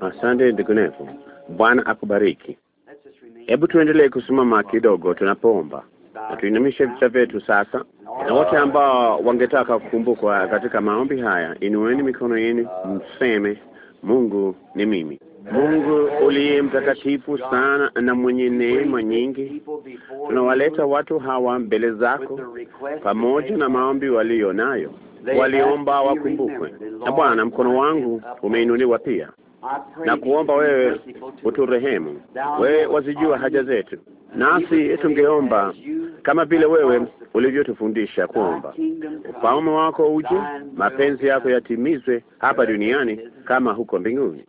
Asante ndugu Nevo, Bwana akubariki. Hebu tuendelee kusimama kidogo tunapoomba na tuinamishe vichwa vyetu sasa, na wote ambao wangetaka kukumbukwa katika maombi haya, inueni mikono yenu, mseme: Mungu ni mimi. Mungu uliye mtakatifu sana na mwenye neema nyingi, tunawaleta watu hawa mbele zako pamoja na maombi waliyo nayo. Waliomba wakumbukwe na Bwana. Mkono wangu umeinuliwa pia na kuomba wewe uturehemu. Wewe wazijua haja zetu, nasi tungeomba kama vile wewe ulivyotufundisha kuomba. Ufalme wako uje, mapenzi yako yatimizwe hapa duniani kama huko mbinguni.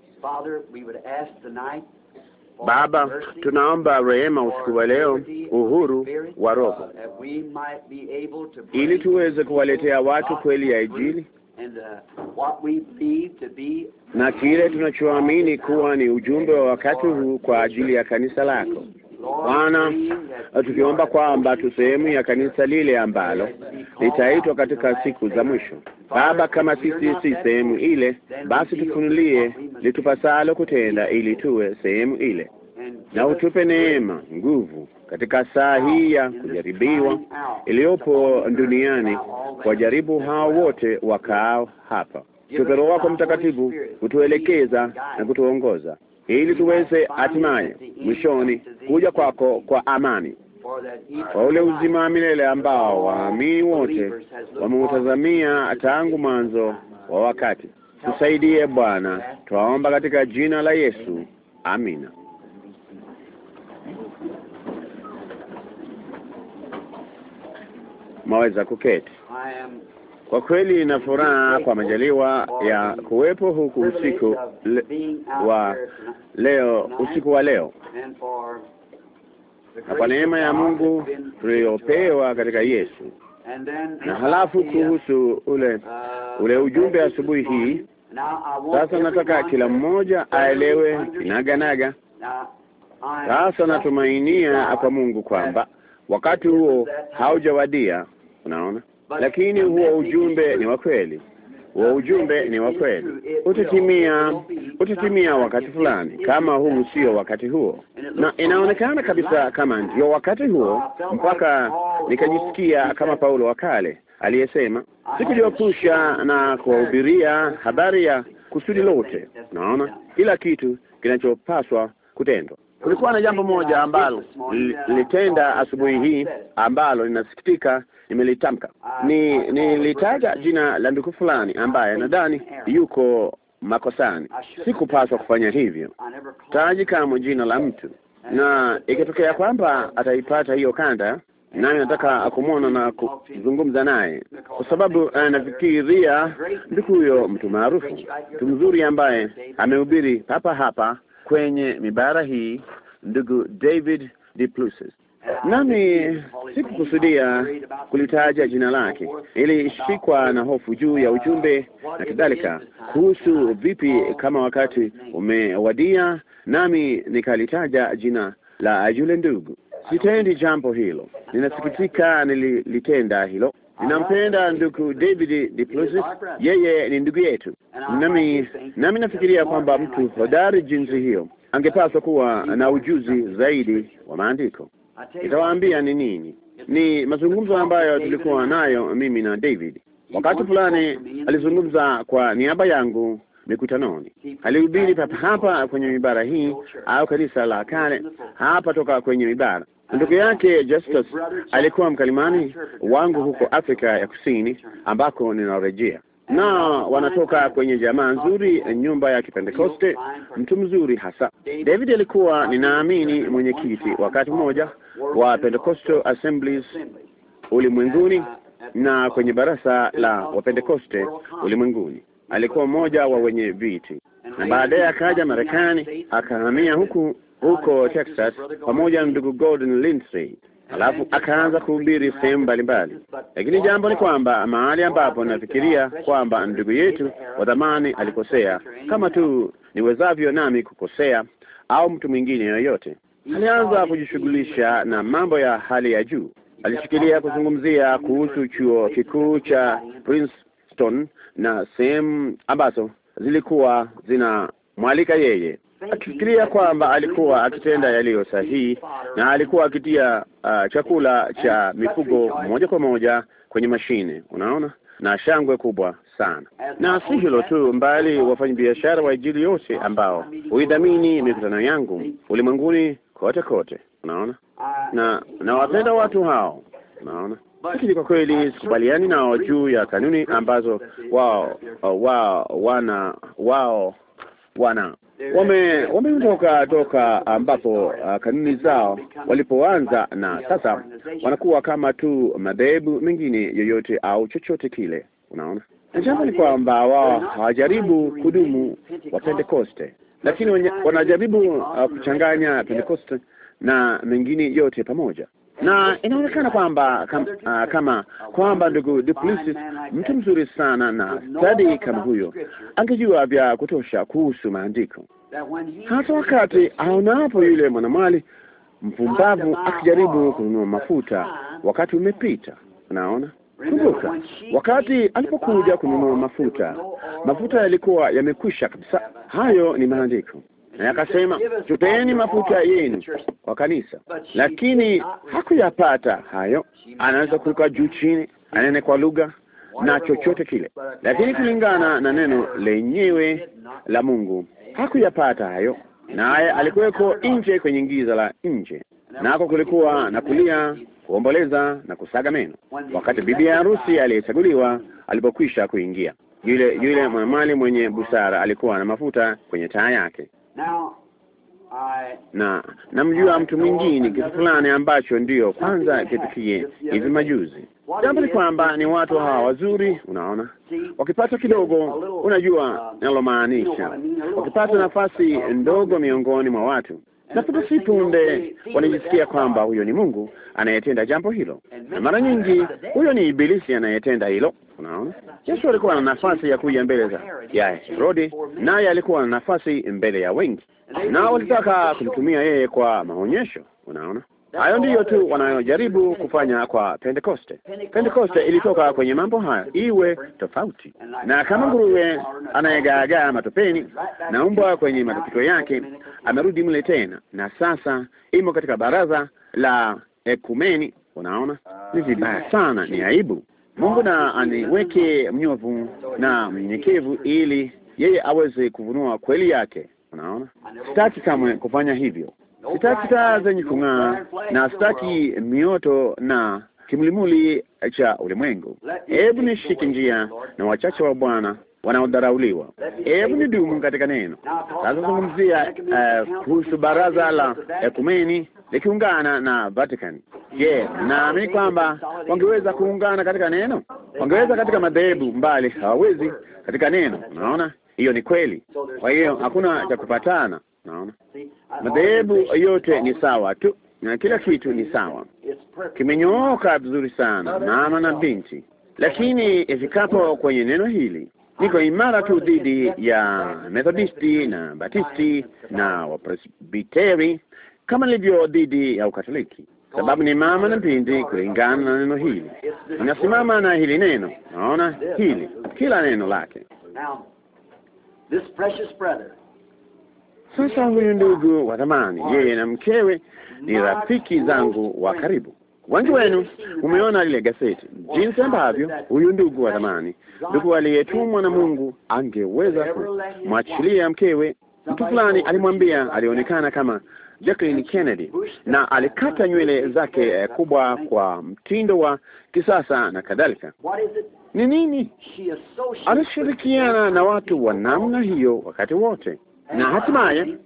Baba, tunaomba rehema usiku wa leo, uhuru wa Roho, uh, ili tuweze kuwaletea watu kweli ya Injili Uh, na kile tunachoamini kuwa ni ujumbe wa wakati huu kwa ajili ya kanisa lako Bwana, tukiomba kwamba tu sehemu ya kanisa lile ambalo litaitwa katika siku za mwisho. Baba, kama sisi si sehemu ile, basi tufunulie litupasalo kutenda, ili tuwe sehemu ile, na utupe neema, nguvu katika saa hii ya kujaribiwa iliyopo duniani kwa jaribu hao wote wakaao hapa. Tupero wako mtakatifu kutuelekeza na kutuongoza ili tuweze hatimaye mwishoni kuja kwako kwa amani kwa ule uzima wa milele ambao waamini wote wameutazamia tangu mwanzo wa wakati. Tusaidie Bwana, twaomba katika jina la Yesu, amina. mwaweza kuketi. Kwa kweli na furaha kwa majaliwa ya kuwepo huku usiku le, wa leo usiku wa leo, na kwa neema ya Mungu tuliyopewa katika Yesu. Na halafu kuhusu ule ule ujumbe asubuhi hii, sasa nataka kila mmoja aelewe kinaganaga. Sasa natumainia kwa Mungu kwamba wakati huo haujawadia, unaona. Lakini huo ujumbe ni wa kweli, huo ujumbe ni wa kweli, utatimia, utatimia wakati fulani, kama huu sio wakati huo, na inaonekana kabisa kama ndio wakati huo, uh, mpaka nikajisikia kama Paulo wa kale aliyesema sikujopusha na kuwahubiria habari ya kusudi lote, naona kila kitu kinachopaswa kutendwa. Kulikuwa na jambo moja ambalo litenda asubuhi hii ambalo linasikitika, nimelitamka. Ah, Ni nilitaja jina la ndugu fulani ambaye nadhani yuko makosani. Sikupaswa kufanya hivyo. Taji kamwe jina la mtu, na ikitokea kwamba ataipata hiyo kanda, nami nataka kumwona na kuzungumza naye, kwa sababu anafikiria ndugu huyo mtu maarufu, mtu mzuri ambaye amehubiri hapa hapa kwenye mibara hii, ndugu David Dipluses nami sikukusudia kulitaja jina lake. Ilishikwa na hofu juu ya ujumbe na kadhalika, kuhusu vipi kama wakati umewadia, nami nikalitaja jina la yule ndugu. Sitendi jambo hilo, ninasikitika nililitenda hilo, ninampenda ndugu David Diplosis, yeye ni ndugu yetu, nami nami nafikiria kwamba mtu hodari jinsi hiyo angepaswa kuwa na ujuzi zaidi wa maandiko. Nitawaambia ni nini. Ni mazungumzo ambayo tulikuwa nayo mimi na David. Wakati fulani alizungumza kwa niaba yangu mikutanoni. Alihubiri papa hapa kwenye mibara hii au kanisa la kale hapa toka kwenye mibara, Ndugu yake Justus alikuwa mkalimani wangu huko Afrika ya Kusini ambako ninarejea na wanatoka kwenye jamaa nzuri, nyumba ya Kipentekoste, mtu mzuri hasa. David alikuwa ninaamini mwenyekiti wakati mmoja wa Pentecostal Assemblies ulimwenguni na kwenye baraza la Wapentekoste ulimwenguni alikuwa mmoja wa wenye viti, na baadaye akaja Marekani akahamia huku huko Texas pamoja na ndugu Gordon Lindsay, alafu akaanza kuhubiri sehemu mbalimbali. Lakini jambo ni kwamba mahali ambapo nafikiria kwamba ndugu yetu wa zamani alikosea kama tu niwezavyo nami kukosea au mtu mwingine yoyote, alianza kujishughulisha na mambo ya hali ya juu. Alishikilia kuzungumzia kuhusu chuo kikuu cha Princeton na sehemu ambazo zilikuwa zinamwalika yeye akifikiria kwamba alikuwa akitenda yaliyo sahihi na alikuwa akitia uh, chakula cha mifugo moja kwa moja kwenye mashine, unaona, na shangwe kubwa sana. Na si hilo tu, mbali wafanyabiashara wa Injili yote ambao huidhamini mikutano yangu ulimwenguni kote kote, unaona, na nawapenda watu hao, unaona lakini kwa kweli sikubaliani nao juu ya kanuni ambazo wao wao wana wao wana wame- wameondoka toka ambapo uh, kanuni zao walipoanza, na sasa wanakuwa kama tu madhehebu mengine yoyote au chochote kile, unaona. Na jambo ni kwamba wao hawajaribu kudumu wa Pentekoste, lakini wanajaribu uh, kuchanganya Pentekoste na mengine yote pamoja na inaonekana kwamba kam, uh, kama kwamba ndugu Duplessis mtu mzuri sana na stadi kama huyo angejua vya kutosha kuhusu maandiko, hata wakati aonapo yule mwanamwali mpumbavu akijaribu kununua mafuta wakati umepita. Unaona, kumbuka wakati alipokuja kununua mafuta, mafuta yalikuwa yamekwisha kabisa. Hayo ni maandiko na akasema, tupeeni mafuta yenu kwa kanisa, lakini hakuyapata hayo. Anaweza kuruka juu chini, anene kwa lugha na chochote kile, lakini kulingana na neno lenyewe la Mungu hakuyapata hayo, naye alikuweko nje kwenye ngiza la nje, nako kulikuwa na kulia, kuomboleza na kusaga meno, wakati bibi ya harusi aliyechaguliwa alipokwisha kuingia. Yule yule mwanamwali mwenye busara alikuwa na mafuta kwenye taa yake, na namjua mtu mwingine kitu fulani ambacho ndiyo kwanza kitukie hivi majuzi. Jambo ni kwamba ni watu hawa wazuri, unaona, wakipata kidogo, unajua uh, nalomaanisha, wakipata nafasi ndogo miongoni mwa watu na punde si punde wanajisikia kwamba huyo ni Mungu anayetenda jambo hilo, na mara nyingi huyo ni Ibilisi anayetenda hilo. Unaona, Yesu alikuwa na nafasi ya kuja mbele za ya Herodi, naye alikuwa na nafasi mbele ya wengi, na walitaka kumtumia yeye kwa maonyesho. Unaona, Hayo ndiyo tu wanayojaribu kufanya kwa Pentekoste. Pentekoste ilitoka kwenye mambo haya, iwe tofauti. Na kama nguruwe anayegaagaa matopeni na umbwa kwenye matapiko yake, amerudi mle tena, na sasa imo katika baraza la ekumeni. Unaona, ni vibaya sana, ni aibu. Mungu na aniweke mnyovu na mnyenyekevu, ili yeye aweze kuvunua kweli yake. Unaona, sitaki kamwe kufanya hivyo sitaki taa zenye kung'aa na sitaki mioto na kimulimuli cha ulimwengu. Hebu nishike njia na wachache wa Bwana wanaodharauliwa. Hebu ni dumu katika neno. Sasa zungumzia eh, kuhusu baraza la ekumeni likiungana na Vatican. Je, naamini kwamba wangeweza kuungana katika neno? Wangeweza katika madhehebu mbali, hawawezi katika neno. Unaona, hiyo ni kweli. Kwa hiyo hakuna cha kupatana. Naona madhehebu yote ni sawa tu na kila kitu ni sawa, kimenyooka vizuri sana, mama na binti. Lakini ifikapo kwenye neno hili, niko imara tu dhidi ya Methodisti na Batisti na Wapresbiteri kama nilivyo dhidi ya Ukatoliki, sababu ni mama na binti kulingana na neno hili. Inasimama na hili neno, naona hili, kila neno lake sasa huyu ndugu wa thamani, yeye na mkewe ni rafiki zangu wa karibu. Wengi wenu umeona lile gazeti, jinsi ambavyo huyu ndugu wa thamani, ndugu aliyetumwa na Mungu, angeweza kumwachilia mkewe. Mtu fulani alimwambia, alionekana kama Jacqueline Kennedy na alikata nywele zake eh, kubwa kwa mtindo wa kisasa na kadhalika ni nini? Anashirikiana na watu wa namna hiyo wakati wote, na hatimaye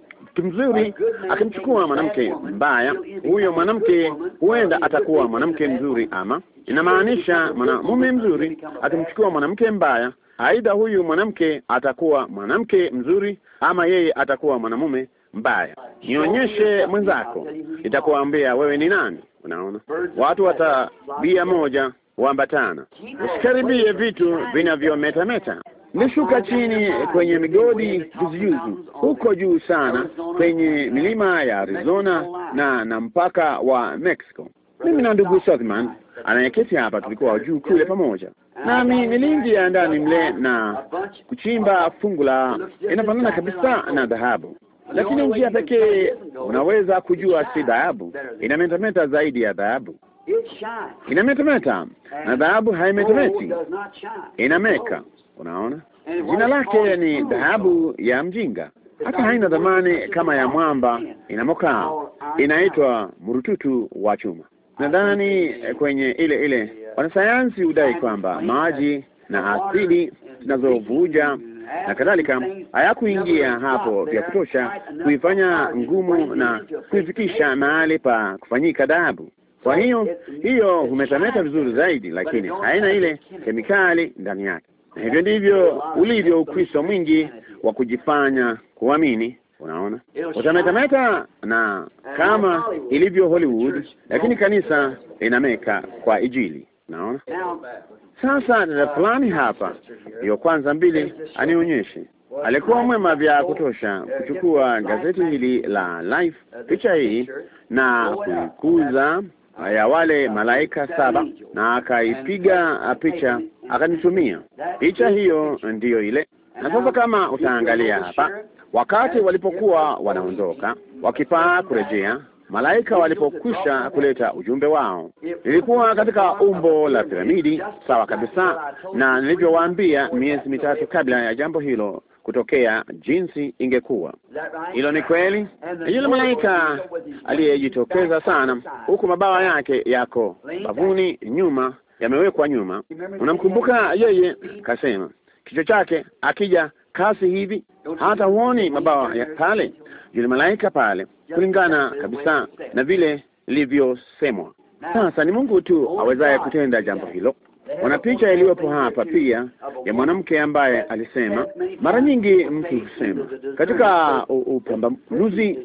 mzuri akimchukua mwanamke mbaya, huyo mwanamke huenda atakuwa mwanamke mzuri, ama inamaanisha mwanamume mzuri akimchukua mwanamke mbaya, aidha huyu mwanamke atakuwa mwanamke mzuri, ama yeye atakuwa mwanamume mbaya. Nionyeshe mwenzako, itakuambia wewe ni nani. Unaona, watu wa tabia moja huambatana. Usikaribie vitu vinavyometameta. Nilishuka chini kwenye migodi juzijuzi huko juu sana kwenye milima ya Arizona na na mpaka wa Mexico. Mimi na ndugu Southman anayeketi hapa tulikuwa juu kule pamoja, nami niliingia ndani mle na kuchimba fungu la inafanana kabisa na dhahabu, lakini njia pekee unaweza kujua si dhahabu, inametameta zaidi ya dhahabu inametameta na dhahabu haimetameti, inameka. Unaona, jina lake ni dhahabu ya mjinga, hata haina dhamani kama ya mwamba inamokaa. Inaitwa mrututu wa chuma. Nadhani eh, kwenye ile ile uh, wanasayansi hudai kwamba maji na asidi zinazovuja na kadhalika hayakuingia hapo vya kutosha kuifanya ngumu na kuifikisha mahali pa kufanyika dhahabu. Kwa hiyo hiyo humetameta vizuri zaidi, lakini haina ile kemikali ndani yake. Na hivyo ndivyo ulivyo Ukristo mwingi wa kujifanya kuamini. Unaona, utametameta na kama ilivyo Hollywood, lakini kanisa linameka kwa ijili Unaona, sasa dada uh, fulani hapa, hiyo kwanza mbili anionyeshe alikuwa mwema vya kutosha uh, kuchukua gazeti hili la Life, uh, picha hii na kuikuza ya wale malaika saba, na akaipiga picha akanitumia picha. Hiyo ndiyo ile. Na sasa kama utaangalia hapa, wakati walipokuwa wanaondoka wakipaa kurejea, malaika walipokwisha kuleta ujumbe wao, ilikuwa katika umbo la piramidi, sawa kabisa na nilivyowaambia miezi mitatu kabla ya jambo hilo kutokea jinsi ingekuwa. Hilo ni kweli. Yule malaika aliyejitokeza sana, huku mabawa yake yako bavuni, nyuma yamewekwa nyuma, unamkumbuka yeye? Kasema kichwa chake akija kasi hivi hata huoni mabawa ya pale, yule malaika pale, kulingana kabisa na vile ilivyosemwa. Sasa ni Mungu tu awezaye kutenda jambo hilo. Wana picha iliyopo hapa pia ya mwanamke ambaye alisema, mara nyingi mtu husema katika upambanuzi,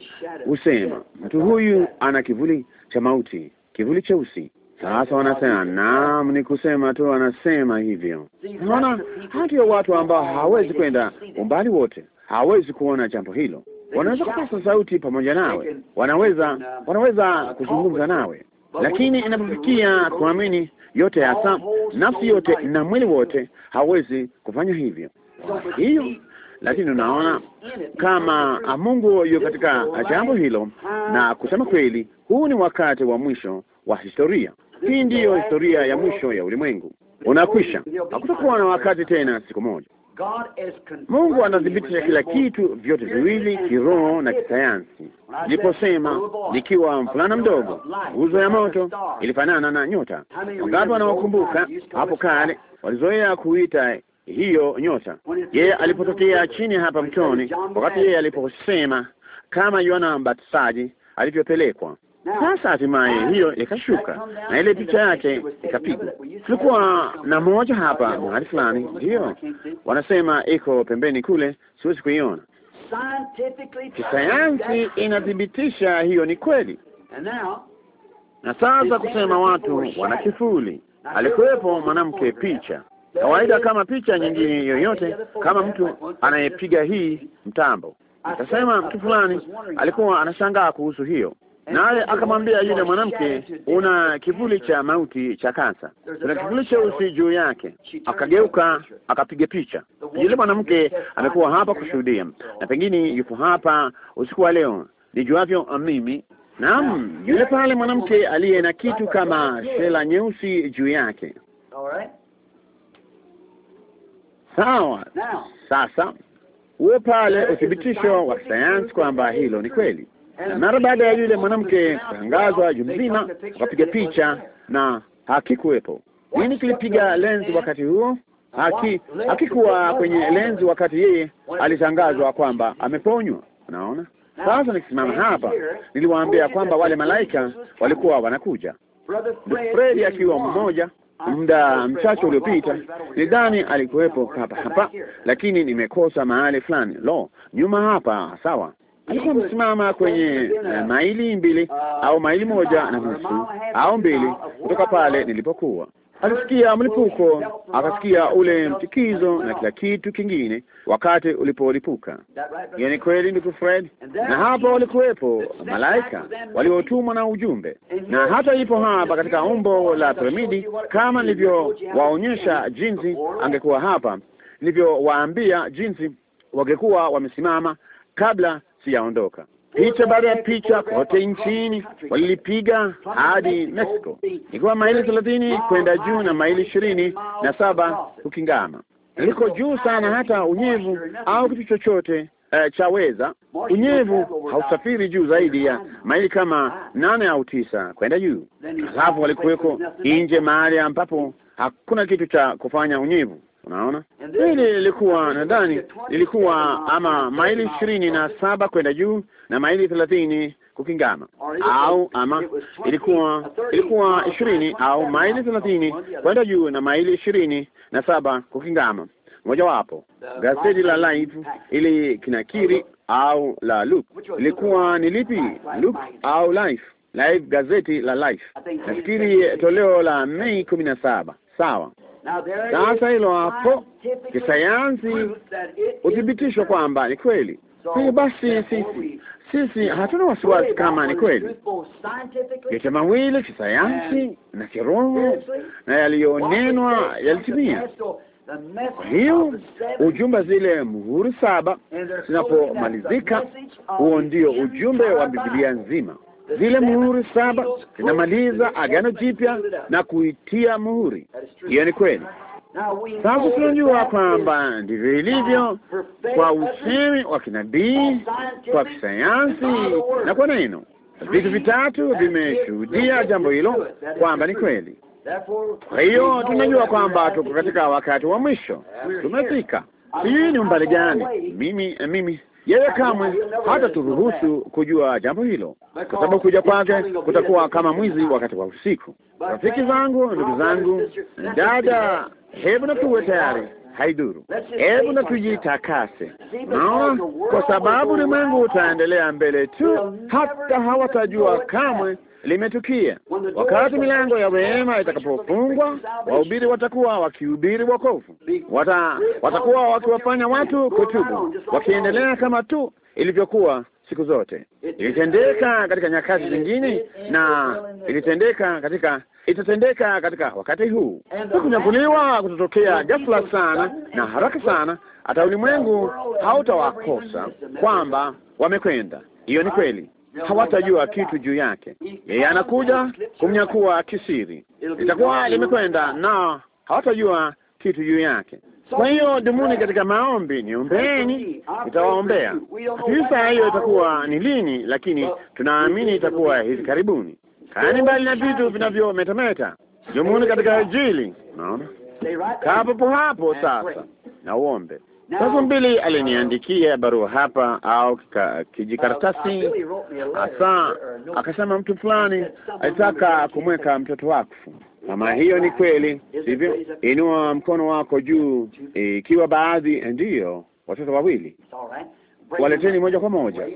husema mtu huyu ana kivuli cha mauti, kivuli cheusi. Sasa wanasema naam, ni kusema tu, wanasema hivyo. Unaona, hati ya watu ambao hawezi kwenda umbali wote, hawezi kuona jambo hilo. Wanaweza kupasa sauti pamoja nawe, wanaweza wanaweza kuzungumza nawe, lakini inapofikia kuamini yote hasa nafsi yote na mwili wote, hawezi kufanya hivyo hiyo. Lakini unaona kama Mungu yuko katika jambo hilo, na kusema kweli, huu ni wakati wa mwisho wa historia. Hii ndiyo historia ya mwisho ya ulimwengu, unakwisha. Hakutakuwa na wakati tena siku moja Mungu anadhibitisha kila kitu, vyote viwili, kiroho na kisayansi. Niliposema nikiwa mvulana mdogo, nguzo ya moto ilifanana na nyota. Wangapi wanaokumbuka hapo kale walizoea kuita hiyo nyota? Yeye alipotokea chini hapa mtoni, wakati yeye aliposema kama Yohana Mbatizaji alivyopelekwa sasa hatimaye hiyo ikashuka na ile picha yake ikapigwa. Tulikuwa na moja hapa mahali fulani, hiyo wanasema iko pembeni kule, siwezi kuiona. Kisayansi inathibitisha hiyo ni kweli. Na sasa kusema watu wana kifuli, alikuwepo mwanamke picha kawaida kama picha nyingine yoyote, kama mtu anayepiga hii mtambo. Nikasema mtu fulani alikuwa anashangaa kuhusu hiyo naye akamwambia yule mwanamke, una kivuli cha mauti cha kansa, kuna kivuli cheusi juu yake. Akageuka akapiga picha. Yule mwanamke amekuwa hapa kushuhudia, na pengine yupo hapa usiku wa leo, nijuavyo ah, mimi. Naam, yule pale mwanamke aliye na kitu kama shela nyeusi juu yake. Sawa. Sasa huo pale uthibitisho wa kisayansi kwamba hilo ni kweli na mara baada ya yule mwanamke kutangazwa, jumzima wakapiga picha na hakikuwepo. Nini kilipiga lenzi wakati huo? Haki, hakikuwa kwenye lenzi wakati yeye alitangazwa kwamba ameponywa. Unaona, sasa nikisimama hapa, niliwaambia kwamba wale malaika walikuwa wanakuja, Fredi akiwa mmoja muda mchache uliopita nidhani alikuwepo hapa hapa, lakini nimekosa mahali fulani. Lo, nyuma hapa, sawa alikuwa amesimama kwenye uh, maili mbili au maili moja na nusu au mbili kutoka pale nilipokuwa. Alisikia mlipuko, akasikia ule mtikizo na kila kitu kingine wakati ulipolipuka. Hiyo ni kweli, ndugu Fred. Na hapo walikuwepo malaika waliotumwa na ujumbe, na hata ipo hapa katika umbo la piramidi, kama nilivyowaonyesha jinsi angekuwa hapa, nilivyowaambia jinsi wangekuwa wamesimama kabla siyaondoka. Picha baada ya picha kote nchini walilipiga hadi Mexico, ikiwa maili thelathini kwenda juu na maili ishirini na saba kukingama. Liko juu sana, hata unyevu au kitu chochote uh, eh, chaweza. Unyevu hausafiri juu zaidi ya maili kama nane au tisa kwenda juu. alafu walikuweko nje mahali ambapo hakuna kitu cha kufanya unyevu Unaona, hili lilikuwa nadhani lilikuwa ama maili ishirini na saba kwenda juu na maili thelathini kukingama, au ama ilikuwa ilikuwa ishirini au maili thelathini kwenda juu na maili ishirini na saba kukingama. Mojawapo gazeti la Life ili kinakiri au la Luke, ilikuwa ni lipi, Luke au Life? Life, gazeti la Life, nafikiri toleo la Mei kumi na saba. Sawa. Sasa hilo hapo kisayansi uthibitishwa kwamba ni kweli. Hivyo basi sisi sisi hatuna wasiwasi kama ni kweli, yote mawili kisayansi na kiroho na yaliyonenwa yalitimia. Kwa hiyo ujumbe, zile muhuri saba zinapomalizika, huo ndio ujumbe wa Biblia nzima zile muhuri saba linamaliza Agano Jipya na kuitia muhuri. Hiyo ni kweli. Sasa tunajua kwamba ndivyo ilivyo kwa usemi wa kinabii, kwa kisayansi na kwa neno. Vitu vitatu vimeshuhudia jambo hilo kwamba ni kweli. Kwa hiyo tunajua kwamba tuko katika wakati wa mwisho, tumefika. Sijui ni umbali gani mimi mimi yeye kamwe hata turuhusu kujua jambo hilo, kwa sababu kuja kwake kutakuwa kama mwizi wakati wa usiku. Rafiki zangu, ndugu zangu, dada, hebu na tuwe tayari Haiduru, hebu na tujitakase. Naona kwa sababu ulimwengu utaendelea mbele tu, hata hawatajua kamwe limetukia. Wakati milango ya wema itakapofungwa, wahubiri watakuwa wakihubiri wokovu, wata watakuwa wakiwafanya watu kutubu, wakiendelea kama tu ilivyokuwa siku zote. Ilitendeka katika nyakati zingine na ilitendeka katika itatendeka katika wakati huu. Kunyakuliwa kutotokea ghafla sana na haraka sana, hata ulimwengu hautawakosa kwamba wamekwenda. Hiyo ni kweli hawatajua kitu juu yake. Yeye anakuja kumnyakua kisiri, litakuwa limekwenda na hawatajua kitu juu yake. Kwa hiyo dumuni katika maombi, niombeeni, nitawaombea. Sasa hiyo itakuwa ni lini? Lakini tunaamini itakuwa hivi karibuni. Kaani mbali na vitu vinavyometameta, dumuni katika Injili. naona kaa hapo sasa na uombe. Sasa mbili aliniandikia barua hapa au kijikaratasi uh, uh, hasa, uh, akasema mtu fulani alitaka kumweka mtoto wakfu. Kama hiyo ni kweli, sivyo? Inua mkono wako juu ikiwa baadhi ndiyo. Watoto wawili waleteni moja kwa moja,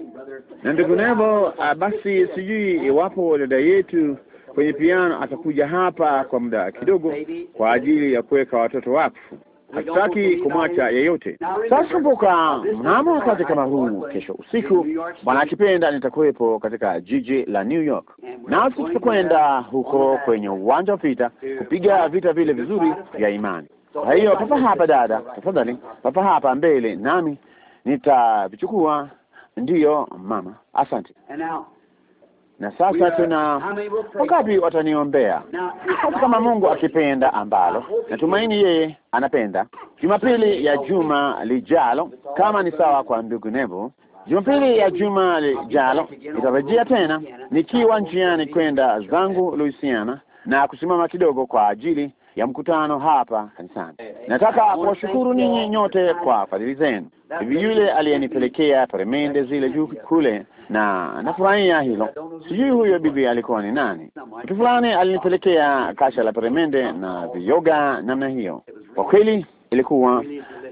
na ndugu nevo basi. Sijui iwapo dada yetu kwenye piano atakuja hapa kwa muda kidogo kwa ajili ya kuweka watoto wakfu hatutaki kumwacha yeyote. Sasa kumbuka, mnamo wakati kama huu, kesho usiku, Bwana akipenda, nitakuwepo katika jiji la New York, nasi tutakwenda huko kwenye uwanja wa vita kupiga vita vile vizuri vya imani. Kwa hiyo papa hapa, dada, tafadhali, papa hapa mbele, nami nitavichukua. Ndiyo mama, asante na sasa tuna wakati wataniombea sasa, kama Mungu akipenda, ambalo natumaini yeye anapenda. Jumapili ya juma lijalo, kama ni sawa kwa ndugu Nevo, Jumapili ya juma lijalo nitarejea tena nikiwa njiani kwenda zangu Louisiana na kusimama kidogo kwa ajili ya mkutano hapa kanisani. Nataka kuwashukuru ninyi nyote kwa fadhili zenu. Hivi yule aliyenipelekea peremende zile juu kule, na nafurahia hilo. Sijui huyo bibi alikuwa ni nani. Mtu fulani alinipelekea kasha la peremende na viyoga namna hiyo. Kwa kweli ilikuwa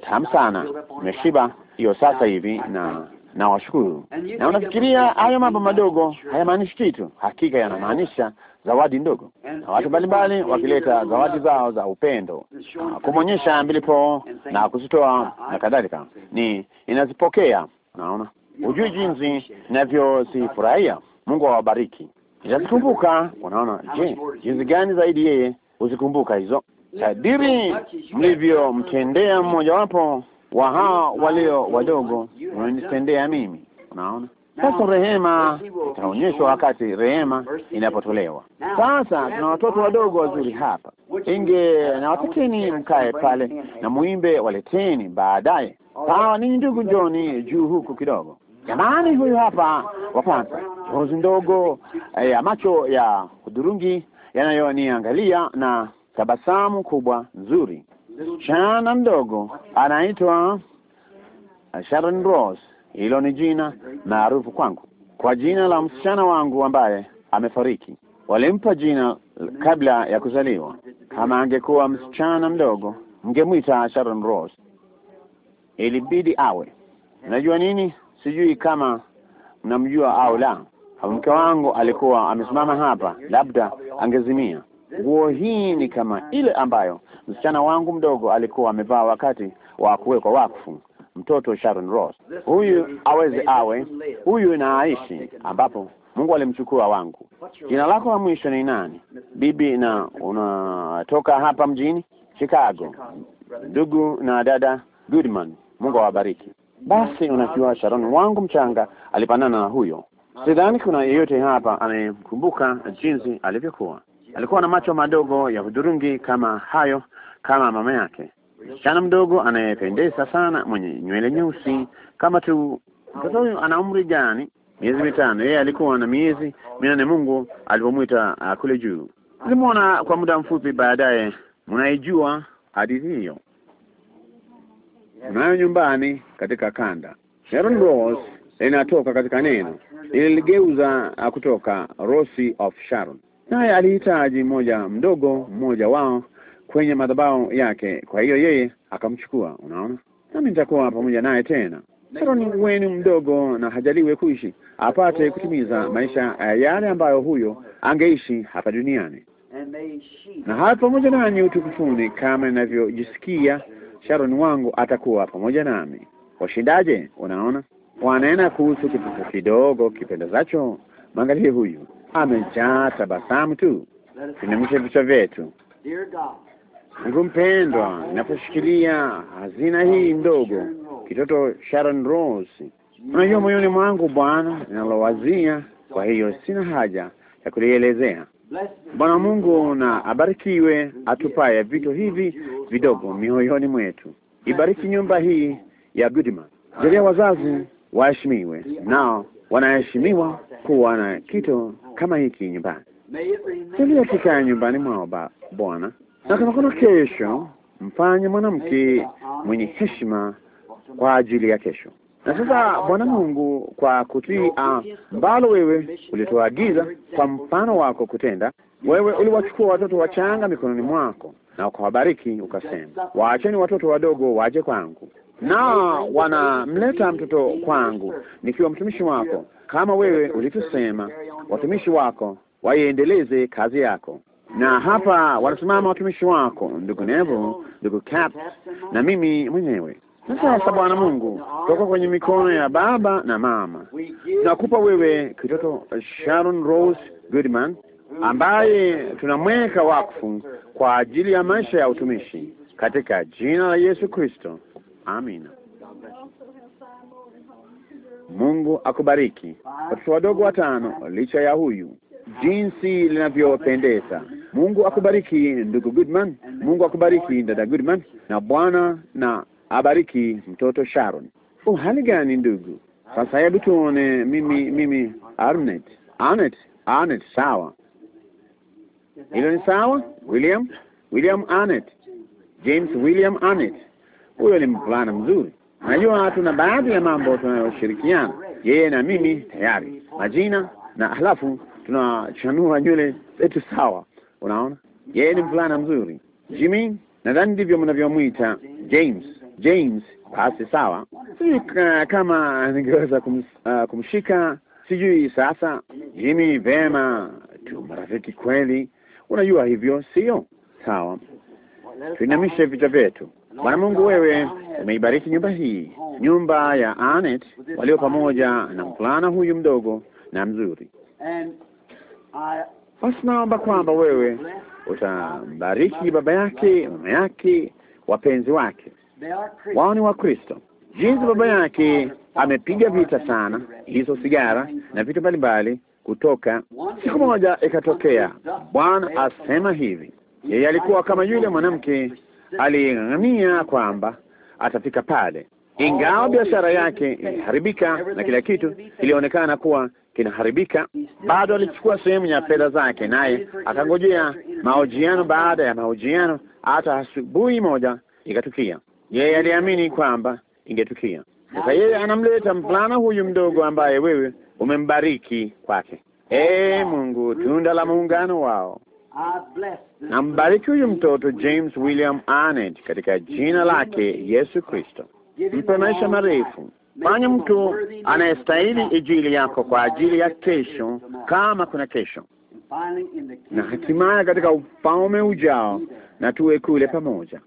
tamu sana, nimeshiba hiyo sasa hivi na nawashukuru Na unafikiria hayo mambo madogo hayamaanishi kitu, hakika yanamaanisha zawadi ndogo na watu mbalimbali wakileta zawadi zao za upendo, kumwonyesha mbilipo na kuzitoa na kadhalika, ni inazipokea. Naona hujui jinsi ninavyozifurahia. Mungu awabariki. Nitazikumbuka. Unaona, je, jinsi gani zaidi yeye huzikumbuka hizo. Kadiri mlivyomtendea mmojawapo wa hao walio wadogo, unanitendea mimi. Unaona, sasa rehema itaonyeshwa wakati rehema inapotolewa. Sasa tuna watoto wadogo wazuri hapa inge, uh, nawatakeni mkae pale na muimbe, waleteni baadaye. Sawa, ninyi ndugu, njoni juu huku kidogo. Jamani, huyu hapa wa kwanza, jozi ndogo eh, ya macho ya hudhurungi yanayoniangalia na tabasamu kubwa nzuri. chana mdogo anaitwa Sharon Rose hilo ni jina maarufu kwangu, kwa jina la msichana wangu ambaye amefariki. Walimpa jina kabla ya kuzaliwa. Kama angekuwa msichana mdogo, mngemwita Sharon Rose. Ilibidi awe najua nini. Sijui kama mnamjua au la. Mke wangu alikuwa amesimama hapa, labda angezimia. Nguo hii ni kama ile ambayo msichana wangu mdogo alikuwa amevaa wakati wa kuwekwa wakfu mtoto Sharon Ross, huyu aweze awe huyu na aishi, ambapo Mungu alimchukua wangu. Jina lako la mwisho ni nani, bibi, na unatoka hapa mjini Chicago? Ndugu na dada Goodman, Mungu awabariki. Basi unajua Sharon wangu mchanga alipanana na huyo. Sidhani kuna yeyote hapa anayemkumbuka jinsi alivyokuwa. Alikuwa na macho madogo ya hudhurungi kama hayo kama mama yake msichana mdogo anayependeza sana, mwenye nywele nyeusi kama tu. Mtoto huyu ana umri gani? Miezi mitano. Yeye alikuwa na miezi minane Mungu alipomwita ah, kule juu. Nilimwona kwa muda mfupi baadaye. Mnaijua hadithi hiyo, unayo nyumbani katika kanda. Sharon Ross linatoka katika neno, iligeuza ah, kutoka Rossi of Sharon. Naye alihitaji mmoja mdogo, mmoja wao kwenye madhabahu yake. Kwa hiyo yeye akamchukua. Unaona, nami nitakuwa pamoja naye tena saroni wenu mdogo, na hajaliwe kuishi apate kutimiza maisha eh, yale ambayo huyo angeishi hapa duniani, na hapo pamoja nanyi utukufuni, kama ninavyojisikia Sharoni wangu atakuwa pamoja nami. Washindaje? Unaona, wanena kuhusu kitu kidogo kipendezacho. Mwangalie huyu amejaa tabasamu tu. Tuinamishe vichwa vyetu ngu mpendwa, naposhikilia hazina hii ndogo, kitoto Sharon Rose, unajua moyoni mwangu Bwana ninalowazia, kwa hiyo sina haja ya kulielezea. Bwana Mungu na abarikiwe atupaye vitu hivi vidogo mioyoni mwetu. Ibariki nyumba hii ya Goodman, jalia wazazi waheshimiwe, nao wanaheshimiwa kuwa na kitu kama hiki nyumbani, jalia kikaa nyumbani mwao Bwana na kama kuna kesho, mfanye mwanamke mwenye heshima kwa ajili ya kesho. Na sasa Bwana Mungu, kwa kutii ambalo ah, wewe ulituagiza kwa mfano wako kutenda, wewe uliwachukua watoto wachanga mikononi mwako na ukawabariki, ukasema, waacheni watoto wadogo waje kwangu, na wanamleta mtoto kwangu nikiwa mtumishi wako, kama wewe ulivyosema, watumishi wako waiendeleze kazi yako na hapa wanasimama watumishi wako ndugu Nevo, ndugu Cap na mimi mwenyewe. Sasa Bwana Mungu, toka kwenye mikono ya baba na mama, tunakupa wewe kitoto Sharon Rose Goodman ambaye tunamweka wakfu kwa ajili ya maisha ya utumishi katika jina la Yesu Kristo, amina. Mungu akubariki. Watoto wadogo watano, licha ya huyu jinsi linavyopendeza Mungu akubariki ndugu Goodman, Mungu akubariki dada Goodman, na Bwana na abariki mtoto Sharon. Uhali oh, gani ndugu? Sasa hebu tuone, mimi mimi Arnett, Arnett, Arnett, sawa, hilo ni sawa. William, William Arnett, James William Arnett, huyo ni mvulana mzuri. Najua tuna baadhi ya mambo tunayoshirikiana yeye na mimi tayari, majina na halafu tunachanua nywele zetu, sawa Unaona, yeye ni mvulana mzuri Jimmy, nadhani ndivyo mnavyomwita James. James, basi uh, uh, uh, e sawa. Sijui kama ningeweza kum, uh, kumshika sijui. Sasa Jimmy, vema tu marafiki kweli, unajua hivyo, sio sawa? Tuinamishe vichwa vyetu. Bwana Mungu, wewe umeibariki nyumba hii, nyumba ya Anet walio pamoja na mvulana huyu mdogo na mzuri basi naomba kwamba wewe utambariki baba yake, mama yake, wapenzi wake. Wao ni Wakristo. Jinsi baba yake amepiga vita sana hizo sigara na vitu mbalimbali. Kutoka siku moja ikatokea, Bwana asema hivi, yeye alikuwa kama yule mwanamke aliyeng'ang'ania kwamba atafika pale, ingawa biashara yake iliharibika na kila kitu, kilionekana kuwa kinaharibika, bado alichukua sehemu ya fedha zake, naye akangojea mahojiano baada ya mahojiano. Hata asubuhi moja ikatukia, yeye aliamini kwamba ingetukia. Sasa yeye anamleta mvulana huyu mdogo ambaye wewe umembariki kwake. Ee Mungu, tunda la muungano wao, nambariki huyu mtoto James William Arnett katika jina lake Yesu Kristo, mpe maisha marefu fanya mtu anayestahili ijili yako kwa ajili ya kesho, kama kuna kesho, na hatimaye katika ufalme ujao, na tuwe kule pamoja.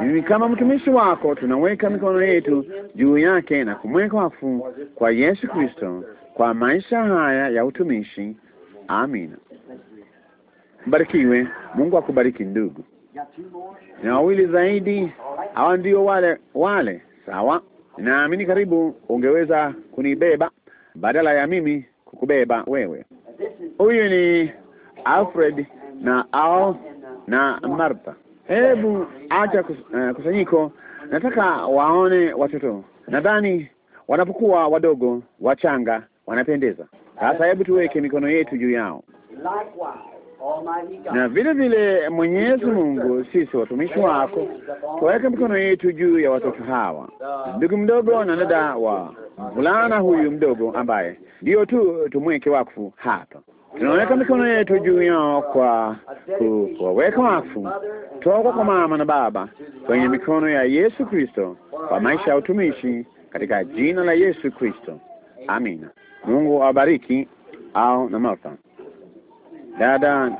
Mimi kama mtumishi wako, tunaweka mikono yetu juu yake na kumweka wafu kwa Yesu Kristo kwa maisha haya ya utumishi. Amina. Mbarikiwe. Mungu akubariki ndugu. na wawili zaidi, hawa ndio wale wale. Sawa, naamini karibu ungeweza kunibeba badala ya mimi kukubeba wewe. Huyu ni Alfred na Al na Martha. Hebu acha kus, uh, kusanyiko. Nataka waone watoto, nadhani wanapokuwa wadogo wachanga wanapendeza. Sasa hebu tuweke mikono yetu juu yao na vile vile, Mwenyezi Mungu, sisi watumishi wako tuweke mikono yetu juu ya watoto hawa, ndugu mdogo na dada wa mvulana huyu mdogo ambaye ndiyo tu tumweke wakfu hapa. Tunaweka mikono yetu juu yao kwa kuwaweka wakfu toka kwa mama na baba kwenye mikono ya Yesu Kristo kwa maisha ya utumishi katika jina la Yesu Kristo, amina. Mungu awabariki au na Martha. Dada,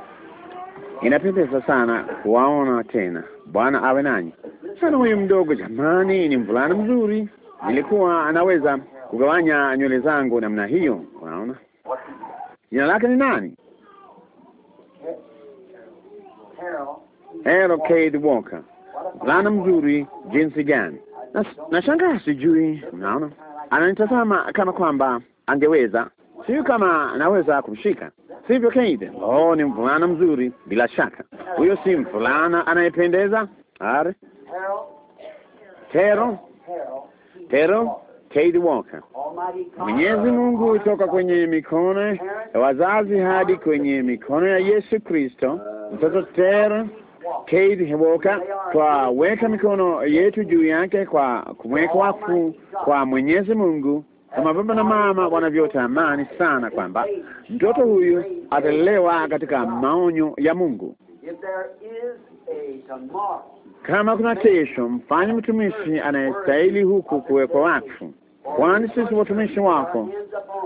inapendeza sana kuwaona tena. Bwana awe nanyi. Sana huyu mdogo jamani, ni mvulana mzuri. Nilikuwa anaweza kugawanya nywele zangu namna hiyo. Unaona, jina lake ni nani? Harold Cade Walker. Mvulana mzuri jinsi gani! Nashangaa, sijui. Unaona, ananitazama kama kwamba angeweza Sijui kama anaweza kumshika, sivyo Kate? Oh, ni mvulana mzuri bila shaka. Huyo si mvulana anayependeza? Are Tero Tero Kaidi Walker. Mwenyezi Mungu toka kwenye mikono ya wazazi hadi kwenye mikono ya Yesu Kristo. Mtoto Tero Kaidi Walker, twaweka mikono yetu juu yake kwa kumweka wakfu kwa Mwenyezi Mungu kama baba na mama wanavyotamani sana kwamba mtoto huyu atalelewa katika maonyo ya Mungu. Kama kuna kesho, mfanye mtumishi anayestahili huku kuwekwa wakfu, kwani sisi watumishi wako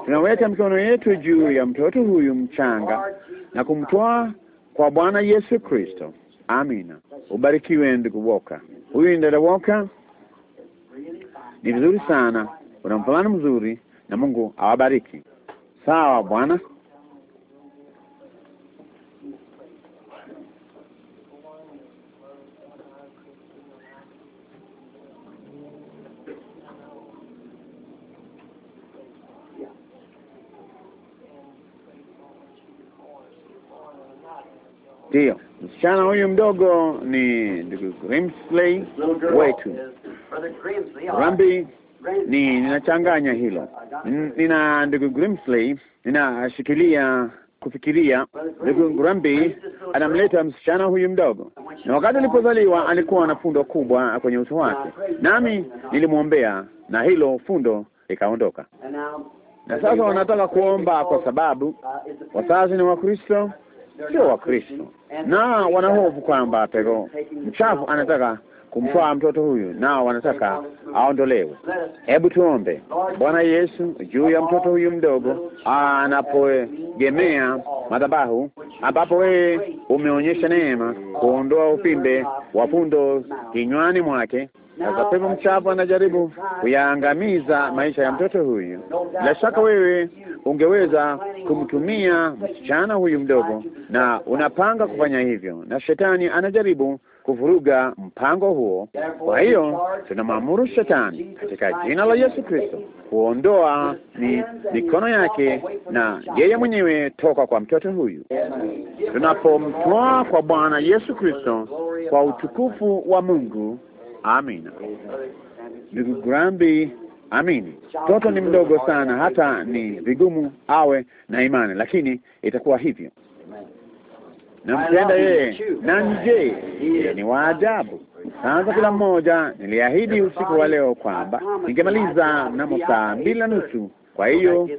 tunaweka mikono yetu juu ya mtoto huyu mchanga na kumtoa kwa Bwana Yesu Kristo. Amina. Ubarikiwe ndugu Woka. Huyu ni dada Woka, ni vizuri sana Una mfano mzuri na Mungu awabariki. Sawa bwana. ndiyo msichana huyu mdogo ni ndugu Grimsley wetu Rambi ni ninachanganya hilo, nina ndugu Grimsley, ninashikilia kufikiria ndugu Grumby anamleta msichana huyu mdogo, na wakati alipozaliwa alikuwa na fundo kubwa kwenye uso wake, nami nilimwombea na hilo fundo likaondoka. Na sasa wanataka kuomba kwa sababu wazazi ni Wakristo, sio Wakristo, na wanahofu kwamba pego mchafu anataka kumtwaa mtoto huyu, nao wanataka aondolewe. Hebu tuombe. Bwana Yesu, juu ya mtoto huyu mdogo anapoegemea madhabahu, ambapo wewe umeonyesha neema kuondoa upimbe wa fundo kinywani mwake. Sasa pepo mchafu anajaribu kuyaangamiza maisha ya mtoto huyu. Bila shaka wewe ungeweza kumtumia msichana huyu mdogo, na unapanga kufanya hivyo, na shetani anajaribu kuvuruga mpango huo. Kwa hiyo tunamwamuru shetani katika jina la Yesu Kristo kuondoa ni mikono yake na yeye mwenyewe toka kwa mtoto huyu. Tunapomtoa kwa Bwana Yesu Kristo kwa utukufu wa Mungu. Amina. Ndugu Grambi, amini. Mtoto ni mdogo sana, hata ni vigumu awe na imani, lakini itakuwa hivyo nampenda yeye, nani je? Yeye ni wa ajabu. Sasa kila mmoja, niliahidi usiku wa leo kwamba ningemaliza mnamo saa mbili na nusu. Kwa hiyo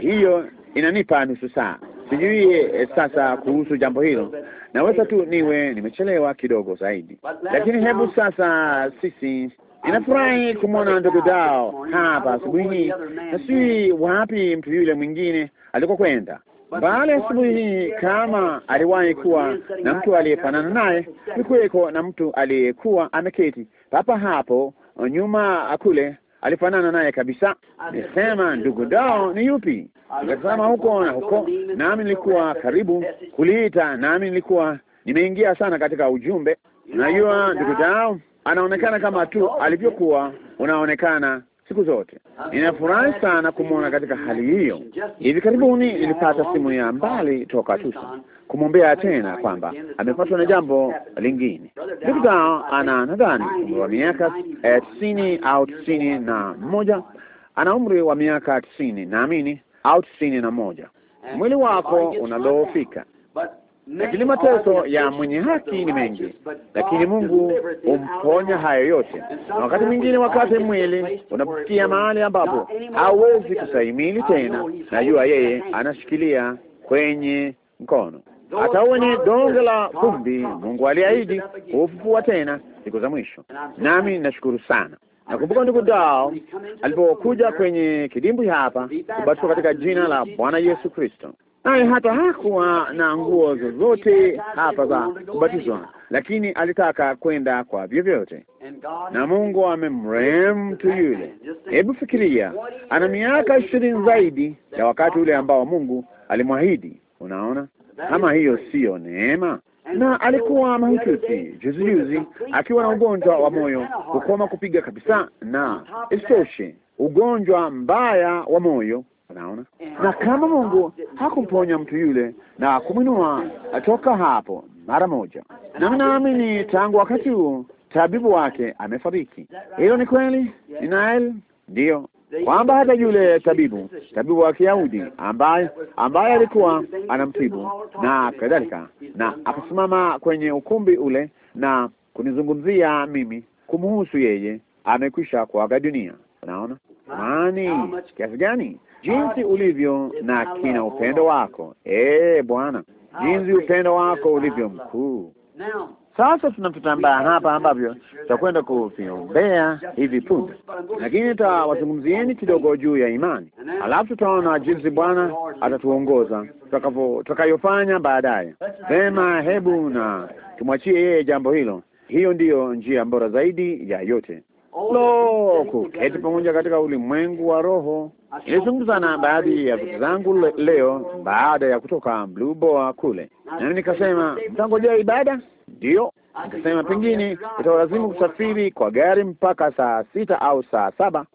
hiyo inanipa nusu saa. Sijui eh, sasa kuhusu jambo hilo naweza tu niwe nimechelewa kidogo zaidi, lakini hebu sasa sisi inafurahi kumwona ndugu dao hapa asubuhi, na si wapi mtu yule mwingine alikokwenda baada ya asubuhi hii, kama aliwahi kuwa na mtu aliyefanana naye, kulikuweko na mtu aliyekuwa ameketi papa hapo nyuma kule, alifanana naye kabisa. Nisema, ndugu dao ni yupi? Nikasema huko na huko, nami nilikuwa karibu kuliita, nami nilikuwa nimeingia sana katika ujumbe. Unajua, ndugu dao anaonekana kama tu alivyokuwa unaonekana siku zote. Ninafurahi sana kumwona katika hali hiyo. Hivi karibuni nilipata simu ya mbali toka Tucson kumwombea tena kwamba amepatwa na jambo lingine. Ndugu ana nadhani umri wa miaka eh, tisini au tisini na moja, ana umri wa miaka tisini naamini au tisini na moja. Mwili wako unadhoofika lakini mateso ya mwenye haki ni mengi, lakini Mungu humponya hayo yote. Na wakati mwingine, wakati mwili unapofikia mahali ambapo hawezi kustahimili tena, najua yeye anashikilia kwenye mkono, hata uwe ni donge la vumbi. Mungu aliahidi kufufua tena siku za mwisho, nami nashukuru sana. Nakumbuka ndugu Dao alipokuja kwenye kidimbwi hapa kubatizwa katika jina la Bwana Yesu Kristo naye hata hakuwa na nguo zozote hapa za kubatizwa, lakini alitaka kwenda kwa vyovyote, na Mungu amemrehemu mtu yule. Hebu fikiria, ana miaka ishirini zaidi ya wakati ule ambao Mungu alimwahidi. Unaona kama hiyo siyo neema? Na alikuwa mahututi juzi juzi akiwa na ugonjwa wa moyo, kukoma kupiga kabisa, na isitoshe ugonjwa mbaya wa moyo Unaona, na kama Mungu hakumponya mtu yule na kumwinua toka hapo mara moja, nami naamini tangu wakati huo tabibu wake amefariki. Hilo ni kweli, inael ndiyo kwamba hata yule tabibu tabibu wa Kiyahudi ambaye ambaye alikuwa anamtibu na kadhalika, na akasimama kwenye ukumbi ule na kunizungumzia mimi kumuhusu yeye, amekwisha kuaga dunia. Unaona maani kiasi gani jinsi ulivyo na kina upendo wako, ee Bwana, ah, jinsi upendo wako ulivyo mkuu. Sasa tunavyotambaa hapa ambavyo tutakwenda kuviombea hivi punde, lakini tawazungumzieni kidogo juu ya imani, alafu tutaona jinsi Bwana atatuongoza tutakayofanya baadaye. Sema, hebu na tumwachie yeye jambo hilo. Hiyo ndiyo njia bora zaidi ya yote. Lo, kuketi pamoja katika ulimwengu wa roho. Nilizungumza na baadhi ya vitu zangu leo baada ya kutoka Blue Boa kule, nami nikasema mtangojea ibada, ndiyo nikasema pengine itawalazimu kusafiri kwa gari mpaka saa sita au saa saba.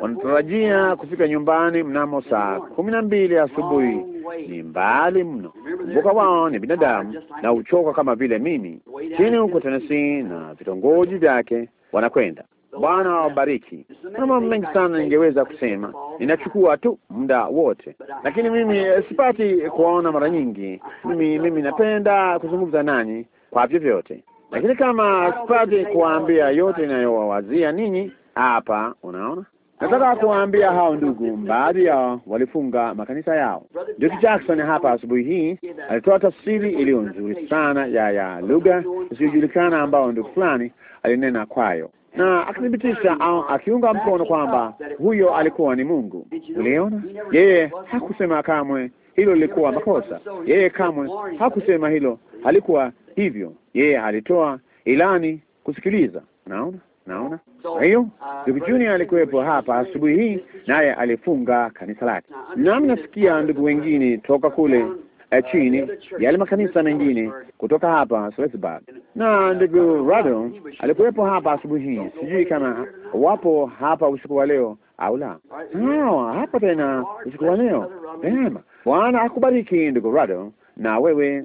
Wanatarajia kufika nyumbani mnamo saa kumi na mbili asubuhi. Ni mbali mno. Kumbuka wao ni binadamu na uchoka kama vile mimi. Chini huko Tennessee na vitongoji vyake wanakwenda Bwana awabariki. Kuna mambo mengi sana ningeweza kusema, inachukua tu muda wote, lakini mimi eh, sipati kuwaona mara nyingi. Mimi mimi napenda kuzungumza nanyi kwa vyovyote, lakini kama sipati kuwaambia yote inayowawazia ninyi hapa, unaona nataka kuwaambia hao ndugu, baadhi yao walifunga makanisa yao. Joki Jackson hapa asubuhi hii alitoa tafsiri iliyo nzuri sana ya ya lugha isiyojulikana ambayo ndugu fulani alinena kwayo na akithibitisha au akiunga mkono kwamba huyo alikuwa ni Mungu. Uliona, yeye hakusema kamwe hilo lilikuwa makosa. Yeye kamwe hakusema hilo halikuwa hivyo. Yeye alitoa ilani kusikiliza. Naona, naona. Kwa hiyo ndugu Junior alikuwepo hapa asubuhi hii, naye alifunga kanisa lake, nami nasikia ndugu wengine toka kule uh, chini yale makanisa mengine kutoka hapa Salisbury, na ndugu Rado alikuwepo hapa asubuhi. Sijui kama wapo hapa usiku wa leo au la. No, hapa tena usiku wa leo. Vema, Bwana akubariki ndugu Rado na wewe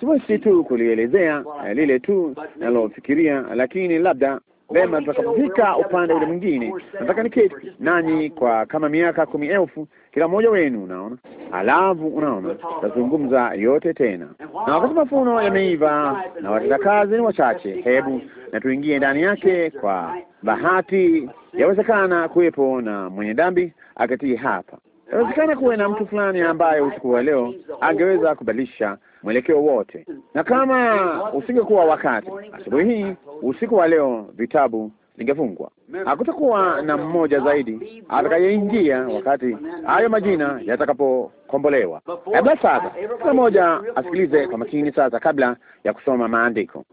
siwezi tu kulielezea eh, lile tu nalofikiria, lakini labda Vema, tutakapofika upande ule mwingine, nataka niketi nanyi kwa kama miaka kumi elfu kila mmoja wenu, unaona. Alafu unaona, tutazungumza yote tena, na wakati mafuno yameiva na watenda kazi ni wachache, hebu na tuingie ndani yake. Kwa bahati, yawezekana kuwepo na mwenye dhambi akatii hapa. Yawezekana kuwe na mtu fulani ambaye usiku wa leo angeweza kubadilisha mwelekeo wote, na kama usingekuwa wakati asubuhi hii, usiku wa leo vitabu vingefungwa, hakutakuwa na mmoja zaidi atakayeingia wakati hayo majina yatakapokombolewa. Labda sasa kila mmoja asikilize kwa makini sasa, kabla ya kusoma maandiko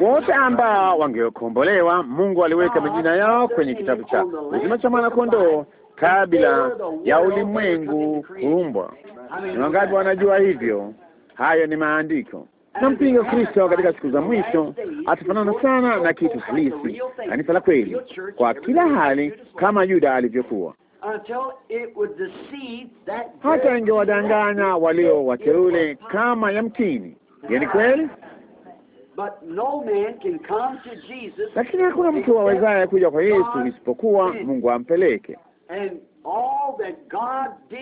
wote ambao wangekombolewa, Mungu aliweka majina yao kwenye kitabu cha uzima cha mwanakondoo kabla ya ulimwengu kuumbwa. Ni wangapi wanajua hivyo? Hayo ni maandiko. na mpinga Kristo katika siku za mwisho atafanana sana na kitu halisi, kanisa la kweli, kwa kila hali, kama Yuda alivyokuwa hata ingewadanganya walio wateule kama mtini. Yani kweli, lakini hakuna mtu awezaye kuja kwa Yesu isipokuwa Mungu ampeleke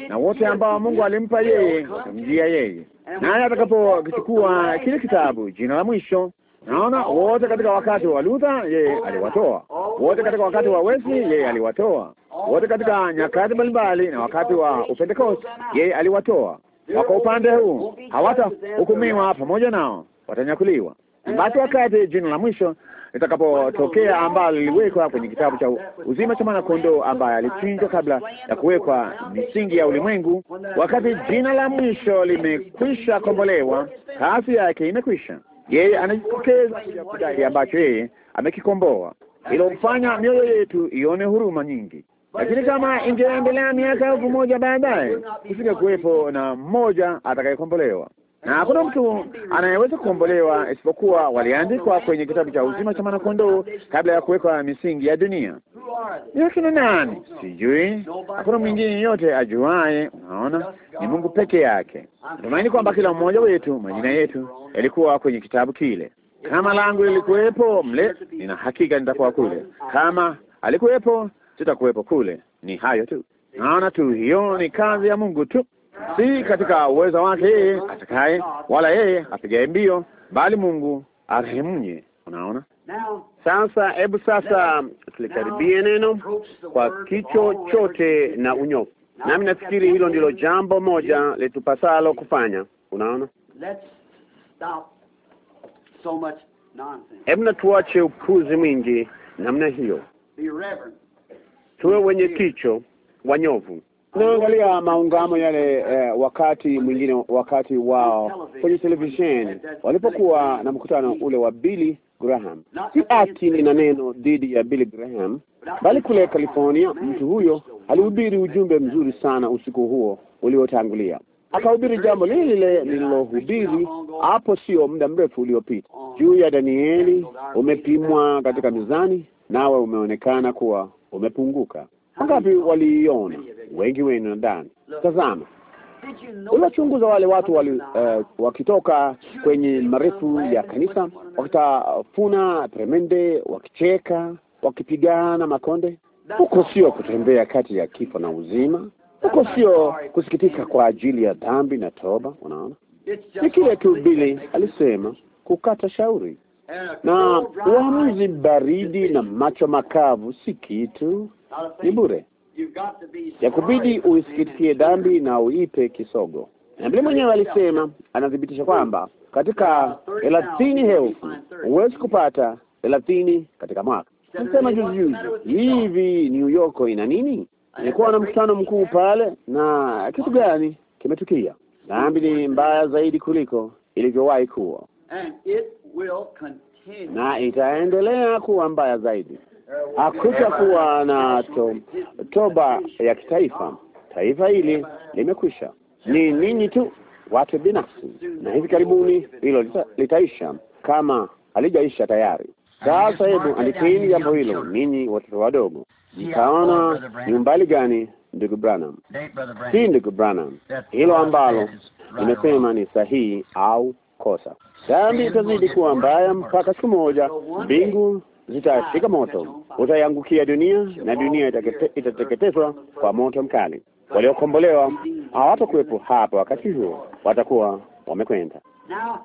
na wote ambao Mungu alimpa yeye watamjia yeye, naye atakapokichukua kile kitabu, jina la mwisho. Naona wote katika wakati wa Luther yeye aliwatoa wote, katika wakati wa Wesley yeye aliwatoa wote, katika nyakati mbalimbali na wakati wa Upentekoste yeye aliwatoa. Wako upande huu, hawata hukumiwa pamoja nao, watanyakuliwa. Basi wakati jina la mwisho litakapotokea ambalo liliwekwa kwenye kitabu cha uzima cha mwanakondoo ambaye alichinjwa kabla ya kuwekwa misingi ya ulimwengu. Wakati jina la mwisho limekwisha kombolewa, kazi yake imekwisha. Yeye anajitokeza kudai ambacho yeye amekikomboa. Hilo hufanya mioyo yetu ione huruma nyingi, lakini kama ingeendelea miaka elfu moja baadaye, kuwepo na mmoja atakayekombolewa na hakuna mtu anayeweza kuombolewa isipokuwa waliandikwa kwenye kitabu cha uzima cha mwanakondoo kabla ya kuwekwa misingi ya dunia. Ni kina nani? Sijui, hakuna mwingine yeyote ajuaye. Unaona, ni Mungu peke yake. Natumaini kwamba kila mmoja wetu, majina yetu yalikuwa kwenye kitabu kile. Kama langu lilikuwepo mle, nina hakika nitakuwa kule. Kama alikuwepo, sitakuwepo kule. Ni hayo tu, naona tu, hiyo ni kazi ya Mungu tu si katika uwezo wake yeye atakaye, wala yeye apigaye mbio, bali Mungu arehemunye. Unaona sasa, hebu sasa tulikaribie neno kwa kicho chote na unyofu, nami nafikiri hilo ndilo jambo moja litupasalo kufanya. Unaona, hebu natuache upuzi mwingi namna hiyo, tuwe wenye kicho wanyovu Naangalia maungamo yale eh, wakati mwingine, wakati wao kwenye televisheni walipokuwa na mkutano ule wa Billy Graham. Si ati nina neno dhidi ya Billy Graham, bali kule California mtu huyo alihubiri ujumbe mzuri sana usiku huo uliotangulia akahubiri jambo lile lile lililohubiri hapo sio muda mrefu uliopita, juu ya Danieli, umepimwa katika mizani nawe umeonekana kuwa umepunguka. Wangapi waliiona? Wengi wenu ndani Tazama, uliwachunguza wale watu wali, uh, wakitoka kwenye marefu ya kanisa wakitafuna peremende, wakicheka, wakipigana makonde. Huko sio kutembea kati ya kifo na uzima, huko sio kusikitika kwa ajili ya dhambi na toba. Unaona, ni kile tu Bili alisema kukata shauri na uamuzi baridi na macho makavu si kitu ni bure. Ya kubidi uisikitikie dhambi na uipe kisogo. Biblia mwenyewe alisema, anathibitisha kwamba katika thelathini elfu huwezi kupata thelathini katika mwaka. Nasema juzi juzi hivi, New York ina nini? Nilikuwa na mkutano mkuu pale, na kitu gani kimetukia? Dhambi ni mbaya zaidi kuliko ilivyowahi kuwa na itaendelea kuwa mbaya zaidi kuwa na to, toba ya kitaifa. Taifa hili limekwisha, ni ninyi tu watu binafsi, na hivi karibuni hilo litaisha kama halijaisha tayari. Sasa hebu andikeni jambo hilo, ninyi watoto wadogo. Mtaona ni umbali gani, ndugu Branham, si ndugu Branham, hilo ambalo nimesema ni sahihi au kosa. Dhambi itazidi kuwa mbaya mpaka siku moja mbingu zitashika moto, utaiangukia dunia na dunia itateketezwa kwa moto mkali. Waliokombolewa hawatakuwepo hapa wakati huo, watakuwa wamekwenda sasa.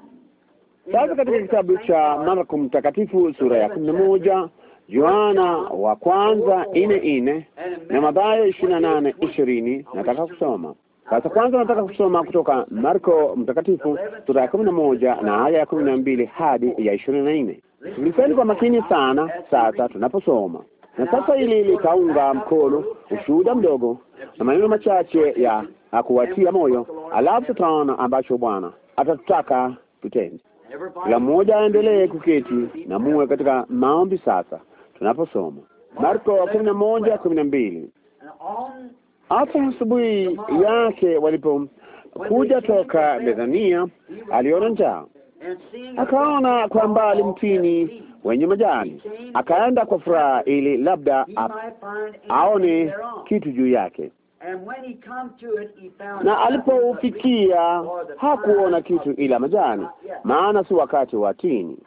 Katika kitabu cha Marko Mtakatifu sura ya kumi na moja Yohana wa kwanza ine ine na Mathayo ishirini na nane ishirini nataka kusoma sasa. Kwanza nataka kusoma kutoka Marko Mtakatifu sura ya kumi na moja na aya ya kumi na mbili hadi ya ishirini na nne. Tuliseni kwa makini sana sasa tunaposoma, na sasa ili litaunga mkono ushuhuda mdogo na maneno machache ya kuwatia moyo, alafu tutaona ambacho Bwana atatutaka tutende. Kila mmoja aendelee kuketi na muwe katika maombi sasa tunaposoma Marko kumi na moja kumi na mbili. Hata asubuhi yake walipokuja toka Bethania aliona njaa, akaona kwa mbali mtini wenye majani, akaenda kwa furaha ili labda aone kitu juu yake, na alipoufikia hakuona kitu ila majani, maana si wakati wa tini.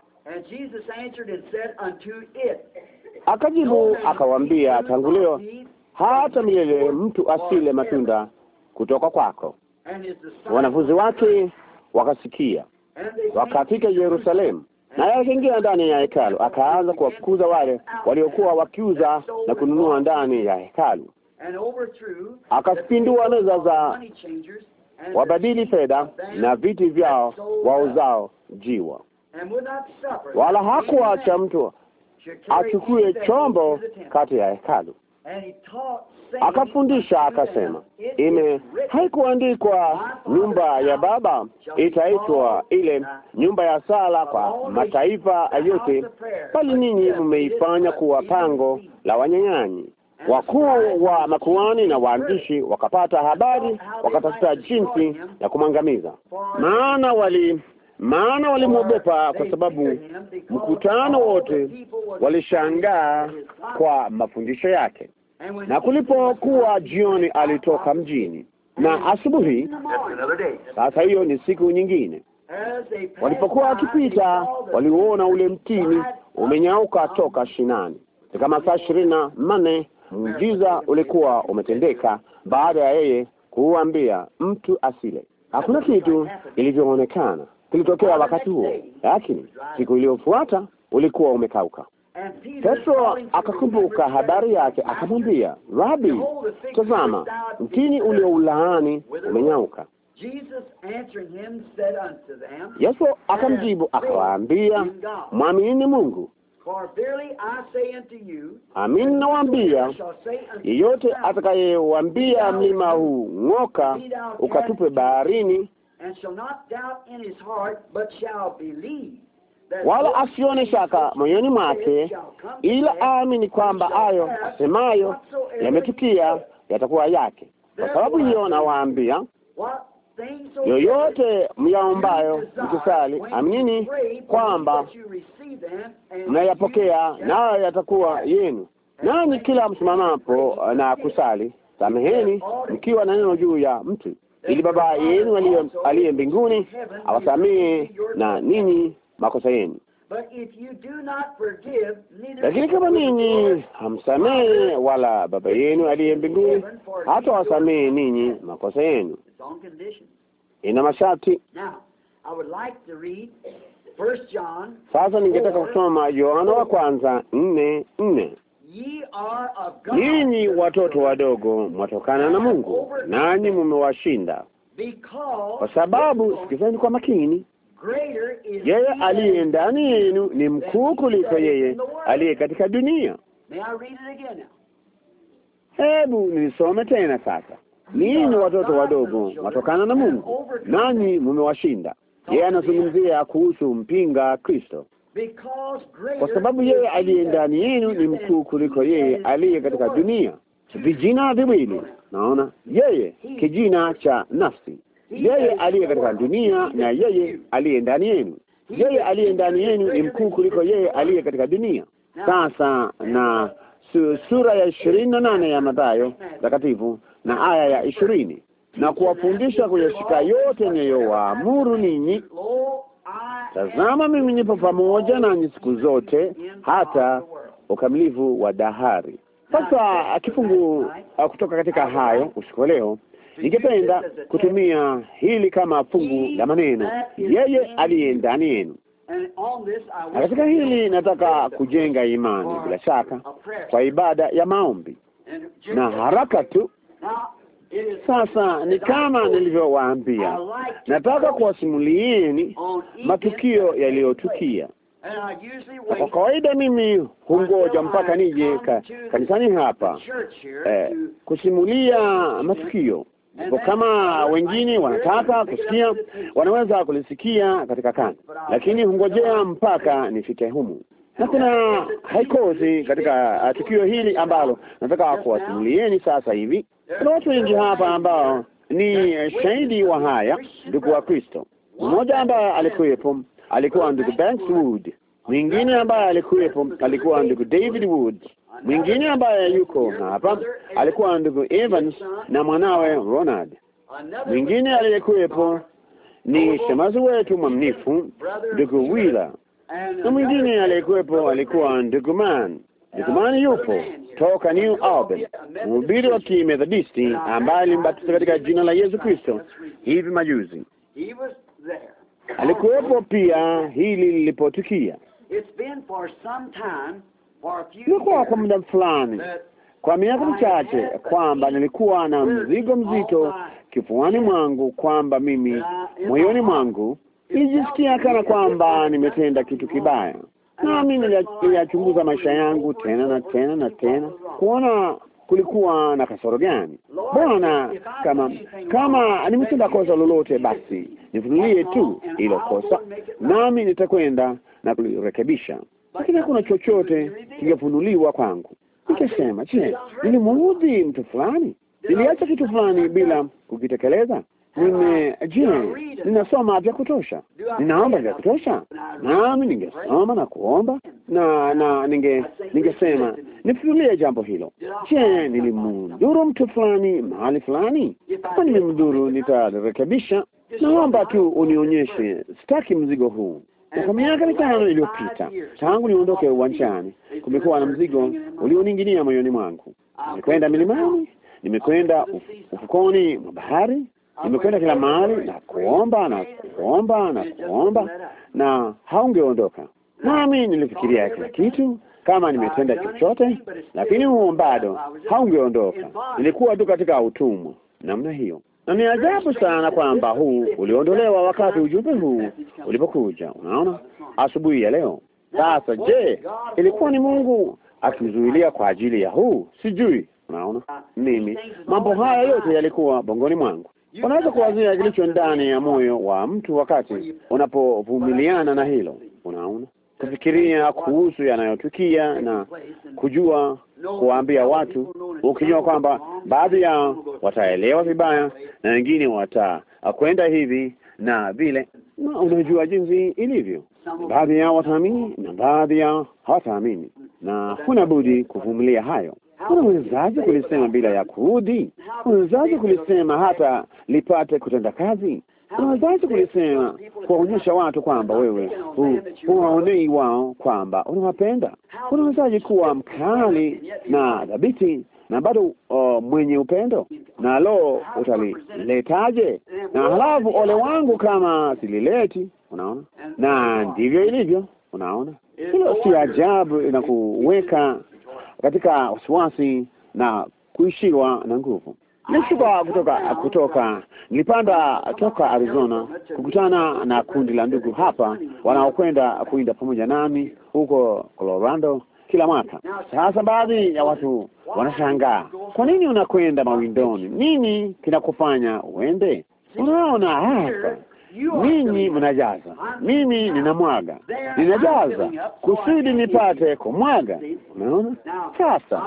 Akajibu akawaambia, tangu leo hata milele mtu asile matunda kutoka kwako. Wanafunzi wake wakasikia wakafika Yerusalemu, naye akaingia ndani ya hekalu akaanza kuwafukuza wale waliokuwa wakiuza na kununua ndani ya hekalu, akazipindua meza za wabadili fedha na viti vyao wauzao jiwa, wala hakuacha mtu achukue chombo kati ya hekalu akafundisha akasema, ime haikuandikwa nyumba ya Baba itaitwa ile nyumba ya sala kwa mataifa yote, bali ninyi mmeifanya kuwa pango la wanyang'anyi. Wakuu wa makuhani na waandishi wakapata habari, wakatafuta jinsi ya kumwangamiza, maana wali maana walimwogopa kwa sababu mkutano wote walishangaa kwa mafundisho yake na kulipokuwa jioni alitoka mjini na asubuhi. Sasa hiyo ni siku nyingine. Walipokuwa wakipita, waliuona ule mtini umenyauka toka shinani. Katika masaa ishirini na manne muujiza ulikuwa umetendeka, baada ya yeye kuuambia mtu asile. Hakuna kitu ilivyoonekana kilitokea wakati huo, lakini siku iliyofuata ulikuwa umekauka. Petro akakumbuka habari yake, akamwambia Rabi, tazama mtini ulioulaani umenyauka. Yesu akamjibu akawaambia, mwaminini Mungu. Amin, nawaambia yeyote atakayewambia mlima huu ng'oka, ukatupe baharini, wala asione shaka moyoni mwake, ila aamini kwamba hayo asemayo yametukia yatakuwa yake. Kwa sababu hiyo nawaambia, yoyote myaombayo mkisali, aminini kwamba mnayapokea, nayo yatakuwa yenu. Nani kila msimamapo na kusali, sameheni mkiwa na neno juu ya mtu, ili Baba yenu aliye mbinguni awasamehe na ninyi makosa yenu, lakini kama ninyi hamsamehe wala Baba yenu aliye mbinguni hata wasamehe ninyi makosa yenu. Ina masharti. Sasa ningetaka kusoma Yohana wa kwanza nne nne ninyi watoto wadogo mwatokana na Mungu nanyi mumewashinda, kwa sababu sikizeni kwa makini yeye aliye ndani yenu ni mkuu kuliko yeye aliye katika dunia. Hebu nisome tena sasa. Ninyi watoto wadogo watokana na Mungu, nanyi mumewashinda Yeye anazungumzia kuhusu mpinga Kristo, kwa sababu yeye aliye ndani yenu ni mkuu kuliko yeye aliye katika dunia. Vijina viwili naona yeye kijina cha nafsi yeye aliye katika dunia na yeye aliye ndani yenu, yeye aliye ndani yenu ni mkuu kuliko yeye aliye katika dunia. Sasa na su, sura ya ishirini na nane ya Mathayo takatifu na aya ya ishirini na kuwafundisha kuyashika yote niliyowaamuru ninyi. Tazama, mimi nipo pamoja nanyi siku zote hata ukamilifu wa dahari. Sasa kifungu kutoka katika hayo usiku leo Ningependa kutumia hili kama fungu la maneno, yeye aliye ndani yenu. Na katika hili nataka kujenga imani, bila shaka, kwa ibada ya maombi na haraka tu. Sasa ni kama nilivyowaambia, nataka kuwasimulieni matukio yaliyotukia. Kwa kawaida mimi hungoja mpaka nije kanisani hapa eh, kusimulia matukio ndipo kama wengine wanataka kusikia, wanaweza kulisikia katika kanda, lakini hungojea mpaka nifike humu, na kuna haikozi katika tukio hili ambalo nataka kuwasimulieni sasa hivi. Kuna watu wengi hapa ambao ni shahidi wa haya, ndugu wa Kristo. Mmoja ambaye alikuwepo alikuwa ndugu Banks Wood, mwingine ambaye alikuwepo alikuwa ndugu David Wood Mwingine ambaye yuko hapa alikuwa ndugu Evans na mwanawe Ronald. Mwingine aliyekuwepo ni shemazi wetu mwamnifu ndugu Wila, na mwingine aliyekuwepo alikuwa ndugu Man. Ndugu Man yupo toka New Albany, mhubiri wa Kimethodisti ambaye alimbatiza katika jina la Yesu Kristo hivi majuzi. Alikuwepo pia hili lilipotukia nilikuwa kwa muda fulani, kwa miaka michache, kwamba nilikuwa na mzigo mzito kifuani mwangu, kwamba mimi moyoni mwangu nilijisikia kana kwamba nimetenda kitu kibaya, nami niliyachunguza maisha yangu tena na tena na tena kuona kulikuwa na kasoro gani. Bwana, kama kama nimetenda kosa lolote, basi nifunulie tu hilo kosa, nami nitakwenda na kulirekebisha lakini hakuna chochote kingefunuliwa kwangu. Nikasema, je, nilimuudhi mtu fulani? Niliacha kitu fulani bila kukitekeleza? Nime, je, ninasoma vya kutosha? Ninaomba vya kutosha? Nami ningesoma na kuomba na na ninge ningesema nifunulie jambo hilo. Je, nilimdhuru mtu fulani mahali fulani? Kama nimemdhuru, nitarekebisha. Naomba tu unionyeshe, sitaki mzigo huu. Kwa miaka mitano iliyopita tangu niondoke uwanjani, kumekuwa na mzigo ulioninginia moyoni mwangu. Nimekwenda milimani, nimekwenda ufukoni mwa bahari, nimekwenda kila mahali na kuomba na kuomba na kuomba, na haungeondoka nami. Nilifikiria kila kitu kama nimetenda chochote, lakini huo bado haungeondoka. Nilikuwa tu katika utumwa namna hiyo na ni ajabu sana kwamba huu uliondolewa wakati ujumbe huu ulipokuja. Unaona, asubuhi ya leo. Sasa je, ilikuwa ni Mungu akimzuilia kwa ajili ya huu? Sijui. Unaona, mimi mambo haya yote yalikuwa bongoni mwangu. Unaweza kuwazia kilicho ndani ya moyo wa mtu wakati unapovumiliana na hilo. Unaona, kufikiria kuhusu yanayotukia na kujua kuwaambia watu, ukijua kwamba baadhi yao wataelewa vibaya na wengine watakwenda hivi na vile. unajua jinsi ilivyo, baadhi yao wataamini na baadhi yao hawataamini, na huna budi kuvumilia hayo. Unawezaje kulisema bila ya kuudhi? Unawezaje kulisema hata lipate kutenda kazi? unaweza kulisema kuwaonyesha watu kwamba wewe huwaonei wao kwamba unawapenda. Unawezaje kuwa mkali na dhabiti na bado uh, mwenye upendo? Na lo, utaliletaje? Na halafu ole wangu kama silileti. Unaona, na ndivyo ilivyo. Unaona, hilo si ajabu, inakuweka katika wasiwasi na kuishiwa na nguvu. Nilishuka kutoka kutoka, nilipanda toka Arizona kukutana na kundi la ndugu hapa wanaokwenda kuinda pamoja nami huko Colorado kila mwaka. Sasa baadhi ya watu wanashangaa, kwa nini unakwenda mawindoni? Nini kinakufanya uende? Unaona hapa ninyi mnajaza, mimi ninamwaga, ninajaza kusudi nipate kumwaga. Unaona, sasa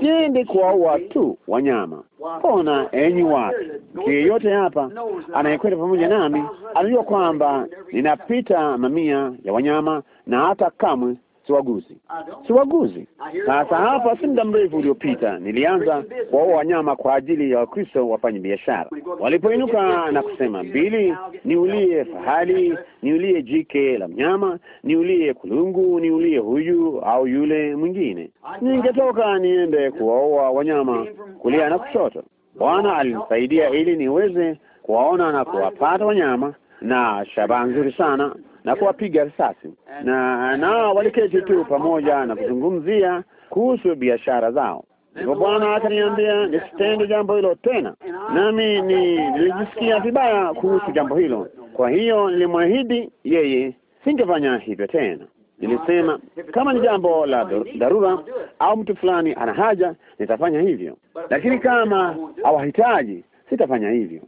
siende kuwaua tu wanyama. pona enyi watu, mtu yeyote hapa anayekwenda pamoja nami anajua kwamba ninapita mamia ya wanyama na hata kamwe siwaguzi, siwaguzi. Sasa hapa si muda mrefu uliopita nilianza kuwaoa wanyama kwa ajili ya Wakristo wafanye biashara. Walipoinuka na kusema, Bili, niulie fahali, niulie jike la mnyama, niulie kulungu, niulie huyu au yule mwingine, ningetoka niende kuwaoa wanyama kulia na kushoto. Bwana alinisaidia ili niweze kuwaona na kuwapata wanyama na shabaha nzuri sana na kuwapiga risasi, na nao waliketi tu pamoja na kuzungumzia kuhusu biashara zao. Ndipo Bwana akaniambia nisitende jambo hilo tena, nami ni nilijisikia vibaya kuhusu jambo hilo. Kwa hiyo nilimwahidi yeye singefanya hivyo tena. Nilisema kama ni jambo la dharura au mtu fulani ana haja, nitafanya hivyo, lakini kama hawahitaji sitafanya hivyo.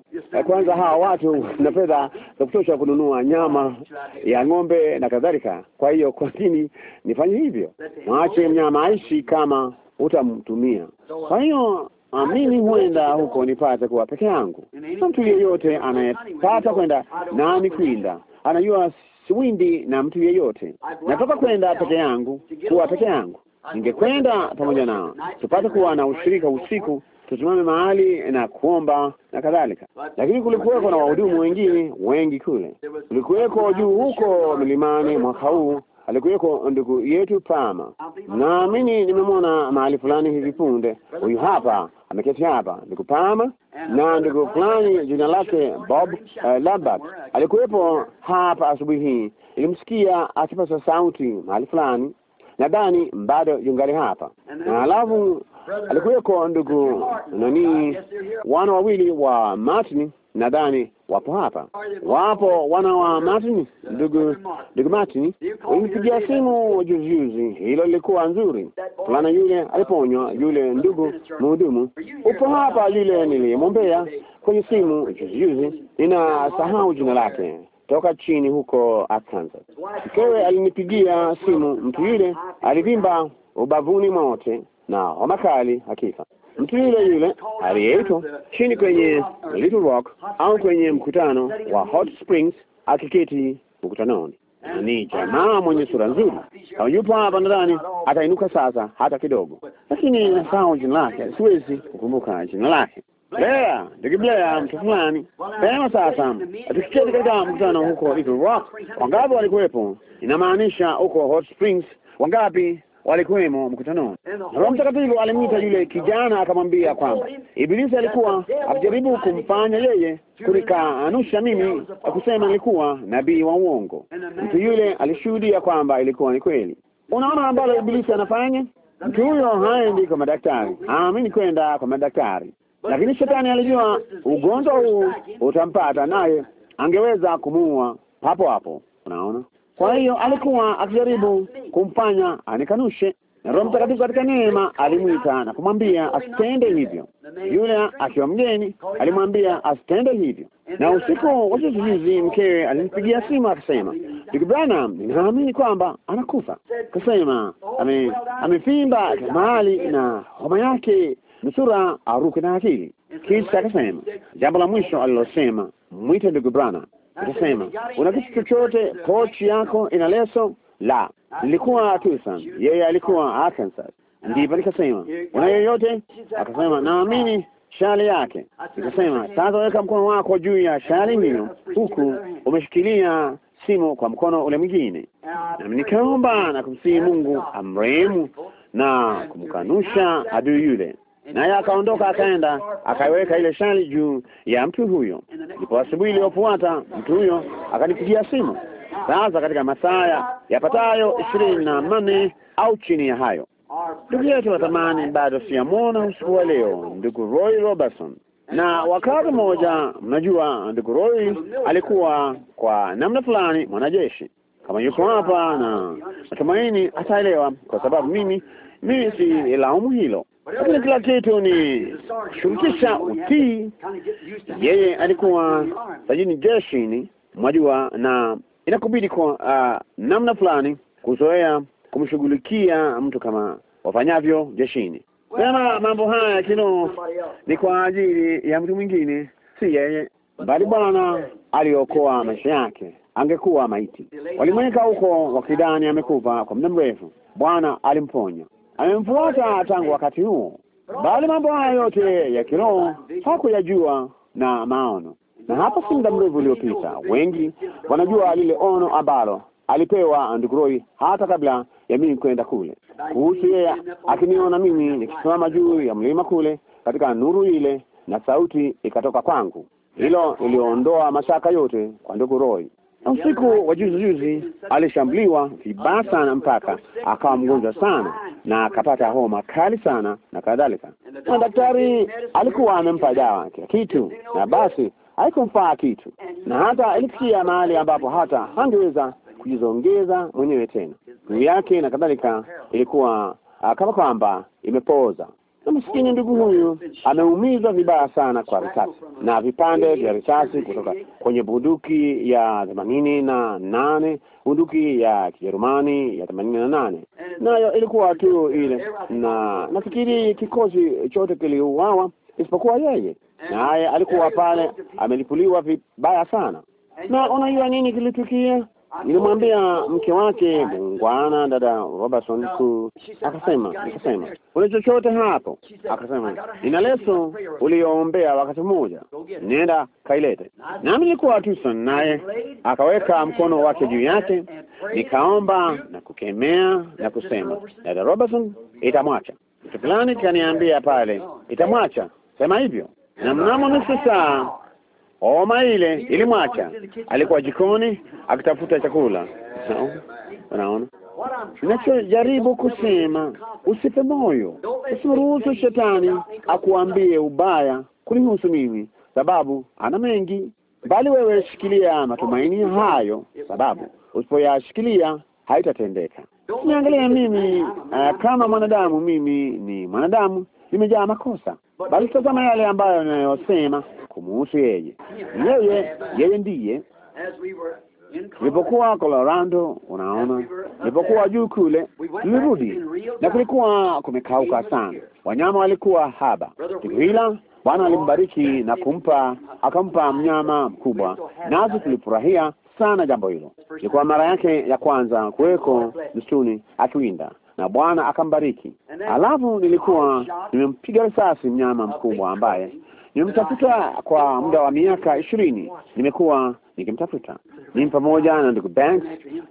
Kwanza hawa watu na fedha za kutosha kununua nyama ya ng'ombe na kadhalika. Kwa hiyo kwa nini nifanye hivyo? Mwache mnyama aishi kama utamtumia. Kwa hiyo ah, mimi huenda huko nipate kuwa peke yangu, na mtu yeyote anayepata kwenda nami kwinda anajua siwindi na mtu yeyote. Natoka kwenda peke yangu kuwa peke yangu, ningekwenda pamoja nao tupate kuwa na ushirika usiku tusimame mahali na kuomba na kadhalika. Lakini kulikuweko na wahudumu wengine wengi kule, kulikuweko juu huko milimani. Mwaka huu alikuweko ndugu yetu Pama, naamini nimemwona mahali fulani hivi punde. Huyu hapa ameketi hapa, ndugu Pama na ndugu fulani jina lake Bob uh, eh, Labat alikuwepo hapa asubuhi hii. ilimsikia akipasa sauti mahali fulani, nadhani bado yungali hapa, na alafu alikuweko ndugu nani, wana wawili wa Martin, nadhani wapo hapa. Wapo wana wa Martin, ndugu ndugu Martin, ulinipigia simu juzi juzi, hilo lilikuwa nzuri. Fulana yule aliponywa, yule ndugu mhudumu, upo hapa, yule nilimwombea kwenye simu juzi juzi, sahau jina lake toka chini huko Arkansas. Mkewe alinipigia simu, mtu yule alivimba ubavuni mwote na wamakali akifa mtu yule yule aliyeitwa chini kwenye Little Rock au kwenye mkutano wa Hot Springs akiketi mkutanoni. Ni jamaa mwenye sura nzuri, hayupo hapa ndani, atainuka sasa hata kidogo, lakini nasahau jina lake, siwezi kukumbuka jina lake. bea ndugu Blair, mtu fulani. Pema sasa, tukiketi katika mkutano huko Little Rock, wangapi walikuwepo? Inamaanisha huko Hot Springs wangapi walikuwemo mkutanoni. Roho Mtakatifu alimwita yule kijana akamwambia kwamba Ibilisi alikuwa akijaribu kumfanya yeye anusha mimi kusema nilikuwa nabii wa uongo. Mtu yule alishuhudia kwamba ilikuwa ni kweli. Unaona ambalo Ibilisi anafanya. Mtu huyo haendi kwa madaktari, haamini kwenda kwa madaktari, lakini shetani alijua ugonjwa huu utampata, naye angeweza kumuua papo hapo. Unaona, kwa hiyo alikuwa akijaribu kumfanya anikanushe, na Roho Mtakatifu katika neema alimwita na kumwambia asitende hivyo. Yule akiwa mgeni alimwambia asitende hivyo, na usiku wa juzi mkewe alinipigia simu akasema, ndugu Branham, ninaamini kwamba anakufa. Akasema ame- mahali na homa yake nusura aruke na akili. Kisha akasema jambo la mwisho alilosema, mwite ndugu Branham kusema una kitu chochote? Pochi yako ina leso? La, nilikuwa Tucson, yeye alikuwa Arkansas. Ndipo nikasema, una yoyote? Akasema, naamini shali yake. Nikasema, sasa weka mkono wako juu ya shali hiyo, huku umeshikilia simu kwa mkono ule mwingine. Nami nikaomba na kumsihi Mungu amrehemu na kumkanusha adui yule naye akaondoka akaenda akaiweka ile shali juu ya mtu huyo. Ndipo asubuhi iliyofuata mtu huyo akanipigia simu. Sasa katika masaa yapatayo ishirini na manne au chini ya hayo, ndugu yetu thamani bado siyamwona usiku wa leo, ndugu Roy Robertson. Na wakati mmoja, mnajua ndugu Roy alikuwa kwa namna fulani mwanajeshi. Kama yuko hapa, na natumaini ataelewa, kwa sababu mimi mimi si laumu hilo lakini kila kitu ni shurukisha utii. Yeye alikuwa sajini jeshini, mwajua, na inakubidi kwa uh, namna fulani kuzoea kumshughulikia mtu kama wafanyavyo jeshini. Sema mambo haya kino ni kwa ajili ya mtu mwingine, si yeye, bali Bwana aliokoa maisha yake. Angekuwa maiti, walimweka huko wakidani amekufa kwa muda mrefu. Bwana alimponya amemfuata tangu wakati huo, bali mambo haya yote ya kiroho hakuyajua na maono. Na hapa si muda mrefu uliopita, wengi wanajua lile ono ambalo alipewa ndugu Roy hata kabla ya mimi kwenda kule, kuhusu yeye akiniona mimi nikisimama juu ya mlima kule katika nuru ile, na sauti ikatoka kwangu. Hilo iliondoa mashaka yote kwa ndugu Roy na usiku wa juzi juzi alishambuliwa vibaya sana mpaka akawa mgonjwa sana na akapata homa kali sana na kadhalika, na daktari alikuwa amempa dawa kila kitu, na basi haikumfaa kitu, na hata ilifikia mahali ambapo hata hangeweza kujizongeza mwenyewe tena juu yake na kadhalika, ilikuwa ah, kama kwamba imepooza na masikini ndugu huyu ameumizwa vibaya sana kwa risasi na vipande vya risasi kutoka kwenye bunduki ya themanini na nane bunduki ya Kijerumani ya themanini na nane nayo ilikuwa tu ile, na nafikiri kikosi chote kiliuawa isipokuwa yeye, naye alikuwa pale amelipuliwa vibaya sana. Na unajua nini kilitukia? Nilimwambia mke wake mungwana dada Robertson ku akasema nikasema, una chochote hapo? Akasema, nina leso uliyoombea wakati mmoja, nenda kailete. Nami nilikuwa Tucson, naye akaweka mkono wake juu yake, nikaomba na kukemea na kusema, dada Robertson, itamwacha kitu fulani. Kaniambia pale, itamwacha sema hivyo, na mnamo nusu saa Homa ile ilimwacha, alikuwa jikoni akitafuta chakula. Unaona, ninachojaribu kusema, usipe moyo, usiruhusu shetani akuambie ubaya kunihusu mimi, sababu ana mengi, bali wewe shikilia matumaini hayo, sababu usipoyashikilia haitatendeka. Niangalie mimi uh, kama mwanadamu, mimi ni mwanadamu imejaa makosa, bali tazama yale ambayo anayosema kumuhusu yeye. Yeye yeye ndiye Nilipokuwa Colorado, unaona, nilipokuwa juu kule, nilirudi na kulikuwa kumekauka sana, wanyama walikuwa haba. Siku hila Bwana alimbariki na kumpa akampa mnyama mkubwa, nazi tulifurahia sana jambo hilo. Ilikuwa mara yake ya kwanza kuweko msituni akiwinda, na Bwana akambariki. Alafu nilikuwa nimempiga risasi mnyama mkubwa ambaye nimemtafuta kwa muda wa miaka ishirini. Nimekuwa nikimtafuta mimi pamoja na ndugu Banks,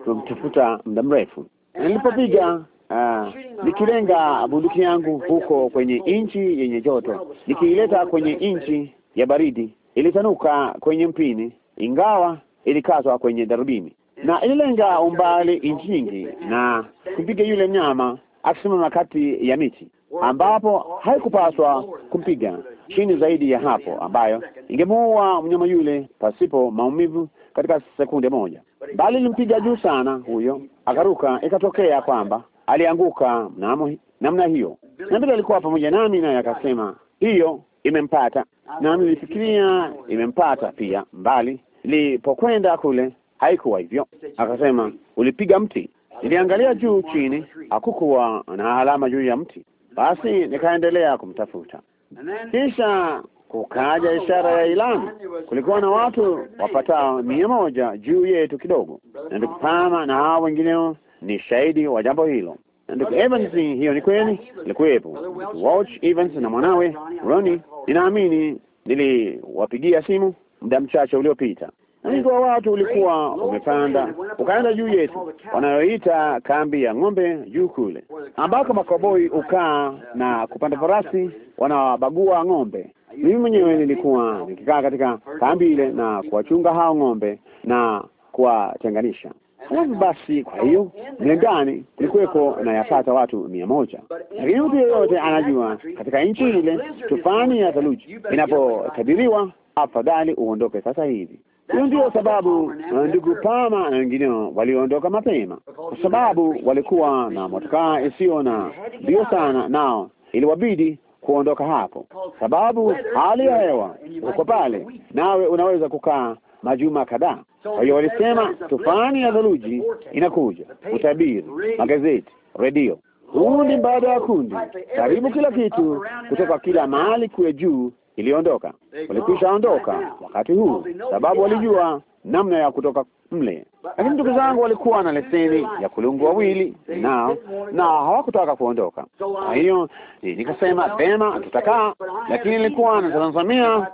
tumemtafuta muda mrefu. Nilipopiga uh, nikilenga bunduki yangu huko kwenye nchi yenye joto, nikiileta kwenye nchi ya baridi, ilitanuka kwenye mpini, ingawa ilikatwa kwenye darubini na ililenga umbali injingi na kumpiga yule mnyama akisimama kati ya miti, ambapo haikupaswa kumpiga chini zaidi ya hapo, ambayo ingemuua mnyama yule pasipo maumivu katika sekunde moja, bali ilimpiga juu sana, huyo akaruka. Ikatokea kwamba alianguka mnamo namna hiyo, na bila alikuwa pamoja nami, naye akasema hiyo imempata, na nilifikiria imempata pia, mbali lipokwenda kule haikuwa hivyo. Akasema, ulipiga mti. Niliangalia juu chini, hakukuwa na alama juu ya mti. Basi nikaendelea kumtafuta, kisha kukaja ishara ya ilani. Kulikuwa na watu wapatao mia moja juu yetu kidogo, na ndugu Pama na hao wengine ni shahidi wa jambo hilo. Ndugu Evans, hiyo ni kweli, ilikuwepo. Watch Evans na mwanawe Ronnie. Ninaamini niliwapigia simu muda mchache uliopita, Wingi wa watu ulikuwa umepanda ukaenda juu yetu, wanayoita kambi ya ng'ombe juu kule, ambako makoboi ukaa na kupanda farasi, wanawabagua ng'ombe. Mimi mwenyewe nilikuwa nikikaa katika kambi ile na kuwachunga hao ng'ombe na kuwatenganisha. Halafu basi, kwa hiyo mlengani kulikuweko na yapata watu mia moja, lakini mtu yeyote anajua katika nchi ile tufani ya theluji inapotabiriwa afadhali uondoke sasa hivi. Hiyo ndio sababu eh, ndugu Pama na eh, wengineo waliondoka mapema, kwa sababu walikuwa na motokaa isiyo na mbio sana, nao iliwabidi kuondoka hapo, sababu hali ya hewa uko pale, nawe unaweza kukaa majuma kadhaa. Kwa hiyo walisema tufani ya dhuluji inakuja, utabiri, magazeti, redio, kundi baada ya kundi, karibu kila kitu kutoka kila mahali kuwe juu iliondoka, walikwisha ondoka wakati huu, sababu walijua namna ya kutoka mle. Lakini ndugu zangu walikuwa na leseni ya kulungu wawili nao, na hawakutaka kuondoka. Uh, Kwa hiyo nikasema pema, tutakaa, lakini nilikuwa natazamia uh,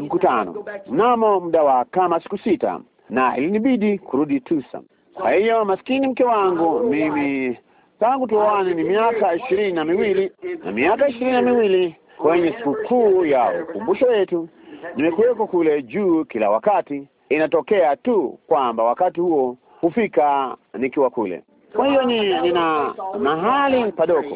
mkutano mnamo muda wa kama siku sita, na ilinibidi kurudi tusa Kwa hiyo maskini mke wangu mimi tangu tuoane ni miaka ishirini na miwili na miaka ishirini na miwili kwenye sikukuu ya ukumbusho wetu. Nimekuweko kule juu kila wakati, inatokea tu kwamba wakati huo hufika nikiwa kule. Kwa hiyo ni nina mahali padoko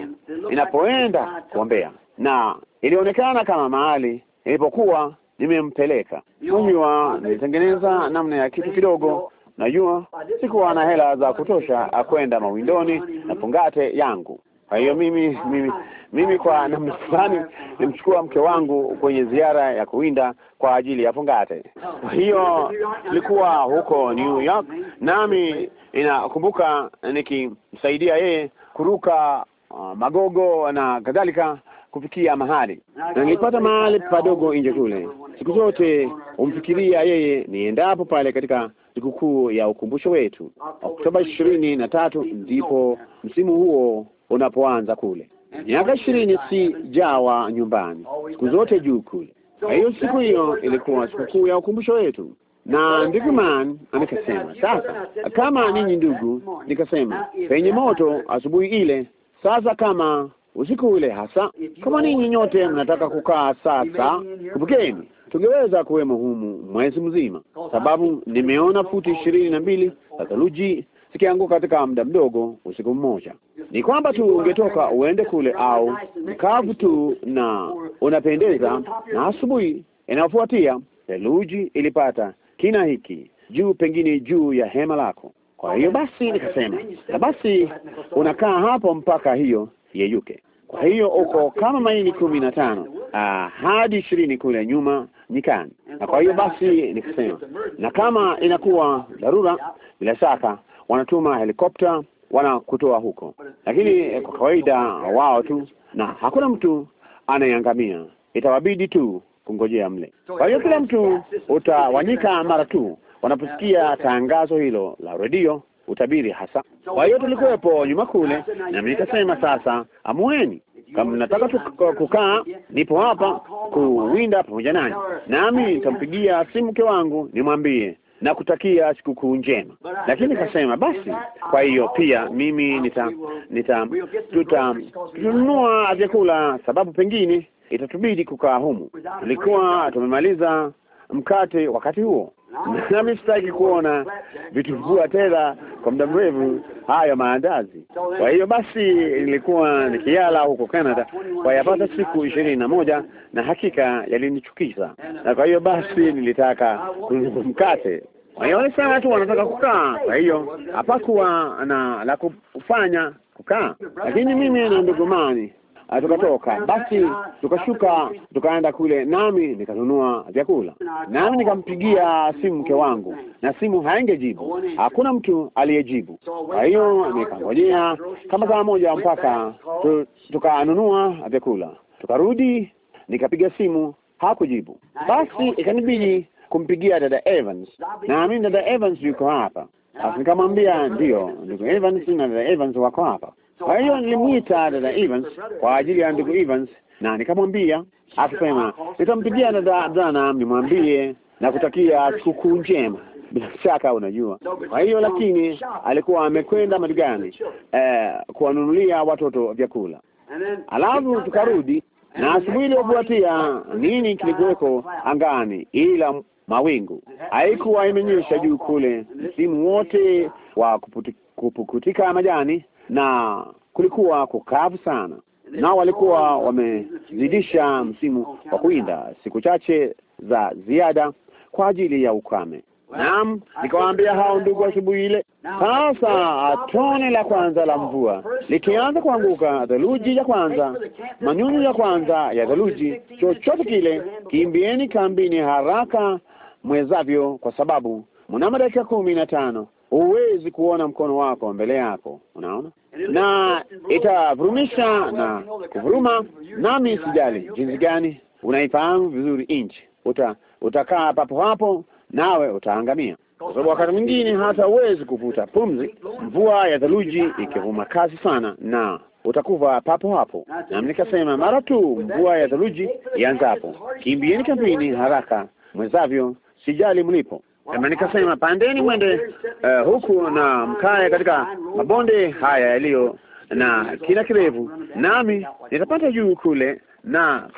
ninapoenda kuombea, na ilionekana kama mahali nilipokuwa nimempeleka mheshimiwa. Nilitengeneza namna ya kitu kidogo, najua sikuwa na hela za kutosha akwenda mawindoni na fungate yangu kwa hiyo mimi mimi mimi kwa namna fulani nimchukua mke wangu kwenye ziara ya kuwinda kwa ajili ya fungate. Kwa hiyo nilikuwa huko New York, nami inakumbuka nikimsaidia yeye kuruka uh, magogo na kadhalika kufikia mahali, na nilipata mahali padogo nje kule. Siku zote humfikiria yeye niendapo pale katika sikukuu ya ukumbusho wetu Oktoba ishirini na tatu, ndipo msimu huo unapoanza kule. Miaka ishirini si jawa nyumbani, siku zote juu kule. Kwa hiyo siku hiyo ilikuwa sikukuu ya ukumbusho wetu, na ndugu man amekasema sasa kama ninyi ndugu, nikasema penye moto asubuhi ile, sasa kama usiku ule hasa, kama ninyi nyote mnataka kukaa sasa, kumbukeni tungeweza kuwemo humu mwezi mzima, sababu nimeona futi ishirini na mbili za theluji zikianguka katika muda mdogo, usiku mmoja. Ni kwamba tu ungetoka uende kule, au mkavu tu na unapendeza, na asubuhi inayofuatia theluji ilipata kina hiki juu, pengine juu ya hema lako. Kwa hiyo basi nikasema, na basi unakaa hapo mpaka hiyo yeyuke. Kwa hiyo uko kama maili kumi na tano ah, hadi ishirini kule nyuma nyikani, na kwa hiyo basi nikasema, na kama inakuwa dharura, bila shaka wanatuma helikopta wana kutoa huko, lakini eh, kwa kawaida wao tu, na hakuna mtu anayeangamia. Itawabidi tu kungojea mle. Kwa hiyo kila mtu utawanyika mara tu wanaposikia tangazo hilo la redio, utabiri hasa. Kwa hiyo tulikuwepo nyuma kule, nami nikasema sasa, amueni kama nataka kukaa, nipo hapa kuwinda pamoja nanyi, nami nitampigia simu mke wangu nimwambie na kutakia sikukuu njema. Lakini kasema basi, kwa hiyo pia mimi nita, nita tuta tutanunua vyakula, sababu pengine itatubidi kukaa humu. Tulikuwa tumemaliza mkate wakati huo, nami sitaki kuona vituvua tena kwa muda mrefu hayo maandazi. Kwa hiyo basi, nilikuwa nikiala huko Canada kwa yapata siku ishirini na moja, na hakika yalinichukiza, na kwa hiyo basi nilitaka kununua mkate. Kwa tu wanataka kukaa, kwa hiyo hapakuwa na la kufanya kukaa, lakini mimi na ndugumani tukatoka, basi tukashuka tukaenda kule, nami nikanunua vyakula, nami nikampigia simu mke wangu, na simu haingejibu, hakuna mtu aliyejibu. Kwa hiyo nikangojea kama saa moja mpaka tukanunua vyakula, tukarudi, nikapiga simu, hakujibu. Basi ikanibidi kumpigia dada Evans, naamini dada Evans yuko hapa. Basi nikamwambia ndiyo, ndugu Evans na dada Evans wako hapa kwa hiyo nilimwita dada Evans kwa ajili ya ndugu Evans na nikamwambia, akasema nitampigia dada Branham nimwambie na kutakia sikukuu njema. Bila shaka unajua. Kwa hiyo lakini alikuwa amekwenda madugani eh, kuwanunulia watoto vyakula, alafu tukarudi na asubuhi iliyofuatia nini kilikuweko angani ila mawingu. Haikuwa imenyesha juu kule msimu wote wa kupukutika majani na kulikuwa kukavu sana, nao walikuwa wamezidisha msimu wa kuinda siku chache za ziada kwa ajili ya ukame. Naam, nikawaambia hao ndugu asubuhi ile. Sasa tone la kwanza la mvua likianza kuanguka, theluji ya kwanza, manyunyu ya kwanza ya theluji, chochote kile, kimbieni kambini haraka mwezavyo, kwa sababu mnamo dakika kumi na tano huwezi kuona mkono wako mbele yako, unaona, na itavurumisha na kuvuruma. Nami sijali jinsi gani, unaifahamu vizuri nchi, uta- utakaa papo hapo nawe utaangamia, kwa sababu wakati mwingine hata huwezi kuvuta pumzi, mvua ya theluji ikivuma kasi sana, na utakuva papo hapo. Na nikasema mara tu mvua ya theluji ianzapo, kimbieni kampini haraka mwezavyo, sijali mlipo na nikasema, pandeni mwende uh, huku na mkae katika mabonde haya yaliyo na kila kirevu, nami nitapata juu kule na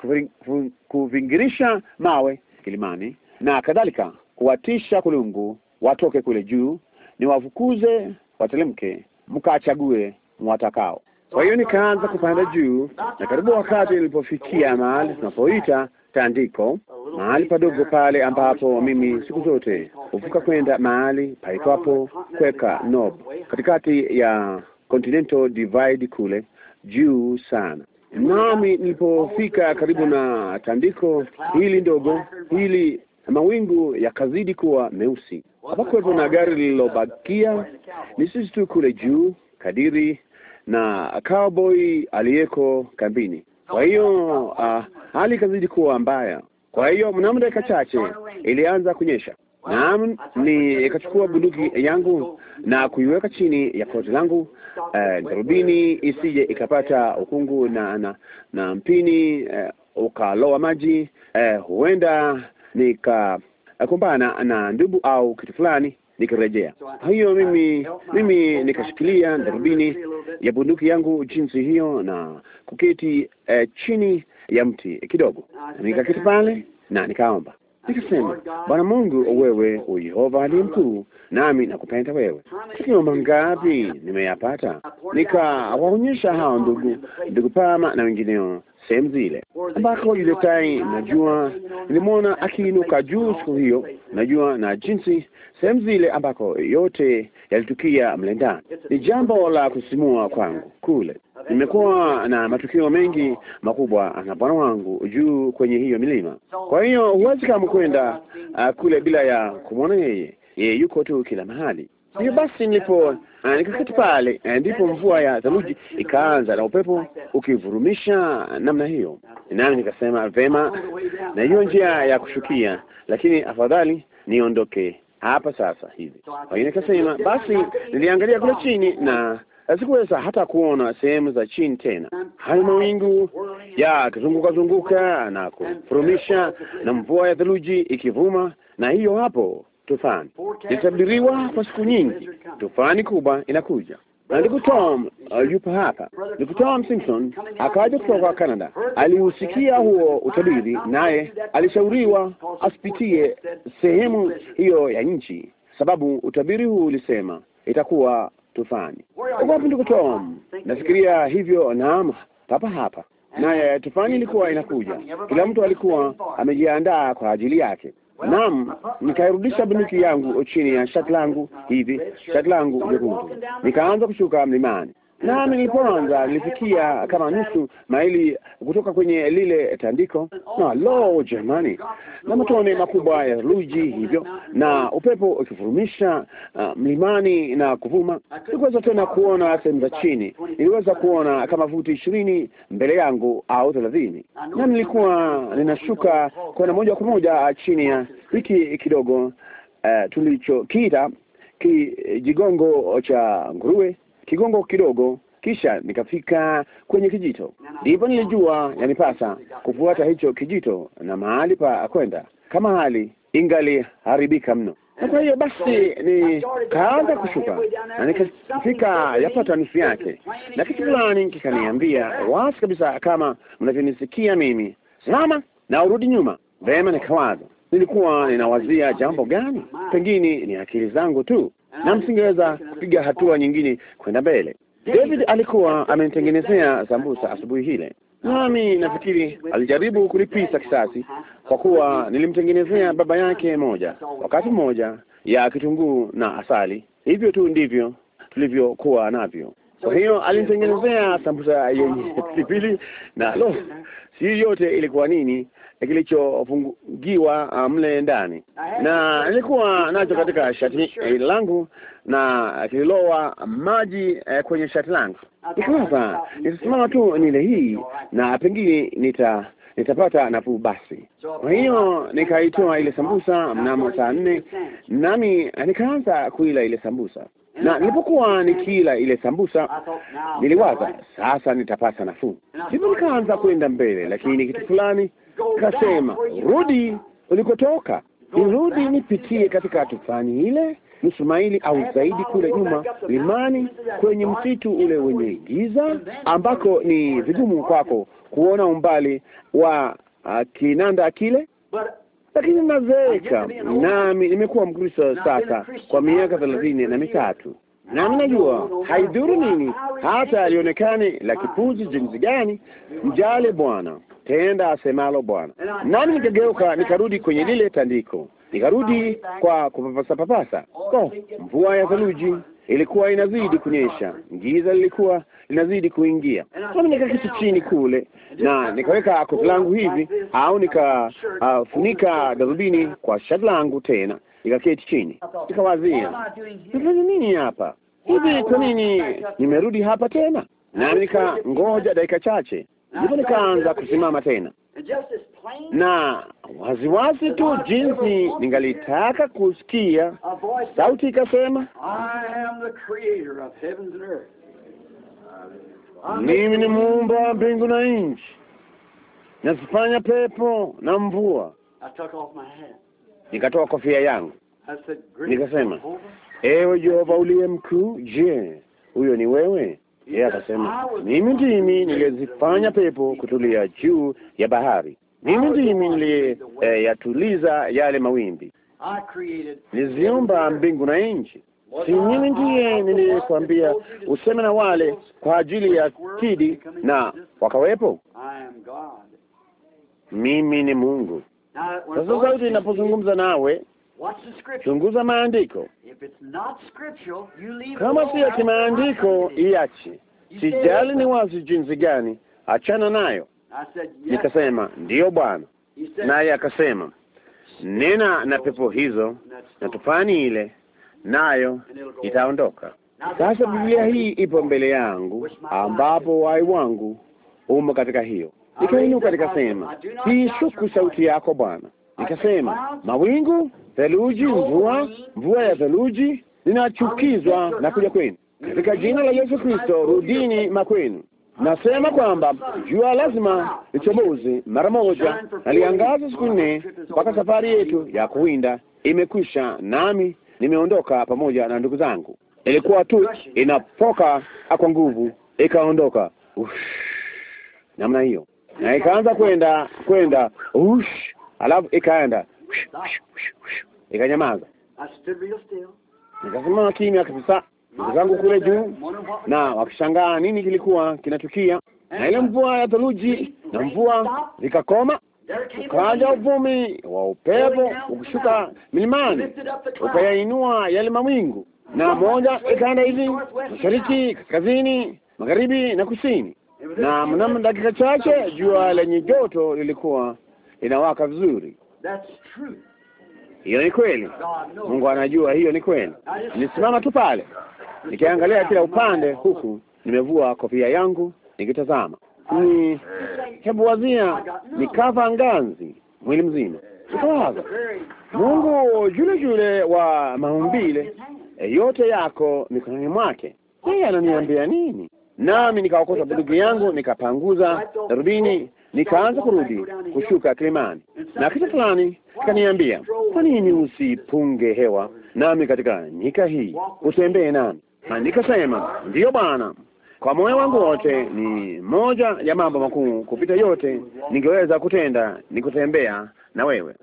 kuvingirisha mawe kilimani na kadhalika, kuwatisha kulungu watoke kule juu, niwafukuze watelemke, mkachague mwatakao. Kwa hiyo nikaanza kupanda juu, na karibu wakati nilipofikia mahali tunapoita tandiko mahali padogo pale ambapo mimi siku zote huvuka kwenda mahali paitwapo Kweka Nob, katikati ya Continental Divide kule juu sana. Nami nilipofika karibu na tandiko hili ndogo hili, mawingu yakazidi kuwa meusi. Hapakuwepo na gari lililobakia, ni sisi tu kule juu kadiri na cowboy aliyeko kambini. Kwa hiyo uh, hali ikazidi kuwa mbaya. Kwa hiyo mnamo dakika chache ilianza kunyesha. Naam, ni ikachukua bunduki yangu na kuiweka chini ya koti langu, eh, uh, isije ikapata ukungu na na, na mpini uh, eh, ukaloa maji eh, huenda nikakumbana eh, na ndubu au kitu fulani nikirejea. Kwa uh, hiyo uh, mimi mimi nikashikilia uh, darubini ya bunduki yangu jinsi hiyo na kuketi eh, chini ya mti kidogo, nikaketi pale na nikaomba nikasema, Bwana Mungu, wewe uyehova Yehova aliye mkuu, nami nakupenda wewe. Sio mangapi nimeyapata, nikawaonyesha hao ndugu ndugu Pama na wengineo sehemu zile ambako yule tai, najua nilimwona akiinuka juu siku hiyo, najua na jinsi sehemu zile ambako yote yalitukia mle ndani. Ni jambo la kusimua kwangu kule. Nimekuwa na matukio mengi makubwa na bwana wangu juu kwenye hiyo milima. Kwa hiyo huwezi kama kwenda uh, kule bila ya kumwona yeye. Yeye yuko tu kila mahali. Hiyo basi nilipo Ah, nikaketi pale, eh, ndipo mvua ya theluji ikaanza na upepo ukivurumisha namna hiyo, nami nikasema vema, na hiyo njia ya kushukia, lakini afadhali niondoke hapa sasa hivi. Kwa hiyo nikasema basi, niliangalia kule chini na sikuweza hata kuona sehemu za chini tena. Hayo mawingu yakizunguka zunguka na kufurumisha na mvua ya theluji ikivuma, na hiyo hapo tufani. Ilitabiriwa kwa siku nyingi, tufani kubwa inakuja. Na ndugu Tom uh, yupo hapa. Ndugu Tom Simpson akaja kutoka Canada, aliusikia huo utabiri, naye alishauriwa asipitie sehemu hiyo ya nchi, sababu utabiri huu ulisema itakuwa tufani. Uko wapi ndugu Tom? Nafikiria hivyo. Naam, papa hapa. Naye tufani ilikuwa inakuja, kila mtu alikuwa amejiandaa kwa ajili yake. Naam, nikairudisha bunduki yangu chini ya shati langu hivi, shati langu jekundu, nikaanza kushuka mlimani nami nilipoanza nilifikia kama nusu maili kutoka kwenye lile tandiko, na lo jamani, na matone makubwa ya theluji hivyo, na upepo ukifurumisha uh, mlimani na kuvuma. Niliweza tena kuona sehemu za chini, niliweza kuona kama futi ishirini mbele yangu au thelathini, na nilikuwa ninashuka kwenda moja kwa moja ah, chini ya hiki kidogo uh, tulichokiita kijigongo cha nguruwe kigongo kidogo, kisha nikafika kwenye kijito. Ndipo nilijua yanipasa kufuata hicho kijito na mahali pa kwenda, kama hali ingali haribika mno. Na kwa hiyo basi nikaanza kushuka na nikafika yapata nusu yake, na kitu fulani kikaniambia wazi kabisa, kama mnavyonisikia mimi, salama na urudi nyuma. Vema, nikawaza nilikuwa ninawazia jambo gani? Pengine ni akili zangu tu, na msingeweza kupiga hatua nyingine kwenda mbele. David alikuwa amenitengenezea sambusa asubuhi hile, nami nafikiri alijaribu kulipisa kisasi kwa kuwa nilimtengenezea baba yake moja wakati mmoja ya kitunguu na asali. Hivyo tu ndivyo tulivyokuwa navyo. Kwa hiyo alinitengenezea sambusa yenye pilipili na lo, si yote ilikuwa nini, kilichofungiwa uh, mle ndani, na nilikuwa nacho katika shati eh, langu na kililowa maji eh, kwenye shati langu. Iko hapa, nitasimama tu nile hii na pengine nita nitapata nafuu basi. Kwa hiyo nikaitoa ile sambusa mnamo saa nne, nami nikaanza kuila ile sambusa, na nilipokuwa nikiila ile sambusa niliwaza sasa nitapata nafuu, ndipo nikaanza kwenda mbele, lakini kitu fulani Kasema, rudi ulikotoka, irudi nipitie katika tufani ile msumaili au zaidi kule nyuma limani, kwenye msitu ule wenye giza, ambako ni vigumu kwako kuona umbali wa uh, kinanda kile lakini nazeeka, nami nimekuwa Mkristo sasa kwa miaka thelathini na mitatu, nami najua haidhuru nini, hata alionekane la kipuzi jinsi gani, mjale Bwana tenda asemalo Bwana. Nami nikageuka nikarudi kwenye lile tandiko, nikarudi kwa kupapasa papasa. Oh, oh mvua ya theluji ilikuwa inazidi kunyesha, giza lilikuwa linazidi kuingia. Nami nikaketi chini kule na nikaweka koti langu hivi, au nikafunika uh, darubini kwa shati langu tena, nikaketi chini, nikawazia nifanye nini hapa hivi, kwa nini nimerudi hapa tena? Nami nikangoja dakika chache ndipo nikaanza kusimama tena na waziwazi tu jinsi ningalitaka kusikia sauti ikasema, mimi ni muumba mbingu na nchi, nazifanya pepo na mvua. Nikatoa kofia yangu nikasema, ewe Jehova uliye mkuu, je, huyo ni wewe? yeye akasema, mimi ndimi nilizifanya pepo kutulia juu ya bahari, mimi ndimi niliyatuliza eh, yale mawimbi, niziumba mbingu na nchi. Si mimi ndiye nilikwambia useme na wale kwa ajili ya kidi na wakawepo? Mimi ni Mungu. Sasa sauti inapozungumza nawe, chunguza maandiko kama si ya kimaandiko iache. Sijali ni wazi jinsi gani, achana nayo. Nikasema ndiyo Bwana, naye akasema nena na pepo hizo na tufani ile, nayo itaondoka. Sasa Biblia hii ipo mbele yangu, ambapo wai wangu umo katika hiyo. Nikainuka nikasema, siishuku sauti yako Bwana, nikasema, mawingu, theluji, mvua, mvua ya theluji, ninachukizwa na kuja kwenu katika jina la Yesu Kristo, rudini makwenu. Nasema kwamba jua lazima lichomoze mara moja, naliangaza siku nne mpaka safari yetu ya kuwinda imekwisha, nami nimeondoka pamoja na ndugu zangu. Ilikuwa tu inapoka kwa nguvu, ikaondoka namna hiyo, na ikaanza kwenda kwenda ush Alafu ikaenda ikanyamaza, nikasimama kimya kabisa, zangu kule juu na wakishangaa nini kilikuwa kinatukia, na ile mvua ya theluji na mvua vikakoma. Ukaja uvumi wa upepo ukishuka milimani ukayainua yale mawingu, na moja ikaenda hivi mashariki, kaskazini, magharibi na kusini, na mnamo dakika chache jua lenye joto lilikuwa inawaka vizuri. Hiyo ni kweli, Mungu anajua hiyo ni kweli. Nisimama tu pale nikiangalia kila upande, huku nimevua kofia yangu nikitazama. Ni hebu wazia, nikava nganzi mwili mzima, nikawaza Mungu jule jule wa maumbile e, yote yako mikononi mwake, yeye ananiambia nini? Nami nikaokota bunduki yangu nikapanguza darubini nikaanza kurudi kushuka kilimani, na kitu fulani kikaniambia, kwa nini usipunge hewa nami katika nyika hii, utembee nami? Na nikasema ndiyo Bwana, kwa moyo wangu wote. Ni moja ya mambo makuu kupita yote ningeweza kutenda ni kutembea na wewe.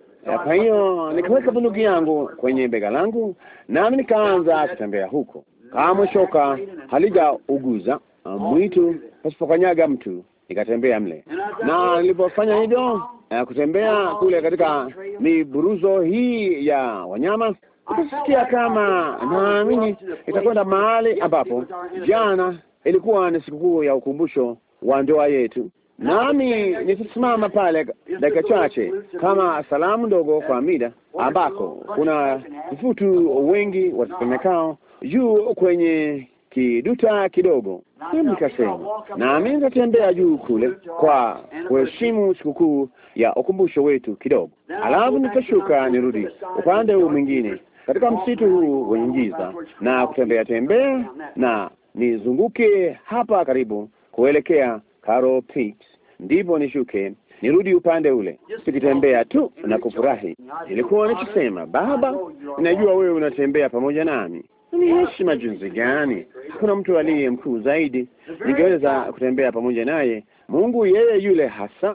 Kwa hiyo nikaweka bunduki yangu kwenye bega langu, nami nikaanza kutembea huko, kama shoka halijauguza mwitu pasipokanyaga mtu nikatembea mle, na nilipofanya hivyo eh, kutembea kule katika miburuzo hii ya wanyama utasikia kama, naamini itakwenda mahali ambapo jana ilikuwa ni sikukuu ya ukumbusho wa ndoa yetu, nami nitasimama pale dakika chache kama salamu ndogo kwa mida, ambako kuna vifutu wengi watatemekao juu kwenye kiduta kidogo. Mimi nikasema, nami nitatembea juu kule kwa kuheshimu sikukuu ya ukumbusho wetu kidogo, alafu nitashuka nirudi upande huu mwingine katika msitu huu wenye giza na kutembea tembea na nizunguke hapa karibu kuelekea Caro Peaks, ndipo nishuke nirudi upande ule, sikitembea tu na kufurahi. Nilikuwa nikisema, Baba, ninajua wewe unatembea pamoja nami, ni heshima jinsi gani! Hakuna mtu aliye mkuu zaidi. Ningeweza kutembea pamoja naye, Mungu yeye yule hasa,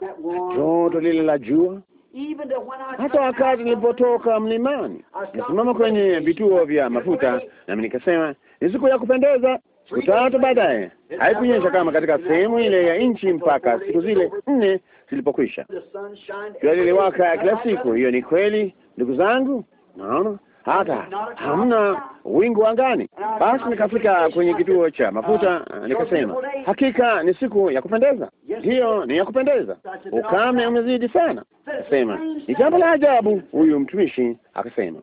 joto lile la jua hata wakati nilipotoka mlimani, nisimama kwenye vituo vya mafuta, nami nikasema ni siku ya kupendeza. Siku tatu baadaye haikunyesha kama katika sehemu ile ya nchi mpaka siku zile nne zilipokwisha. Jua liliwaka kila siku. Hiyo ni kweli, ndugu zangu, naona hata hamna wingu angani. Basi nikafika kwenye kituo cha mafuta, ah, nikasema hakika ni siku ya kupendeza, hiyo ni ya kupendeza, ukame umezidi sana. Akasema ni jambo la ajabu. Huyu mtumishi akasema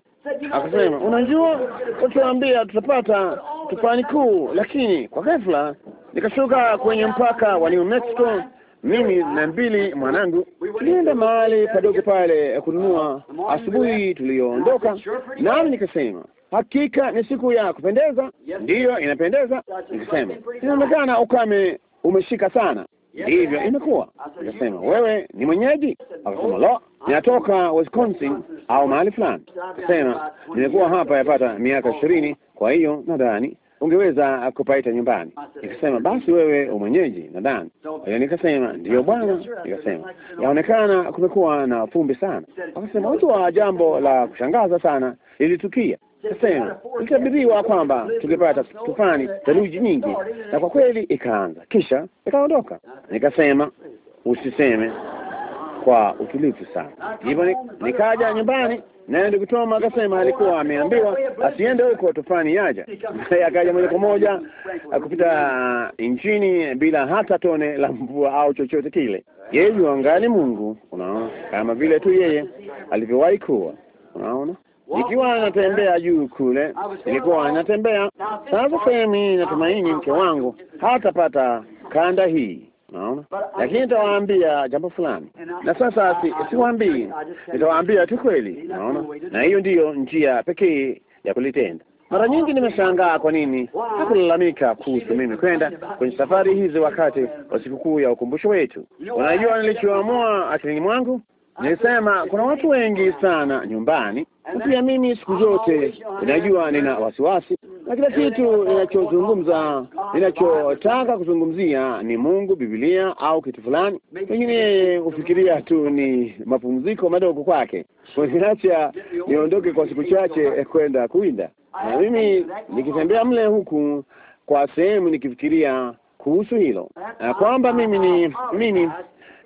akasema unajua, utatuambia tutapata tufani kuu, lakini kwa ghafla nikashuka kwenye mpaka wa New Mexico mimi na mbili mwanangu nienda mahali padogo pale kununua asubuhi tuliyoondoka, nami nikasema hakika ni siku ya kupendeza. Ndiyo, inapendeza. Nikasema inaonekana ukame umeshika sana. hivyo imekuwa. Nikasema wewe ni mwenyeji? Akasema lo, ninatoka Wisconsin au mahali fulani. kasema nimekuwa hapa yapata miaka ishirini, kwa hiyo nadhani ungeweza kupaita nyumbani. Ah, nikasema basi wewe umwenyeji, nadhani. Nikasema ndiyo ah, bwana, nikasema yaonekana kumekuwa na fumbi sana. Akasema wa jambo la kushangaza sana lilitukia Kasema ilitabiriwa kwamba tungepata tufani theluji nyingi, na kwa kweli ikaanza, kisha ikaondoka. Ah, nikasema usiseme, kwa utulivu sana. Ndipo nikaja nyumbani Naye ndugu Toma akasema alikuwa ameambiwa asiende huko, tufani yaja akaja moja kwa moja kupita uh, nchini bila hata tone la mvua au chochote kile. Yeye yu Mungu, unaona, kama vile tu yeye alivyowahi kuwa, unaona ikiwa anatembea juu kule, ilikuwa anatembea sasa. Sehemu hii, natumaini mke wangu hatapata kanda hii. Naona, lakini nitawaambia jambo fulani, na sasa siwaambii, nitawaambia tu kweli. Naona, na hiyo ndiyo njia pekee ya kulitenda. Mara nyingi nimeshangaa kwa nini hakulalamika kuhusu mimi kwenda kwenye safari hizi wakati wa sikukuu ya ukumbusho wetu. Unajua nilichoamua akilini mwangu, nilisema kuna watu wengi sana nyumbani, na pia mimi siku zote, unajua, nina wasiwasi na kila kitu ninachozungumza ninachotaka kuzungumzia ni Mungu, Biblia au kitu fulani. Pengine hufikiria tu ni mapumziko madogo kwake, kuniacha niondoke kwa siku chache kwenda kuinda na mimi nikitembea mle huku kwa sehemu nikifikiria kuhusu hilo kwamba mimi ni mimi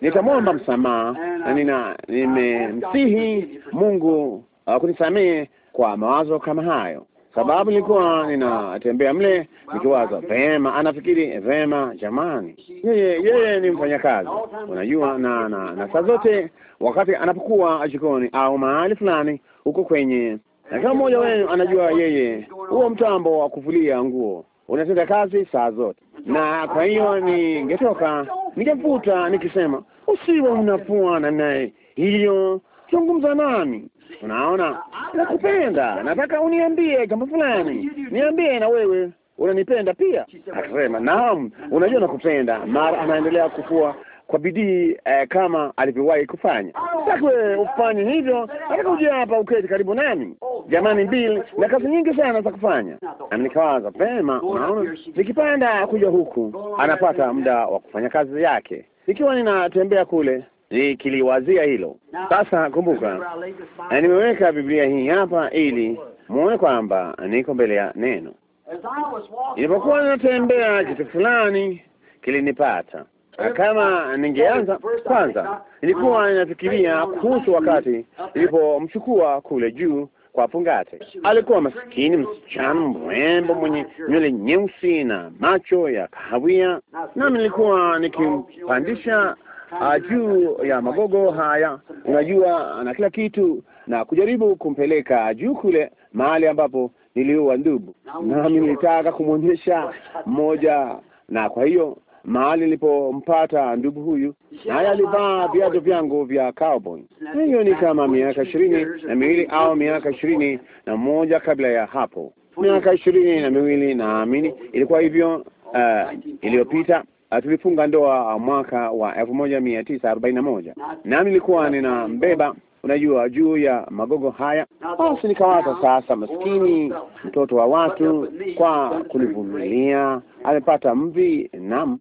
nitamwomba msamaha na nina nimemsihi Mungu uh, kunisamehe kwa mawazo kama hayo sababu nilikuwa ninatembea mle nikiwaza vema, anafikiri vema, jamani, yeye yeye ni mfanyakazi, unajua na, na, na saa zote wakati anapokuwa jikoni au mahali fulani huko kwenye, na kama mmoja wenu anajua yeye, huo mtambo wa kufulia nguo unatenda kazi saa zote, na kwa hiyo ningetoka ningemfuta nikisema, usiwe unapua na naye hiyo zungumza nami Unaona, nakupenda, nataka uniambie jambo fulani, niambie na wewe unanipenda pia. Akasema naam, unajua nakupenda. Mara anaendelea kufua kwa bidii eh, kama alivyowahi kufanya. Sitaki wewe ufanye hivyo, nataka uje hapa uketi karibu nami. Jamani, Bill na kazi nyingi sana za kufanya. Na nikawaza pema, unaona, nikipanda kuja huku anapata muda wa kufanya kazi yake, nikiwa ninatembea kule nikiliwazia hilo sasa. Kumbuka, nimeweka Biblia hii hapa ili muone kwamba niko mbele ya neno. Nilipokuwa ninatembea, kitu fulani kilinipata. Kama ningeanza kwanza, nilikuwa ninafikiria kuhusu wakati nilipomchukua kule juu kwa Pungate. Alikuwa masikini msichana mrembo mwenye nywele nyeusi na macho ya kahawia, nami nilikuwa nikimpandisha juu ya magogo haya, unajua, na kila kitu, na kujaribu kumpeleka juu kule mahali ambapo niliua ndugu, nami nilitaka kumwonyesha mmoja, na kwa hiyo mahali nilipompata ndugu huyu, naye alivaa viatu vyangu vya cowboy. Hiyo ni kama miaka ishirini na miwili au miaka ishirini na moja kabla ya hapo, miaka ishirini na miwili naamini ilikuwa hivyo, uh, iliyopita Ah, tulifunga ndoa ah, mwaka wa elfu moja mia tisa arobaini na moja nami nilikuwa nina mbeba unajua juu ya magogo haya. Basi nikawaza sasa, maskini mtoto wa watu kwa kunivumilia amepata mvi. nam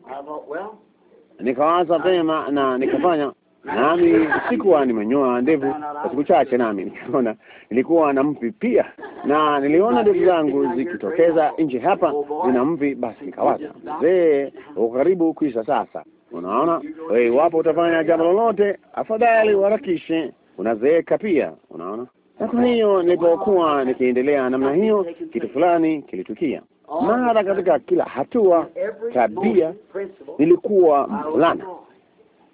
nikawaza vema na nikafanya nami sikuwa nimenyoa ndevu kwa siku chache, nami niliona nilikuwa na mvi pia, na niliona ndevu zangu zikitokeza nje hapa, nina mvi. Basi nikawaza, mzee uko karibu kuisha sasa. Unaona, wewe, iwapo utafanya jambo lolote, afadhali uharakishe, unazeeka pia. Unaona, na kwa hiyo nilipokuwa nikiendelea namna hiyo, kitu fulani kilitukia. Mara katika kila hatua, tabia, nilikuwa mvulana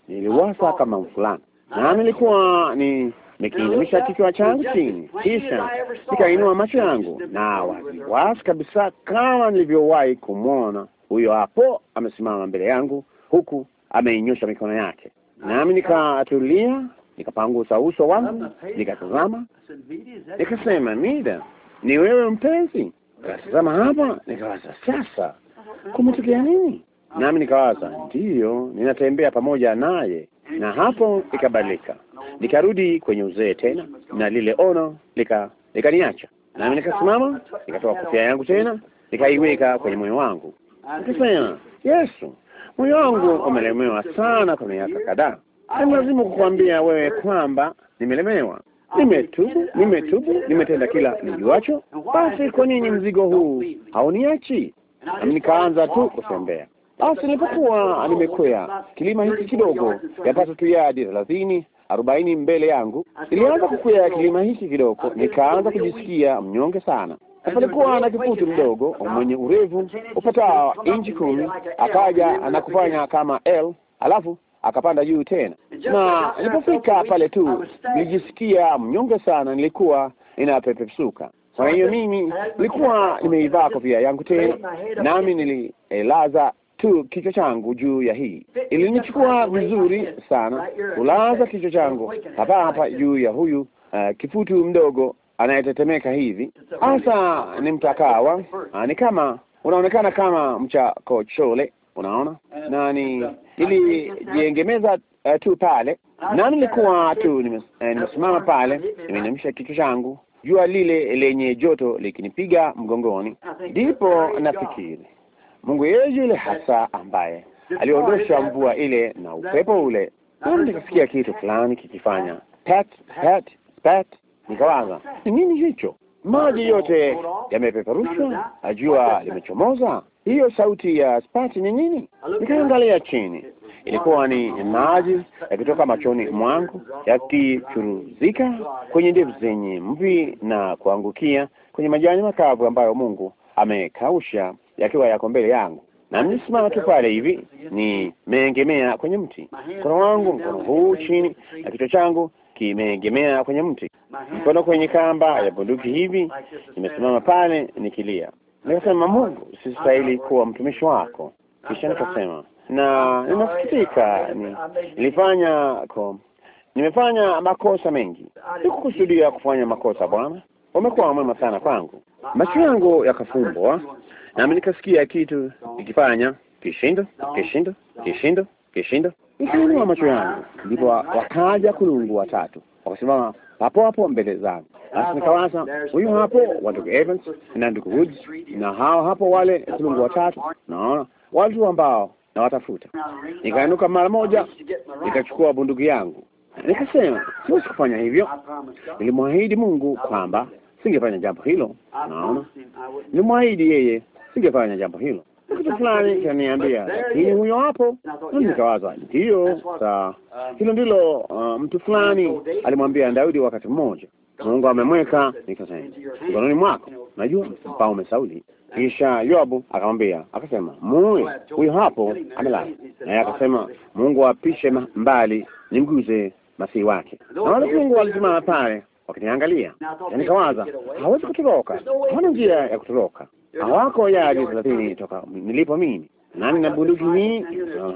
niliwasa kama mfulana, na nilikuwa ni nikiinamisha kichwa changu chini, kisha nikainua macho yangu na waziwazi kabisa, kama nilivyowahi kumwona huyo hapo amesimama mbele yangu, huku ameinyosha mikono yake, nami nikatulia, nikapangusa uso wangu, nikatazama, nikasema, Mida, ni wewe mpenzi? Nikatazama hapa, nikawaza, sasa kumetokea nini? nami nikawaza, ndiyo, ninatembea pamoja naye, na hapo ikabadilika, nikarudi kwenye uzee tena, na lile ono lika likaniacha, nami nikasimama, nikatoa kofia yangu tena, nikaiweka kwenye moyo wangu, nikasema, Yesu, moyo wangu umelemewa sana kwa miaka kadhaa, ni lazima kukwambia wewe kwamba nimelemewa Nimetubu, nimetubu, nimetenda kila nijuacho. Basi kwa nini mzigo huu hauniachi? Nami nikaanza tu kutembea, basi nilipokuwa nimekwea kilima hiki kidogo yapata tu yadi thelathini arobaini mbele yangu, nilianza kukwea kilima hiki kidogo, nikaanza kujisikia mnyonge sana. Palikuwa na kifutu mdogo mwenye urefu upatao inchi kumi, akaja na kufanya kama L, alafu akapanda juu tena, na nilipofika pale tu nilijisikia mnyonge sana, nilikuwa inapepesuka. Kwa hiyo mimi nilikuwa nimeivaa kofia yangu tena, nami nililaza tu kichwa changu juu ya hii, ilinichukua vizuri sana kulaza kichwa changu hapa hapa juu ya huyu uh, kifutu mdogo anayetetemeka hivi. Hasa ni mtakawa, ah, ni kama unaonekana kama mchakochole, unaona nani, nilijiegemeza uh, eh, tu pale na nilikuwa tu eh, nimesimama pale, nimeinamisha kichwa changu jua lile lenye joto likinipiga mgongoni, ndipo nafikiri Mungu yeye yule hasa ambaye aliondosha mvua ile na upepo ule. Nami nikasikia kitu fulani kikifanya pat pat pat, nikawaza ni nini hicho? Maji yote yamepeperushwa, ajua limechomoza. Hiyo sauti ya spati ni nini? Nikaangalia chini, ilikuwa ni maji yakitoka machoni mwangu yakichuruzika kwenye ndevu zenye mvi na kuangukia kwenye majani makavu ambayo Mungu amekausha yakiwa yako mbele yangu, na nilisimama tu pale hivi nimeengemea kwenye mti, mkono wangu mkono huu chini na kichwa changu kimeengemea kwenye mti, mkono kwenye kamba ya bunduki hivi. Nimesimama pale nikilia, nikasema, Mungu, sistahili kuwa mtumishi wako. Kisha nikasema, na ninasikitika, nilifanya nimefanya makosa mengi, sikukusudia kufanya makosa Bwana, wamekuwa wamema sana kwangu. Macho yangu yakafumbwa, nami nikasikia kitu ikifanya kishindo kishindo kishindo kishindo. Nikainua macho yangu, ndipo wakaja kulungu watatu wakasimama hapo hapo mbele zangu. Basi nikawaza, huyu hapo wa ndugu Evans na ndugu Woods na hao hapo wale kulungu watatu, naona watu ambao nawatafuta. Nikainuka mara moja, nikachukua bunduki yangu Nikasema siwezi kufanya hivyo. Nilimwahidi Mungu kwamba singefanya jambo hilo. Naona nilimwahidi yeye singefanya jambo hilo. Kitu fulani kaniambia lakini huyo hapo, nikawaza ndiyo saa hilo ndilo. Uh, mtu fulani alimwambia Daudi wakati mmoja, Mungu amemweka nikasema, mkononi mwako, najua mfalme Sauli kisha Yobu akamwambia akasema, muwe huyo hapo amelala. Naye akasema Mungu apishe mbali, nimguze masihi wake. Na wale Mungu walisimama pale wakiniangalia, nikawaza hawezi kutoroka, hana njia ya kutoroka. Hawako yadi thelathini toka nilipo mimi, nani na bunduki hii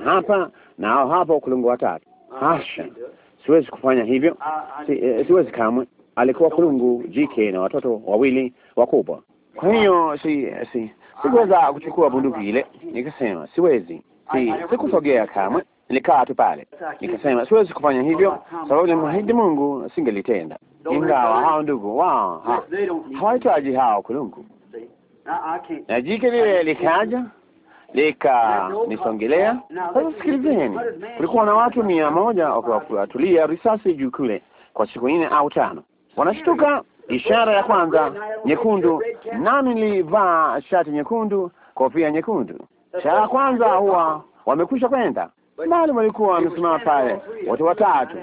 hapa na hao hapo kulungu watatu. Hasha, siwezi kufanya hivyo, si, eh, siwezi kamwe. Alikuwa kulungu jike na watoto wawili wakubwa kwa hiyo si, si sikuweza kuchukua bunduki ile, nikasema siwezi, si sikusogea kamwe, nilikaa tu pale, nikasema siwezi kufanya hivyo, sababu nilimwahidi Mungu singelitenda, ingawa hao ndugu wao hawahitaji hao kulungu. Na jike lile likaja likanisongelea. Sasa sikilizeni, kulikuwa na watu mia moja wakiwafatulia risasi juu kule kwa siku nne au tano, wanashtuka Ishara ya kwanza nyekundu, nami nilivaa shati nyekundu, kofia nyekundu. Ishara ya kwanza huwa wamekwisha kwenda mbali, walikuwa wamesimama pale wote watatu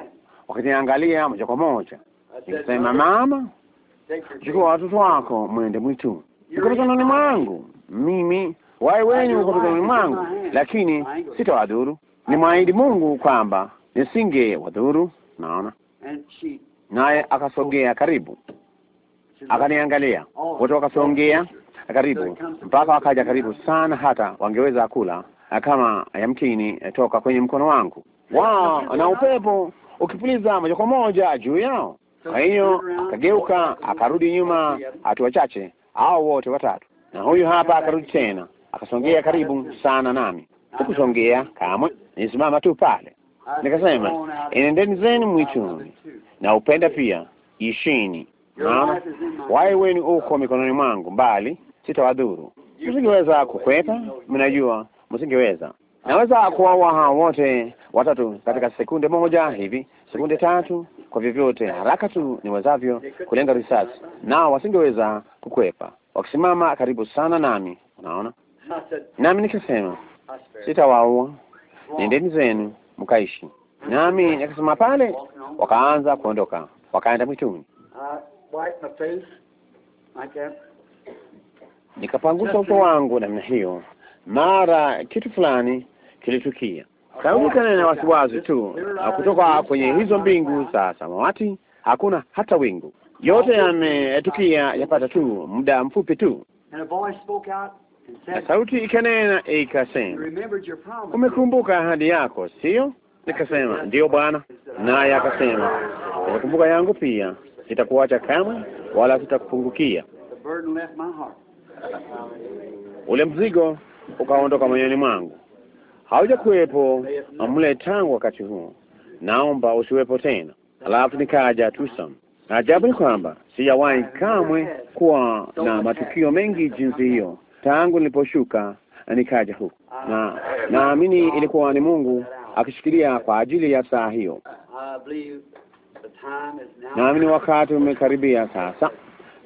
wakiniangalia moja kwa moja. Nikasema, mama, chukua watoto wako mwende mwitu. Uko mikononi mwangu mimi, wai wenyu uko mikononi mwangu, lakini sitawadhuru. ni mwahidi Mungu kwamba nisinge wadhuru. Naona naye akasogea karibu akaniangalia wote wakasongea karibu mpaka wakaja karibu sana, hata wangeweza kula kama yamkini eh, toka kwenye mkono wangu wao, na upepo ukipuliza moja kwa moja juu yao. Kwa hiyo akageuka akarudi nyuma hatu wachache au wote watatu, na huyu hapa akarudi tena akasongea karibu sana nami, hukusongea kamwe, nisimama tu pale. Nikasema, inendeni zenu mwituni na upenda pia ishini Naam, wenu uko mikononi mwangu, mbali sitawadhuru. Msingeweza kukwepa, mnajua msingeweza. Naweza kuwaua hao wote watatu katika sekunde moja hivi, sekunde tatu, kwa vyovyote haraka tu niwezavyo kulenga risasi, nao wasingeweza kukwepa, wakisimama karibu sana nami. Unaona, nami nikasema sitawaua, nendeni zenu mkaishi. Nami nikasema pale, wakaanza kuondoka, wakaenda mwituni nikapangusa uso wangu namna hiyo. Mara kitu fulani kilitukia, sauti na wasiwasi tu kutoka kwenye hizo mbingu za samawati. Hakuna hata wingu, yote yametukia yapata tu muda mfupi tu, na sauti ikanena ikasema, umekumbuka ahadi yako, sio? Nikasema ndiyo Bwana, naye akasema, umekumbuka yangu pia sitakuacha kamwe, wala sitakupungukia. Ule mzigo ukaondoka moyoni mwangu, haujakuwepo mle tangu wakati huo, naomba usiwepo tena. Alafu nikaja Tucson. Ajabu ni kwamba sijawahi kamwe kuwa na matukio mengi jinsi hiyo tangu niliposhuka nikaja huku, na naamini ilikuwa ni Mungu akishikilia kwa ajili ya saa hiyo. Nami ni wakati umekaribia sasa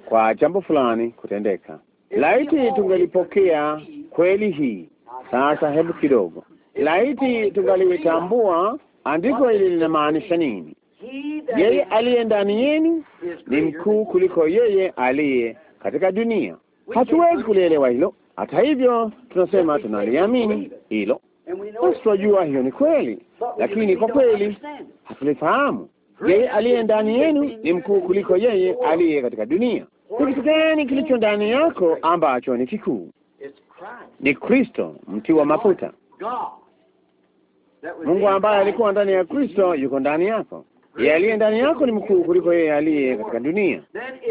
kwa jambo fulani kutendeka. Laiti tungelipokea kweli hii sasa. Hebu kidogo, laiti tungaliwetambua andiko hili linamaanisha nini. Yeye aliye ndani yenu ni mkuu kuliko yeye aliye katika dunia. Hatuwezi kulielewa hilo, hata hivyo tunasema tunaliamini hilo, basi tunajua hiyo ni kweli, lakini kwa kweli hatulifahamu yeye aliye ndani yenu ni mkuu kuliko yeye aliye katika dunia. Ni kitu gani kilicho ndani yako ambacho ni kikuu? Ni Kristo, mti wa mafuta. Mungu ambaye alikuwa ndani ya Kristo yuko ndani yako. Yeye aliye ndani yako ni mkuu kuliko yeye aliye katika dunia.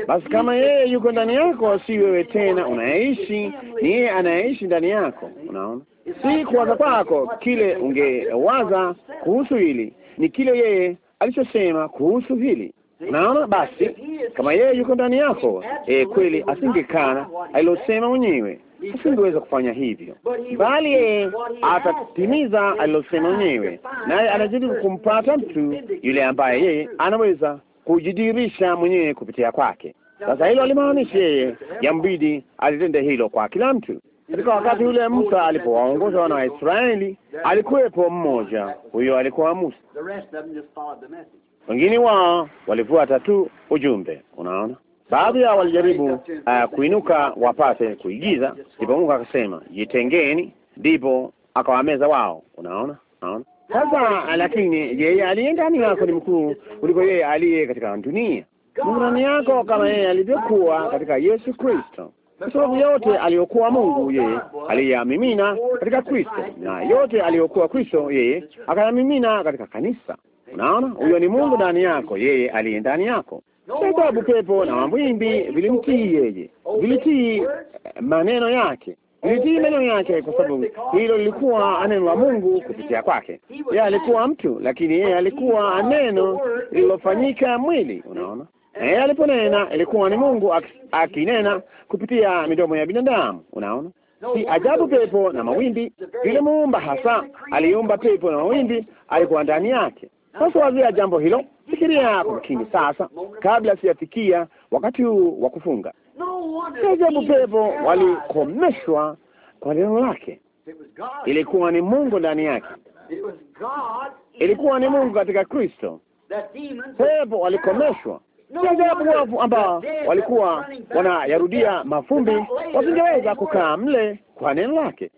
Basi kama yeye yuko ndani yako, si wewe tena unayeishi, ni yeye anayeishi ndani yako. Unaona, si kuwaza kwako kile ungewaza kuhusu hili, ni kile yeye alichosema kuhusu hili. Naona basi, kama yeye yuko ndani yako, e, kweli asingekana alilosema mwenyewe, asingeweza kufanya hivyo, bali yeye atatimiza alilosema mwenyewe, naye anajaribu kumpata mtu yule ambaye yeye anaweza kujidirisha mwenyewe kupitia kwake. Sasa hilo alimaanisha yeye, yambidi alitende hilo kwa kila mtu. Katika wakati yule Musa alipowaongoza wana wa Israeli, alikuwepo mmoja huyo, alikuwa Musa. Wengine wao walifuata tu ujumbe. Unaona, baadhi yao walijaribu uh, kuinuka wapate kuigiza, ndipo Mungu akasema jitengeni, ndipo akawameza wao. Unaona, unaona sasa. Lakini yeye aliye ndani yako ni mkuu kuliko yeye aliye katika dunia. Mungu ndani yako kama yeye alivyokuwa katika Yesu Kristo kwa sababu yote aliyokuwa Mungu yeye aliyamimina katika Kristo, na yote aliyokuwa Kristo yeye akayamimina katika kanisa. Unaona, huyo ni Mungu ndani yako, yeye aliye ndani yako. Sababu pepo na mawimbi vilimtii yeye, vilitii eh, maneno yake vilitii maneno yake, kwa sababu hilo lilikuwa neno la Mungu kupitia kwake. Yeye alikuwa mtu, lakini yeye alikuwa neno lililofanyika mwili. Unaona, E, aliponena ilikuwa ni Mungu akinena kupitia midomo ya binadamu. Unaona, si ajabu pepo na mawimbi. Yule muumba hasa aliumba pepo na mawimbi, alikuwa ndani yake. Sasa wazia jambo hilo, fikiria kwa makini sasa, kabla sijafikia wakati huu wa kufunga. Si ajabu pepo walikomeshwa kwa neno lake. Ilikuwa ni Mungu ndani yake, ilikuwa ni Mungu katika Kristo. Pepo walikomeshwa ni ajabu wavu ambao walikuwa wanayarudia mafumbi, wasingeweza kukaa mle kwa neno lake,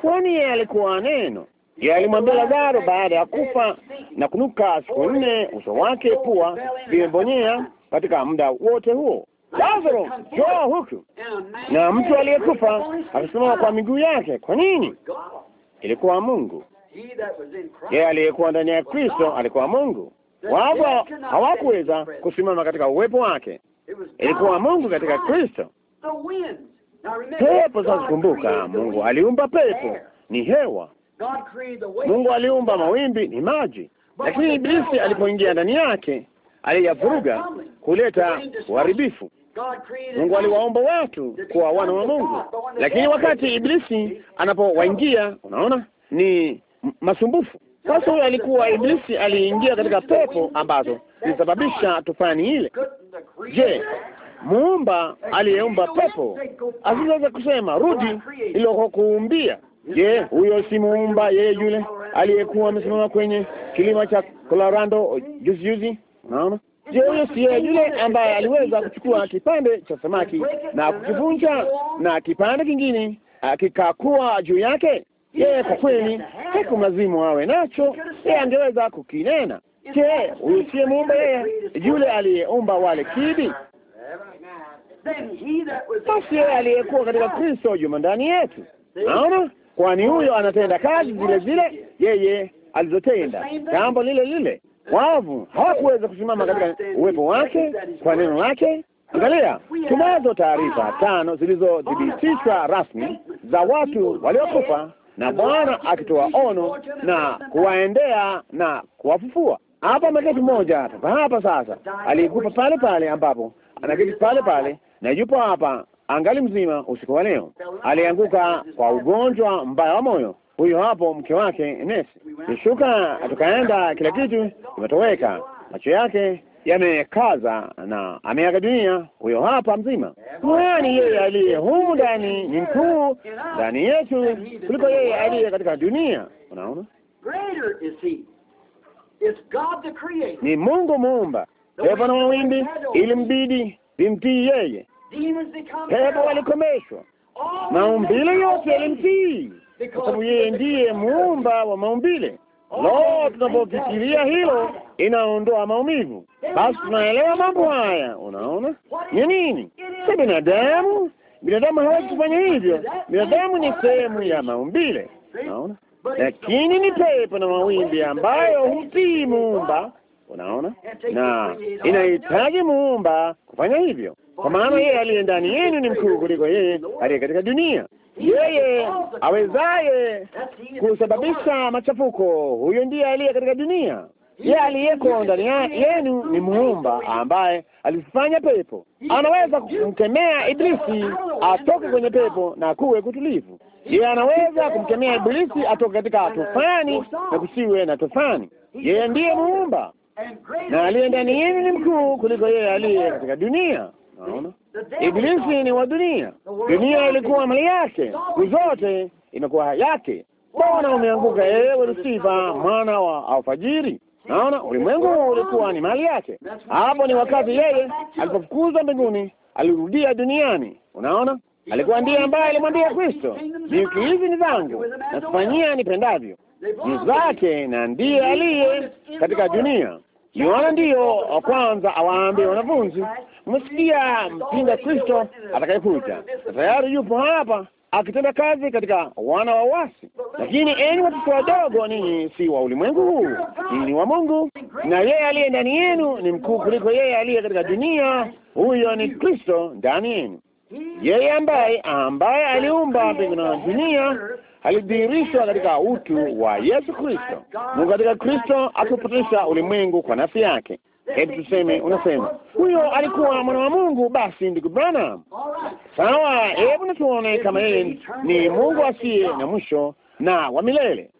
kwani yeye alikuwa neno. Yeye alimwambia Lazaro baada ya kufa na kunuka siku nne, uso wake pua vimebonyea katika muda wote huo, Lazaro njoo huku, na mtu aliyekufa akasimama kwa miguu yake. Kwa nini? Ilikuwa Mungu. Yeye aliyekuwa ndani ya Kristo alikuwa Mungu wapo hawakuweza kusimama katika uwepo wake, ilikuwa Mungu katika Kristo. Pepo sasa, kumbuka, Mungu aliumba pepo, ni hewa. Mungu aliumba mawimbi, ni maji, lakini Iblisi alipoingia ndani yake aliyavuruga, kuleta uharibifu. Mungu aliwaomba watu kuwa wana wa Mungu, lakini wakati Iblisi anapowaingia, unaona ni masumbufu. Sasa huyo alikuwa Iblisi aliingia katika pepo ambazo zilisababisha tufani ile. Je, muumba aliyeumba pepo asingeweza kusema rudi iliyokuumbia? Je, huyo si muumba yeye yule aliyekuwa amesimama kwenye kilima cha Colorado juzi juzi? Unaona, je, huyo si yeye yule ambaye aliweza kuchukua kipande cha samaki na kukivunja na kipande kingine akikakua juu yake? Yeye kwa kweli hakumlazimu awe nacho, yeye angeweza kukinena. Je, huyu siye muumba yeye, yule aliyeumba wale kidi? Basi yeye aliyekuwa katika Kristo yumo ndani yetu. Naona, kwani huyo anatenda kazi zile zile yeye alizotenda, jambo lile lile. Wavu hawakuweza kusimama katika uwepo wake kwa neno lake. Angalia, tunazo taarifa tano zilizothibitishwa rasmi za watu waliokufa na Bwana akitoa ono na kuwaendea na kuwafufua. Hapa ameketi mmoja hapa hapa sasa, alikufa pale pale ambapo anaketi pale pale, na yupo hapa angali mzima usiku wa leo. Alianguka kwa ugonjwa mbaya wa moyo, huyo hapo mke wake Nesi. Nishuka tukaenda, kila kitu kimetoweka, macho yake yamekaza na ameaga dunia. Huyo hapa mzima mwani, yeye aliye humu ndani ni mkuu ndani yetu kuliko yeye aliye katika dunia. Unaona, ni Mungu muumba pepo na mawimbi, ili mbidi vimtii yeye. Pepo walikomeshwa, maumbile yote yalimtii, kwa sababu yeye ndiye muumba wa maumbile. Lo, tunapofikiria hilo inaondoa maumivu. Basi tunaelewa mambo haya. Unaona ni nini? Si binadamu, binadamu hawezi kufanya hivyo. Binadamu ni sehemu ya maumbile, unaona, lakini ni pepo na mawimbi ambayo hutii Muumba, unaona, na inahitaji Muumba kufanya hivyo, kwa maana yeye aliye ndani yenu ni mkuu kuliko yeye aliye katika dunia. Yeye awezaye kusababisha machafuko, huyo ndiye aliye katika dunia yeye aliyeko ndani yenu ni muumba ambaye alifanya pepo. Anaweza kumkemea Iblisi atoke kwenye pepo na kuwe kutulivu. Yeye anaweza kumkemea Iblisi atoke katika tufani na kusiwe na tufani. Yeye ndiye muumba na aliye ndani yenu ni mkuu kuliko yeye aliye katika dunia. Naona Iblisi ni wa dunia, dunia ilikuwa mali yake, siku zote imekuwa yake. Mbona umeanguka ewe Lusifa, mwana wa alfajiri? Naona ulimwengu ulikuwa ni mali yake. Hapo ni wakati yeye alipofukuzwa mbinguni, alirudia duniani. Unaona, alikuwa ndiye ambaye alimwambia Kristo, niki hizi ni zangu, nazifanyia nipendavyo. Ni zake na ndiye aliye katika dunia. Yohana ndiyo kwanza awaambie wanafunzi, msikia mpinga Kristo atakayekuja, na tayari yupo hapa akitenda kazi katika wana wa wasi. Lakini enyi watoto wadogo, ninyi si wa ulimwengu huu, ninyi ni wa Mungu, na yeye aliye ndani yenu ni mkuu kuliko yeye aliye katika dunia. Huyo ni Kristo ndani yenu, yeye ambaye ambaye aliumba mbingu na dunia alidhihirishwa katika utu wa Yesu Kristo. Mungu katika Kristo akupatanisha ulimwengu kwa nafsi yake, hebu tuseme, unasema huyo alikuwa mwana wa Mungu, basi ndugu Branham. Sawa, hebu natuone tuone kama yeye ni Mungu asiye na mwisho na wa milele.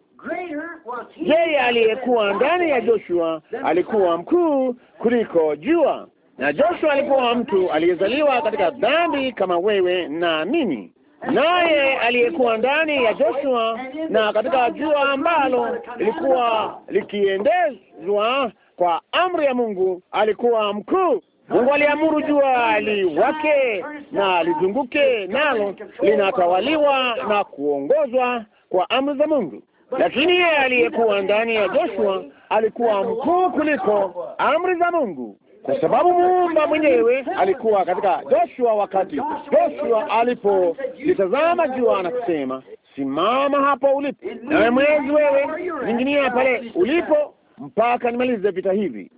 Yeye aliyekuwa ndani ya Joshua alikuwa mkuu kuliko jua, na Joshua alikuwa mtu aliyezaliwa katika dhambi kama wewe na mimi, naye aliyekuwa ndani ya Joshua na katika jua ambalo lilikuwa likiendezwa kwa amri ya Mungu alikuwa mkuu. Mungu aliamuru jua liwake na lizunguke, nalo linatawaliwa na kuongozwa kwa amri za Mungu. Lakini yeye aliyekuwa ndani ya Joshua alikuwa mkuu kuliko amri za Mungu, kwa sababu muumba mwenyewe alikuwa katika Joshua. Wakati Joshua alipolitazama jua na kusema, simama hapo ulipo, nawe mwezi wewe, ninginia pale ulipo mpaka nimalize vita hivi,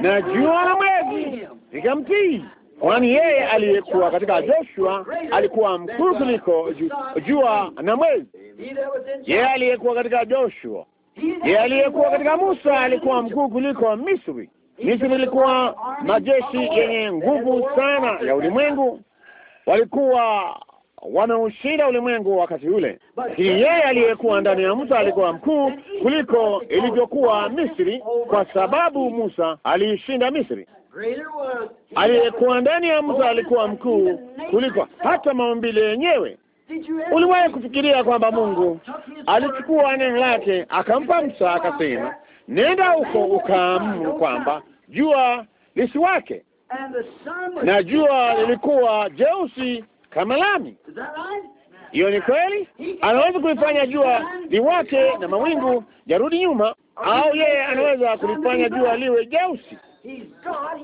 na jua na mwezi vikamtii, kwani yeye aliyekuwa katika Joshua alikuwa mkuu kuliko jua na mwezi. Yeye aliyekuwa katika Joshua, yeye aliyekuwa katika Musa alikuwa mkuu kuliko Misri. Misri ilikuwa majeshi yenye nguvu sana ya ulimwengu, walikuwa wanaoshinda ulimwengu wakati ule, lakini yeye aliyekuwa ndani ya Musa alikuwa mkuu kuliko ilivyokuwa Misri, kwa sababu Musa aliishinda Misri. Aliyekuwa ndani ya Musa alikuwa mkuu kuliko hata maumbile yenyewe. Uliwahi kufikiria kwamba Mungu alichukua neno lake akampa Musa akasema, nenda huko ukaamuru kwamba jua lisiwake, na jua lilikuwa jeusi kama lami. Hiyo ni kweli, anaweza kulifanya jua liwake na mawingu yarudi nyuma, au yeye anaweza kulifanya jua liwe jeusi.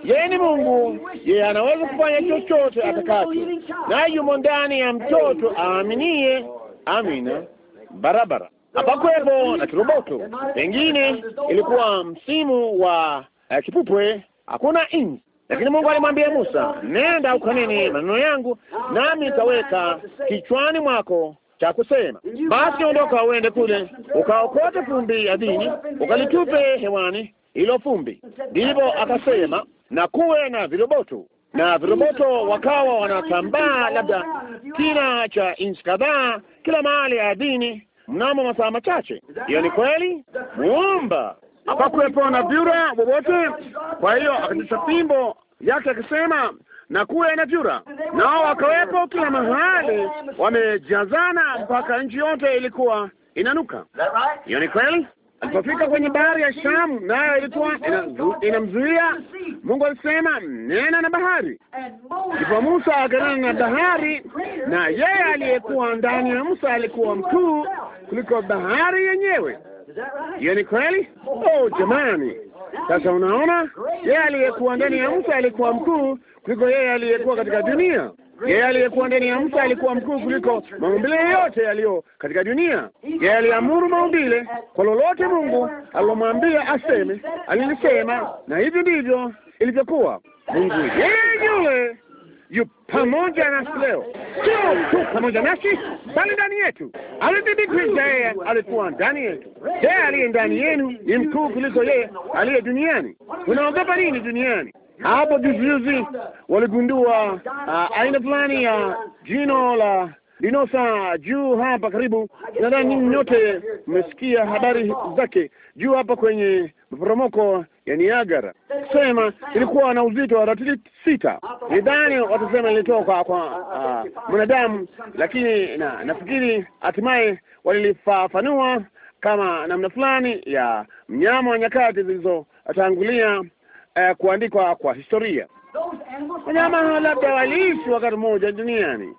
Yeye ni Mungu, yeye anaweza kufanya chochote atakacho, na yumo ndani ya mtoto aaminie. Amina, barabara. Hapakuwepo na kiroboto, pengine ilikuwa msimu wa eh, kipupwe. Hakuna inzi lakini Mungu alimwambia Musa, nenda ukanene maneno yangu, nami nitaweka kichwani mwako cha kusema. Basi ondoka uende kule ukaokote fumbi dini ukalitupe hewani ilo fumbi. Ndipo akasema na kuwe na viroboto, na viroboto wakawa wanatambaa labda kina cha inchi kadhaa kila mahali dini mnamo masaa machache. Hiyo ni kweli, muumba hapakuwepo na vyura wowote. Kwa hiyo akatisha fimbo yake akisema, na kuwe na vyura, nao wakawepo kila mahali, wamejazana mpaka nchi yote ilikuwa inanuka. Hiyo ni kweli. Alipofika kwenye bahari ya Shamu, nayo ilikuwa inamzuia. Mungu alisema nena na bahari, ndipo Musa akanena na bahari, na yeye aliyekuwa ndani ya Musa alikuwa mkuu kuliko bahari yenyewe hiyo kweli. Oh jamani, sasa unaona, yeye aliyekuwa ndani ya mtu alikuwa mkuu kuliko yeye aliyekuwa katika dunia. Yeye aliyekuwa ndani ya mtu alikuwa mkuu kuliko maumbile yote yaliyo katika dunia. Yeye aliamuru maumbile kwa lolote Mungu alilomwambia aseme, alilisema, na hivi ndivyo ilivyokuwa. Mungu yeye yule yu pamoja nasi leo, sio tu pamoja nasi, bali ndani yetu. Alidhibiti yeye, alikuwa ndani yetu. Yeye aliye ndani yenu ni mkuu kuliko yeye aliye duniani. Unaogopa nini duniani? Hapo juzijuzi waligundua uh, aina fulani ya jino la dinosa juu hapa karibu. Nadhani nyote mmesikia habari zake juu hapa kwenye maporomoko ya Niagara. Sema ilikuwa na uzito wa ratili sita. Nidhani watasema ilitoka kwa uh, mwanadamu, lakini na nafikiri hatimaye walilifafanua kama namna fulani ya mnyama wa nyakati zilizotangulia, uh, kuandikwa kwa historia. Wanyama hao labda waliishi wakati mmoja duniani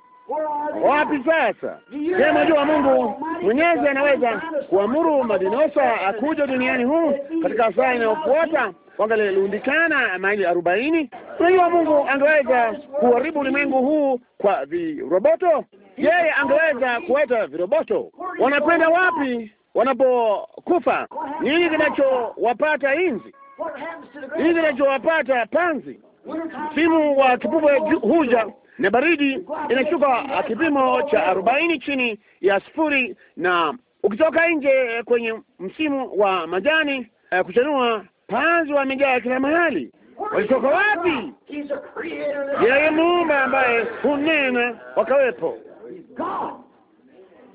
wapi sasa? Je, mwajua Mungu Mwenyezi anaweza kuamuru madinosa akuja duniani huu katika saa inayofuata wangalilundikana maili arobaini. Unajua Mungu angeweza kuharibu ulimwengu huu kwa viroboto. Yeye angeweza kuweta viroboto. Wanakwenda wapi wanapokufa? Nini kinachowapata inzi? Nini kinachowapata panzi? Msimu wa kipupwe huja na baridi inashuka kipimo cha arobaini chini ya sifuri, na ukitoka nje kwenye msimu wa majani uh, kuchanua, panzi wamejaa kila mahali. Walitoka wapi? Yeye muumba ambaye hunena wakawepo,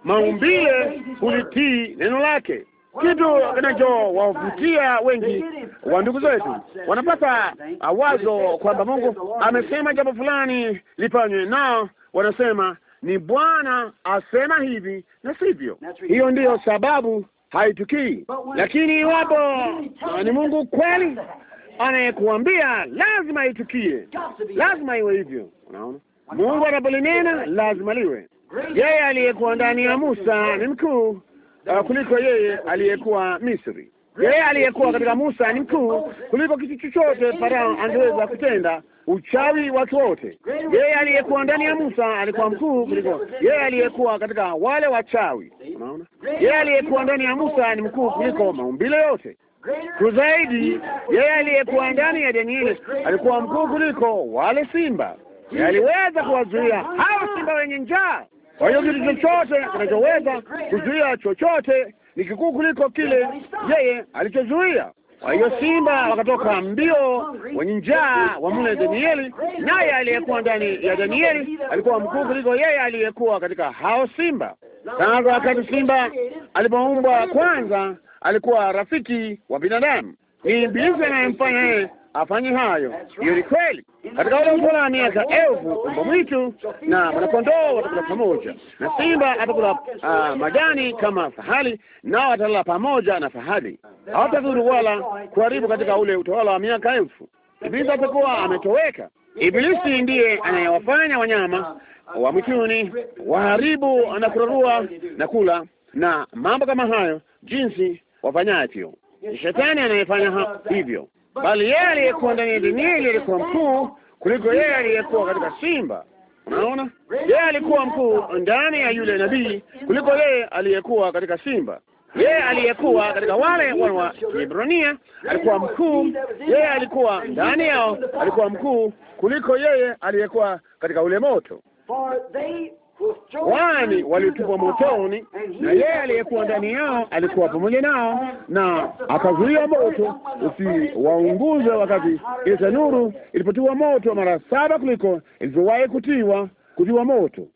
maumbile hulitii neno lake kitu kinachowavutia wengi wa ndugu zetu. Wanapata uh, wazo kwamba Mungu amesema jambo fulani lifanywe, nao wanasema ni Bwana asema hivi na sivyo. Hiyo ndiyo sababu haitukii. Lakini iwapo uh, ni Mungu kweli anayekuambia lazima itukie, lazima iwe hivyo. Unaona, Mungu anapolinena lazima liwe. Yeye aliyekuwa ndani ya Musa ni mkuu uh, kuliko yeye aliyekuwa Misri. Yeye aliyekuwa katika Musa ni mkuu kuliko kitu chochote Farao angeweza kutenda, uchawi watu wote. Yeye aliyekuwa ndani ya Musa alikuwa mkuu kuliko yeye aliyekuwa katika wale wachawi. Unaona, yeye aliyekuwa ndani ya Musa ni mkuu kuliko maumbile yote. Ku zaidi, yeye aliyekuwa ndani ya Danieli alikuwa mkuu kuliko wale simba. Yeye aliweza kuwazuia hao simba wenye njaa. Kwa hiyo kitu chochote kinachoweza kuzuia chochote ni kikuu kuliko kile yeye alichozuia. Kwa hiyo simba wakatoka mbio, wenye njaa wa mle Danieli, naye aliyekuwa ndani ya Danieli alikuwa mkuu kuliko yeye aliyekuwa katika hao simba. Sasa wakati simba alipoumbwa kwanza, alikuwa rafiki wa binadamu. Ni Ibilisi anayemfanya yeye afanye hayo. Hiyo ni kweli. Katika ule ukula wa miaka elfu mbwa mwitu na mwanakondoo watakula pamoja, na simba atakula uh, majani kama fahali, nao watalala pamoja na fahali. Hawatadhuru wala kuharibu katika ule utawala wa miaka elfu. Ibilisi atakuwa ametoweka. Ibilisi ndiye anayewafanya wanyama wa mwituni waharibu na kurarua na kula na mambo kama hayo, jinsi wafanyavyo. Shetani anayefanya hivyo bali yeye aliyekuwa ndani ya Danieli alikuwa mkuu kuliko yeye aliyekuwa katika simba. Unaona, yeye alikuwa mkuu ndani ya yule nabii kuliko yeye aliyekuwa katika simba. Yeye aliyekuwa katika wale wana wa Kiebrania alikuwa mkuu, yeye alikuwa ndani yao, alikuwa mkuu kuliko yeye aliyekuwa katika ule moto wani walitupwa motoni, na yeye aliyekuwa ndani yao alikuwa pamoja nao, na akazuia moto usiwaunguze wakati ile nuru ilipotiwa moto mara saba kuliko ilivyowahi kutiwa kutiwa moto.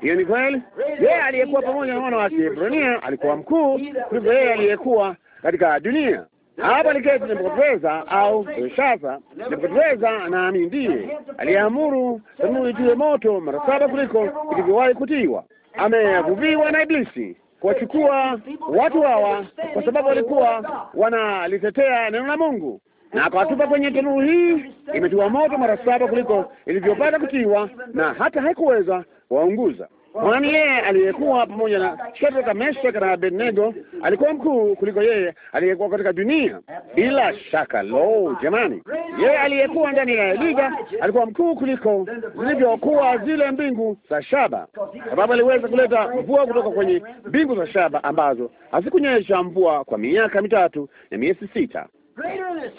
Hiyo ni kweli. Yeye aliyekuwa pamoja na wana wa Kiebrania alikuwa mkuu kuliko yeye aliyekuwa katika dunia hapa niketi Nebukadreza au Belshaza. Nebukadreza nami ndiye aliyeamuru tanuru itiwe moto mara saba kuliko ilivyowahi kutiwa. Amevuviwa na Iblisi kuwachukua watu hawa, kwa sababu walikuwa wanalitetea neno la Mungu na akawatupa kwenye tanuru hii, imetiwa moto mara saba kuliko ilivyopata kutiwa, na hata haikuweza waunguza kwani yeye aliyekuwa pamoja na Shadraka, Meshaki na Abednego alikuwa mkuu kuliko yeye aliyekuwa katika dunia. Bila shaka, lo jamani, yeye aliyekuwa ndani ya liga alikuwa mkuu kuliko zilivyokuwa zile mbingu za shaba, sababu aliweza kuleta mvua kutoka kwenye mbingu za shaba ambazo hazikunyesha mvua kwa miaka mitatu na miezi sita.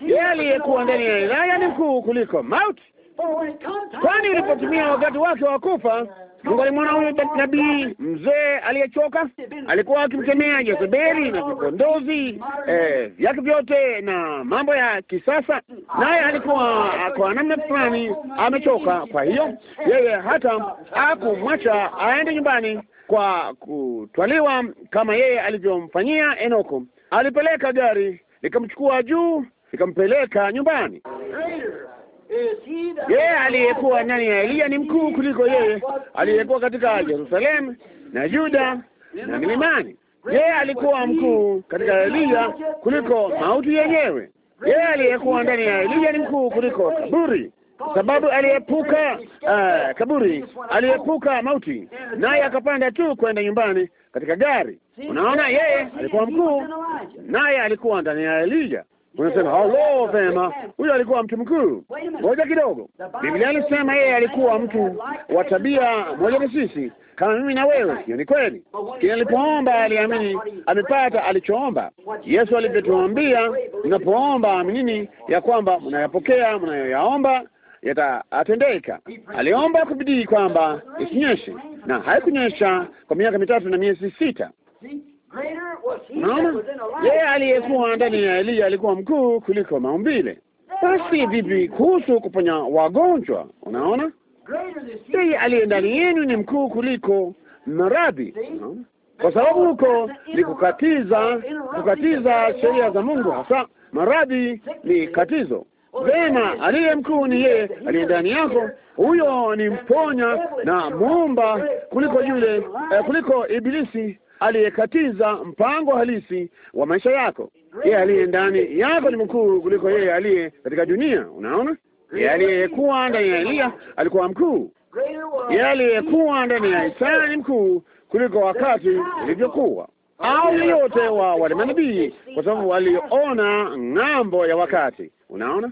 Yeye aliyekuwa ndani ya Elija ni mkuu kuliko mauti, kwani ilipotumia wakati wake wa kufa Mungu mwana huyo nabii mzee aliyechoka, alikuwa akimkemea Jezebeli na vipondozi eh, vyake vyote na mambo ya kisasa, naye alikuwa kwa namna fulani amechoka. Kwa hiyo yeye hata akumwacha aende nyumbani kwa kutwaliwa kama yeye alivyomfanyia Enoko. Alipeleka gari likamchukua juu likampeleka nyumbani yeye aliyekuwa ndani ya elia ni mkuu kuliko yeye aliyekuwa katika Yerusalemu na Yuda na milimani. Yeye alikuwa mkuu katika elia kuliko mauti yenyewe. Yeye aliyekuwa ndani ya elia ni mkuu kuliko kaburi, kwa sababu aliepuka uh, kaburi, aliepuka mauti, naye akapanda tu kwenda nyumbani katika gari. Unaona, yeye alikuwa mkuu, naye alikuwa ndani ya Elia. Unasema halo, vema, huyo alikuwa mtu mkuu. Moja kidogo, Biblia inasema yeye alikuwa mtu wa tabia moja na sisi kama mimi na wewe. Hiyo ni kweli, kile alipoomba aliamini, amepata alichoomba. Yesu alivyotuambia, mnapoomba aminini ya kwamba mnayapokea mnayoyaomba yataatendeka Aliomba kwa bidii kwamba isinyeshe, na haikunyesha kwa miaka mitatu na miezi sita. Naona yeye aliyekuwa ndani ya Eliya alikuwa mkuu kuliko maumbile. Basi vipi kuhusu kuponya wagonjwa? Unaona, yeye aliye ndani yenu ni mkuu kuliko maradhi, kwa sababu huko ni kukatiza, kukatiza sheria za Mungu, hasa maradhi ni katizo. Vema, aliye mkuu ni yeye aliye ndani yako, huyo ni mponya na muumba kuliko yule eh, kuliko ibilisi aliyekatiza mpango halisi wa maisha yako. Yeye aliye ndani yako ni mkuu kuliko yeye aliye katika dunia. Unaona, yeye aliyekuwa ndani ya elia alikuwa mkuu, yeye aliyekuwa ndani ya Isaya ni mkuu kuliko wakati ulivyokuwa au yote wa wale manabii, kwa sababu waliona ng'ambo ya wakati. Unaona,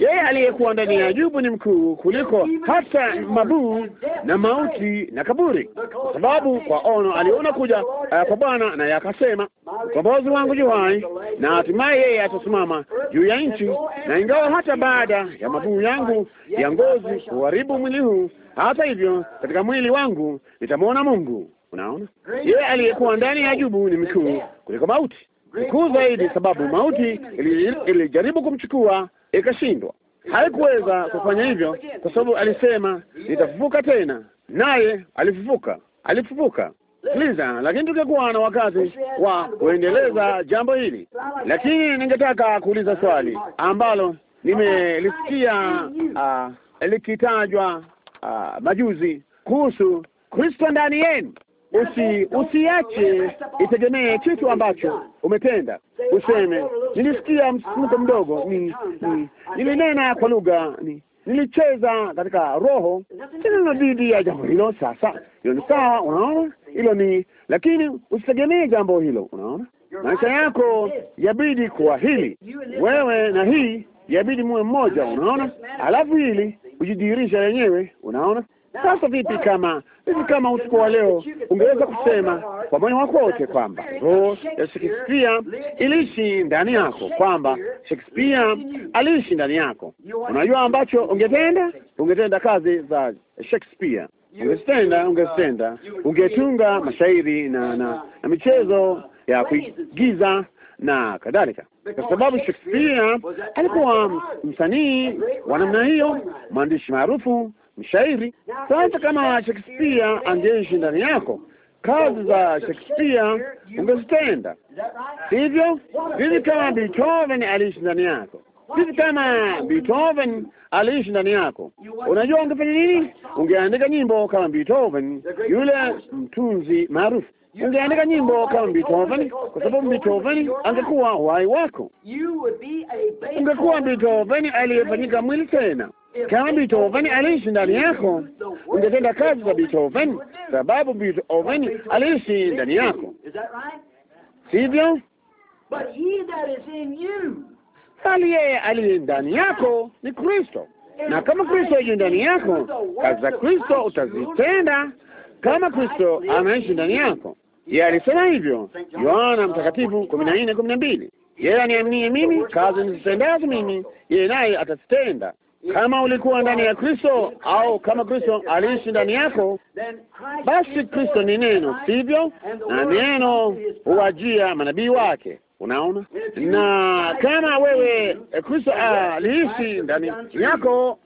yeye aliyekuwa ndani ya Ayubu ni mkuu kuliko hata mabuu na mauti na kaburi, kwa sababu kwa ono aliona kuja uh, kwa Bwana, na yakasema ukombozi wangu juhai hai, na hatimaye yeye atasimama juu ya nchi, na ingawa hata baada ya mabuu yangu ya ngozi kuharibu mwili huu, hata hivyo katika mwili wangu nitamwona Mungu. Unaona, yeye aliyekuwa ndani ya jubu ni mkuu kuliko mauti, mkuu zaidi, sababu mauti ilijaribu ili kumchukua ikashindwa. Haikuweza kufanya hivyo kwa sababu alisema nitafufuka tena, naye alifufuka, alifufuka liza. Lakini tungekuwa na wakati wa kuendeleza jambo hili, lakini ningetaka kuuliza swali ambalo nimelisikia uh, likitajwa uh, majuzi kuhusu Kristo ndani yenu usi- usiache itegemee kitu ambacho umetenda. Useme nilisikia msisimko mdogo, ni, ni, nilinena kwa lugha, ni, nilicheza katika roho. Sina dhidi ya jambo hilo. Sasa hilo ni sawa, unaona, hilo ni lakini, usitegemee jambo hilo, unaona. Maisha yako yabidi kuwa hili, wewe na hii yabidi muwe mmoja, unaona. Alafu hili ujidirisha wenyewe, unaona sasa vipi kama hivi, kama usiku wa leo ungeweza kusema kwa moyo wako wote kwamba roho ya Shakespeare iliishi ndani yako, kwamba Shakespeare aliishi ndani yako? Unajua ambacho ungetenda, ungetenda kazi za Shakespeare, ungezitenda, ungezitenda, ungetunga mashairi na na, na michezo ya kuigiza na kadhalika, kwa sababu Shakespeare alikuwa msanii wa namna hiyo, mwandishi maarufu ni shairi. Sasa kama Shakespeare angeishi ndani yako, kazi za Shakespeare ungezitenda, hivyo Vivi kama Beethoven aliishi ndani yako vivi kama Beethoven aliishi ndani yako, unajua ungefanya nini? Ungeandika nyimbo kama Beethoven, yule mtunzi maarufu. Ungeandika nyimbo kama Beethoven kwa sababu Beethoven angekuwa uhai wako, ungekuwa Beethoven aliyefanyika mwili tena. Kama Beethoven aliishi ndani yako, ungetenda kazi za Beethoven, sababu Beethoven aliishi ndani yako, sivyo? Bali yeye aliye ndani yako ni Kristo, na kama Kristo yuko ndani yako, kazi za Kristo utazitenda kama Kristo anaishi ndani yako. Yeye alisema hivyo, Yohana Mtakatifu kumi na nne kumi na mbili. Yeye aniaminie mimi, kazi nizitendazo mimi, yeye naye atazitenda kama ulikuwa ndani ya Kristo au kama Kristo aliishi ndani yako, basi Kristo ni neno, sivyo? Na neno huwajia manabii wake. Unaona, na kama wewe eh, Kristo aliishi ndani yako,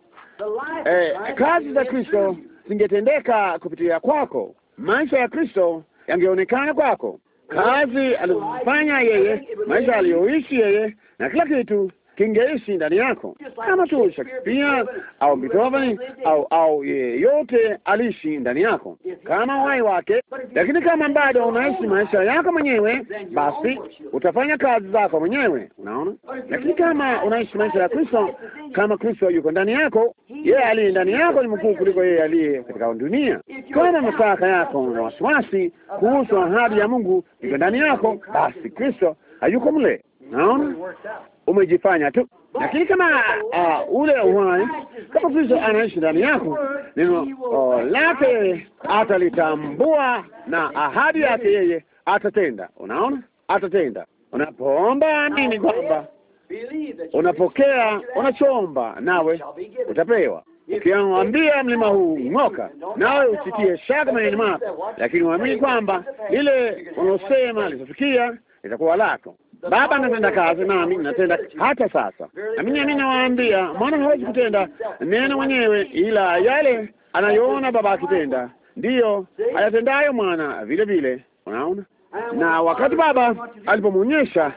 eh, kazi za Kristo zingetendeka kupitia kwako. Maisha ya Kristo yangeonekana kwako, kazi alizofanya yeye, maisha aliyoishi yeye, na kila kitu kingeishi ndani yako, kama tu Shakespeare au Beethoven au au yeyote aliishi ndani yako kama uhai wake. Lakini kama bado unaishi maisha yako mwenyewe, basi utafanya kazi zako mwenyewe, unaona. Lakini kama unaishi maisha ya Kristo, kama Kristo yuko ndani yako, yeye aliye ndani yako ni mkuu kuliko yeye aliye katika dunia. Kama mashaka yako na wasiwasi kuhusu ahadi ya Mungu iko ndani yako, basi Kristo hayuko mle, naona umejifanya tu, lakini kama uh, ule uhai, kama Kristo anaishi ndani yako, neno uh, lake atalitambua na ahadi yake yeye atatenda. Unaona, atatenda. Unapoomba nini, kwamba unapokea, unachomba nawe utapewa. Ukiamwambia mlima huu ng'oka, nawe usitie shaka maneno mako, lakini uamini kwamba lile unaosema litafikia, litakuwa lako. Baba anatenda kazi, nami natenda hata sasa. Amini, amini nawaambia, mwana hawezi kutenda neno mwenyewe, ila yale anayoona baba akitenda ndiyo ayatendayo mwana vile vile. Unaona, na wakati baba alipomwonyesha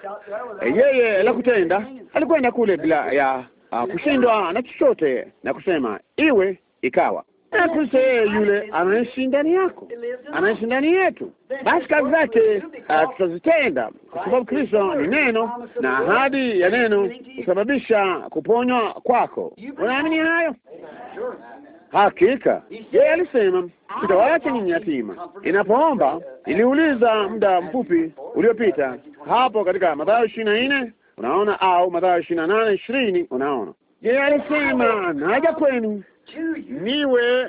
eh, yeye la kutenda, alikwenda kule bila ya ah, kushindwa na chochote na kusema iwe ikawa. Kristo yeye yule anaishi ndani yako, anaishi ndani yetu. Basi kazi zake ah, tutazitenda, kwa sababu Kristo ni neno na ahadi ya neno husababisha kuponywa kwako. Unaamini hayo? Hakika yeye alisema, sitawaacha ninyi yatima. Inapoomba iliuliza muda mfupi uliopita hapo katika Mathayo ishirini na nne unaona, au Mathayo ishirini na nane ishirini unaona, yeye alisema naja kwenu niwe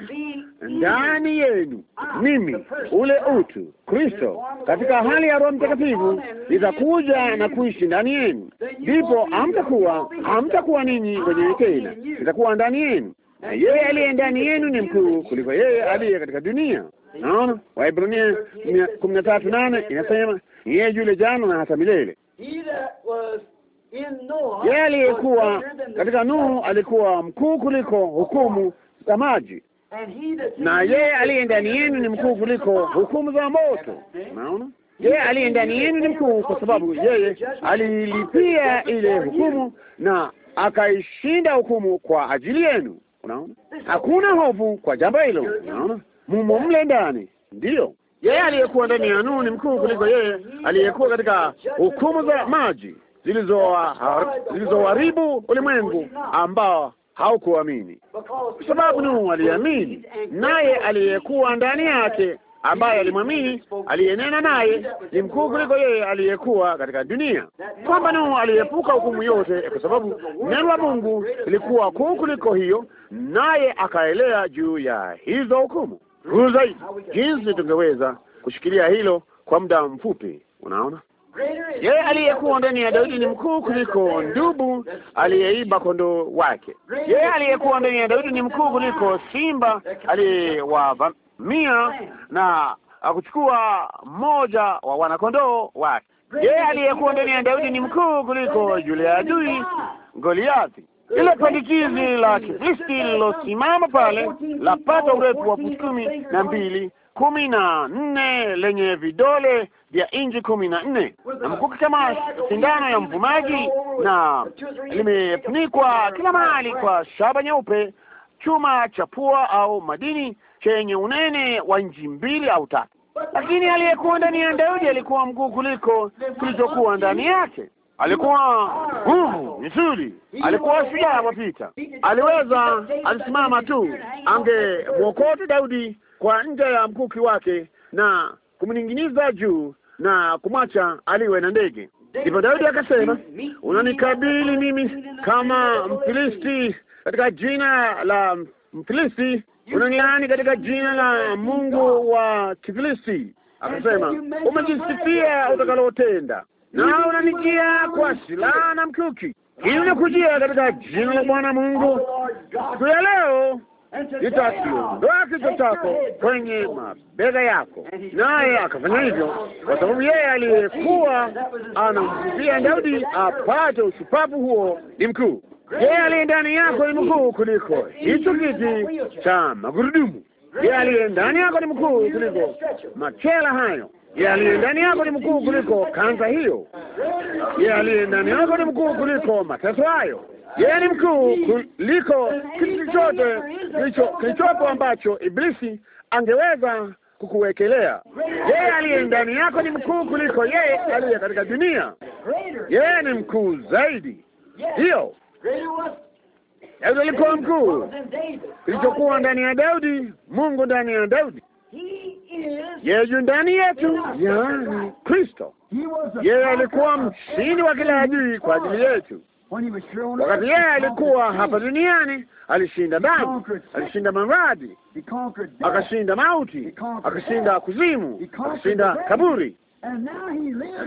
ndani yenu, mimi ule utu Kristo katika hali ya Roho Mtakatifu nitakuja na kuishi ndani yenu, ndipo hamtakuwa hamtakuwa ninyi wenyewe tena, nitakuwa ndani yenu, na yeye aliye ndani yenu ni mkuu kuliko yeye aliye katika dunia. Naona Waebrania kumi na tatu nane inasema ni yeye yule jana na hata milele. Yeye aliyekuwa katika Nuhu alikuwa mkuu kuliko hukumu za maji, na yeye aliye ndani yenu ni mkuu kuliko hukumu za moto. Unaona, yeye aliye ndani yenu ni mkuu, kwa sababu yeye alilipia ile hukumu na akaishinda hukumu kwa ajili yenu. Unaona, hakuna hofu kwa jambo hilo. Unaona, mumo mle ndani, ndiyo yeye aliyekuwa ndani ya Nuhu ni mkuu kuliko yeye aliyekuwa katika hukumu za maji zilizoharibu ulimwengu ambao haukuamini, kwa sababu Nuhu aliamini, naye aliyekuwa ndani yake ambaye alimwamini aliyenena naye ni mkuu kuliko yeye aliyekuwa katika dunia, kwamba Nuhu aliepuka hukumu yote, kwa sababu neno la Mungu lilikuwa kuu kuliko hiyo, naye akaelea juu ya hizo hukumu. Kuu zaidi jinsi tungeweza kushikilia hilo kwa muda mfupi. Unaona, yeye aliyekuwa ndani ya Daudi ni mkuu kuliko ndubu aliyeiba kondoo wake. Yeye aliyekuwa ndani ya Daudi ni mkuu kuliko simba aliyewavamia na akuchukua mmoja wa wanakondoo wake. Yeye aliyekuwa ndani ya Daudi ni mkuu kuliko yule adui Goliathi. Ile pandikizi la Kifilisti lilosimama pale lapata urefu wa futi kumi na mbili kumi na nne lenye vidole vya inji kumi na nne na mkuki kama sindano ya mvumaji, na limefunikwa kila mahali kwa shaba nyeupe, chuma cha pua au madini chenye unene wa inji mbili au tatu. Lakini aliyekuwa ndani ya Daudi alikuwa mkuu kuliko kilichokuwa ndani yake. Alikuwa nguvu nzuri, alikuwa shujaa vita, aliweza, alisimama tu, angemwokota Daudi kwa nja ya mkuki wake na kumning'iniza juu na kumwacha aliwe na ndege. Ndipo Daudi akasema, unanikabili mimi kama Mfilisti katika jina la Mfilisti, unanilaani katika jina la Mungu wa Kifilisti. Akasema, umejisifia utakalotenda, na unanijia kwa silaha na mkuki, ili nakujia katika jina la Bwana Mungu siku ya leo itaondoa kichwa chako kwenye mabega yako. Naye akafanya hivyo kwa sababu yeye aliyekuwa anamkuzia Daudi apate ushupavu huo ni mkuu. Yeye aliye ndani yako ni mkuu kuliko hicho kiti cha magurudumu. Yeye aliye ndani yako ni mkuu kuliko machela hayo. Yeye aliye ndani yako ni mkuu kuliko kanza hiyo. Yeye aliye ndani yako ni mkuu kuliko mateso hayo yeye ni mkuu kuliko kitu chochote kilichopo ambacho Iblisi angeweza kukuwekelea. Yeye aliye ndani yako ni mkuu kuliko yeye aliye katika dunia. Yeye ni mkuu zaidi, ndiyo Daudi alikuwa mkuu. Kilichokuwa ndani ya Daudi, Mungu ndani ya Daudi. Yeye yu ndani yetu, yaani Kristo. Yeye alikuwa mshindi wa kila adui kwa ajili yetu. Wakati yeye alikuwa hapa duniani, alishinda damu, alishinda maradhi, akashinda mauti, akashinda kuzimu, akashinda kaburi.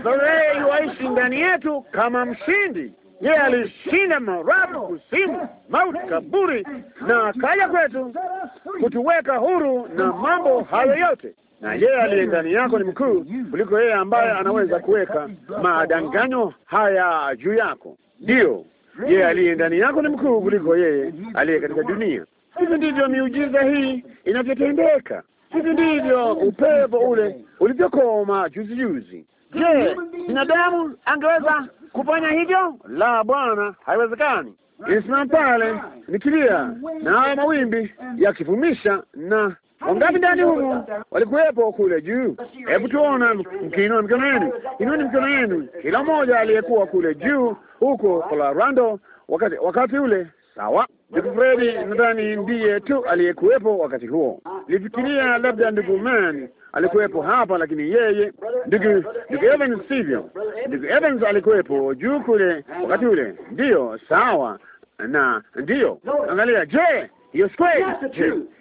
Sasa yeye yuaishi ndani yetu kama mshindi. Yeye alishinda maradhi, kuzimu, mauti, kaburi, na akaja kwetu kutuweka huru na mambo hayo yote na yeye aliye ndani yako ni mkuu kuliko yeye ambaye anaweza kuweka madanganyo haya juu yako. Ndiyo, yeye aliye ndani yako ni mkuu kuliko yeye aliye katika dunia. Hivi ndivyo miujiza hii inavyotendeka. Hivi ndivyo upepo ule ulivyokoma juzi juzi. Je, binadamu angeweza kufanya hivyo? La, Bwana, haiwezekani. Nilisimama pale nikilia, na mawimbi yakivumisha, na wangapi ndani humu walikuwepo kule juu? Hebu tuona, mkiinua mikono yenu, inueni mikono yenu, kila mmoja aliyekuwa kule juu huko Colorado wakati wakati ule. Sawa, ndugu Fredi nadhani ndiye tu aliyekuwepo wakati huo. Nilifikiria labda ndugu Mann alikuwepo hapa, lakini yeye ndugu ndugu Evans sivyo? Ndugu Evans alikuwepo juu kule wakati ule, ndiyo sawa na ndiyo, angalia. Je, hiyo si kweli?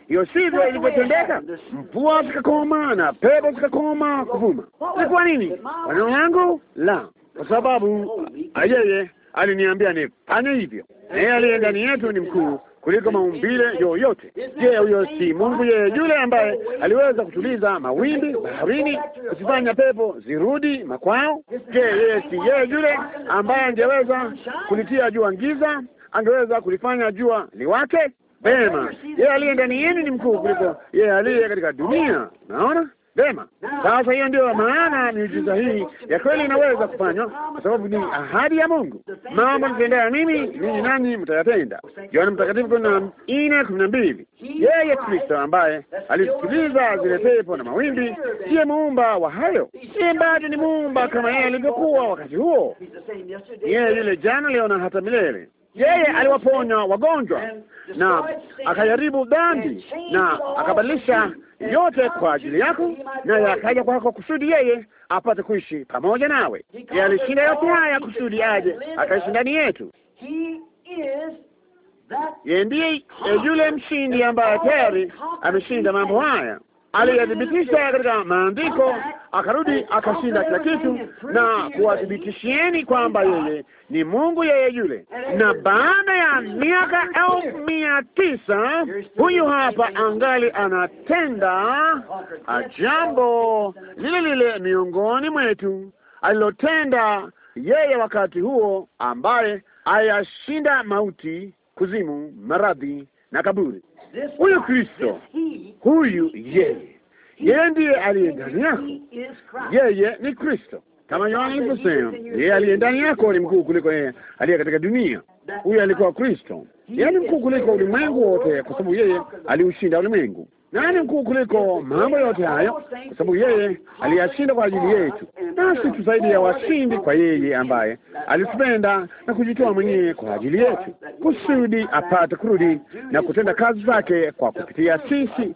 Hiyo sivyo ilivyotendeka? Mvua zikakoma na pepo zikakoma kuvuma. Ni kwa nini? Wanao yangu la kwa sababu ah, yeye aliniambia nifanye hivyo, yeye aliye ndani yetu ni mkuu kuliko maumbile yoyote. Je, huyo si Mungu yeye yule ambaye aliweza kutuliza mawimbi baharini, kuzifanya pepo zirudi makwao? Je, yeye si yeye yule ambaye angeweza kulitia jua ngiza angeweza kulifanya jua liwake vema. Yeye aliye ndani yenu ni mkuu kuliko yeye aliye katika dunia. Naona vema. Sasa hiyo ndiyo maana miujiza hii ya kweli inaweza kufanywa, kwa sababu ni ahadi ya Mungu. Mambo nitendea mimi ninyi, nanyi mtayatenda. Yohana Mtakatifu kumi na nne kumi na mbili. Yeye Kristo ambaye alisikiliza zile pepo na mawimbi ndiye muumba wa hayo, sie bado ni muumba kama yeye alivyokuwa wakati huo. Yeye yule jana, leo na hata milele. Yeye aliwaponya wagonjwa na akajaribu dhambi na akabadilisha yote kwa ajili yako, naye akaja kwako kusudi yeye apate kuishi pamoja nawe. Yeye alishinda yote haya kusudi aje akaishi ndani yetu. Yeye ndiye eh, yule mshindi ambaye tayari ameshinda mambo haya aliyathibitisha katika maandiko, akarudi akashinda kila kitu na kuwathibitishieni kwamba yeye ni Mungu yeye yule. Na baada ya miaka elfu mia tisa huyu hapa angali anatenda jambo lile lile miongoni mwetu alilotenda yeye wakati huo, ambaye ayashinda mauti, kuzimu, maradhi na kaburi huyu Kristo, huyu yeye, yeye ndiye aliye ndani yako, yeye ni Kristo kama Yohana alivyosema, yeye aliye ndani yako ni mkuu kuliko yeye aliye katika dunia. Huyu alikuwa Kristo, yeye ni mkuu kuliko ulimwengu wote, kwa sababu yeye aliushinda ulimwengu nani mkuu kuliko mambo yote hayo, kwa sababu yeye aliyashinda kwa ajili yetu, nasi tu zaidi ya washindi kwa yeye ambaye alitupenda na kujitoa mwenyewe kwa ajili yetu, kusudi apate kurudi na kutenda kazi zake kwa kupitia sisi,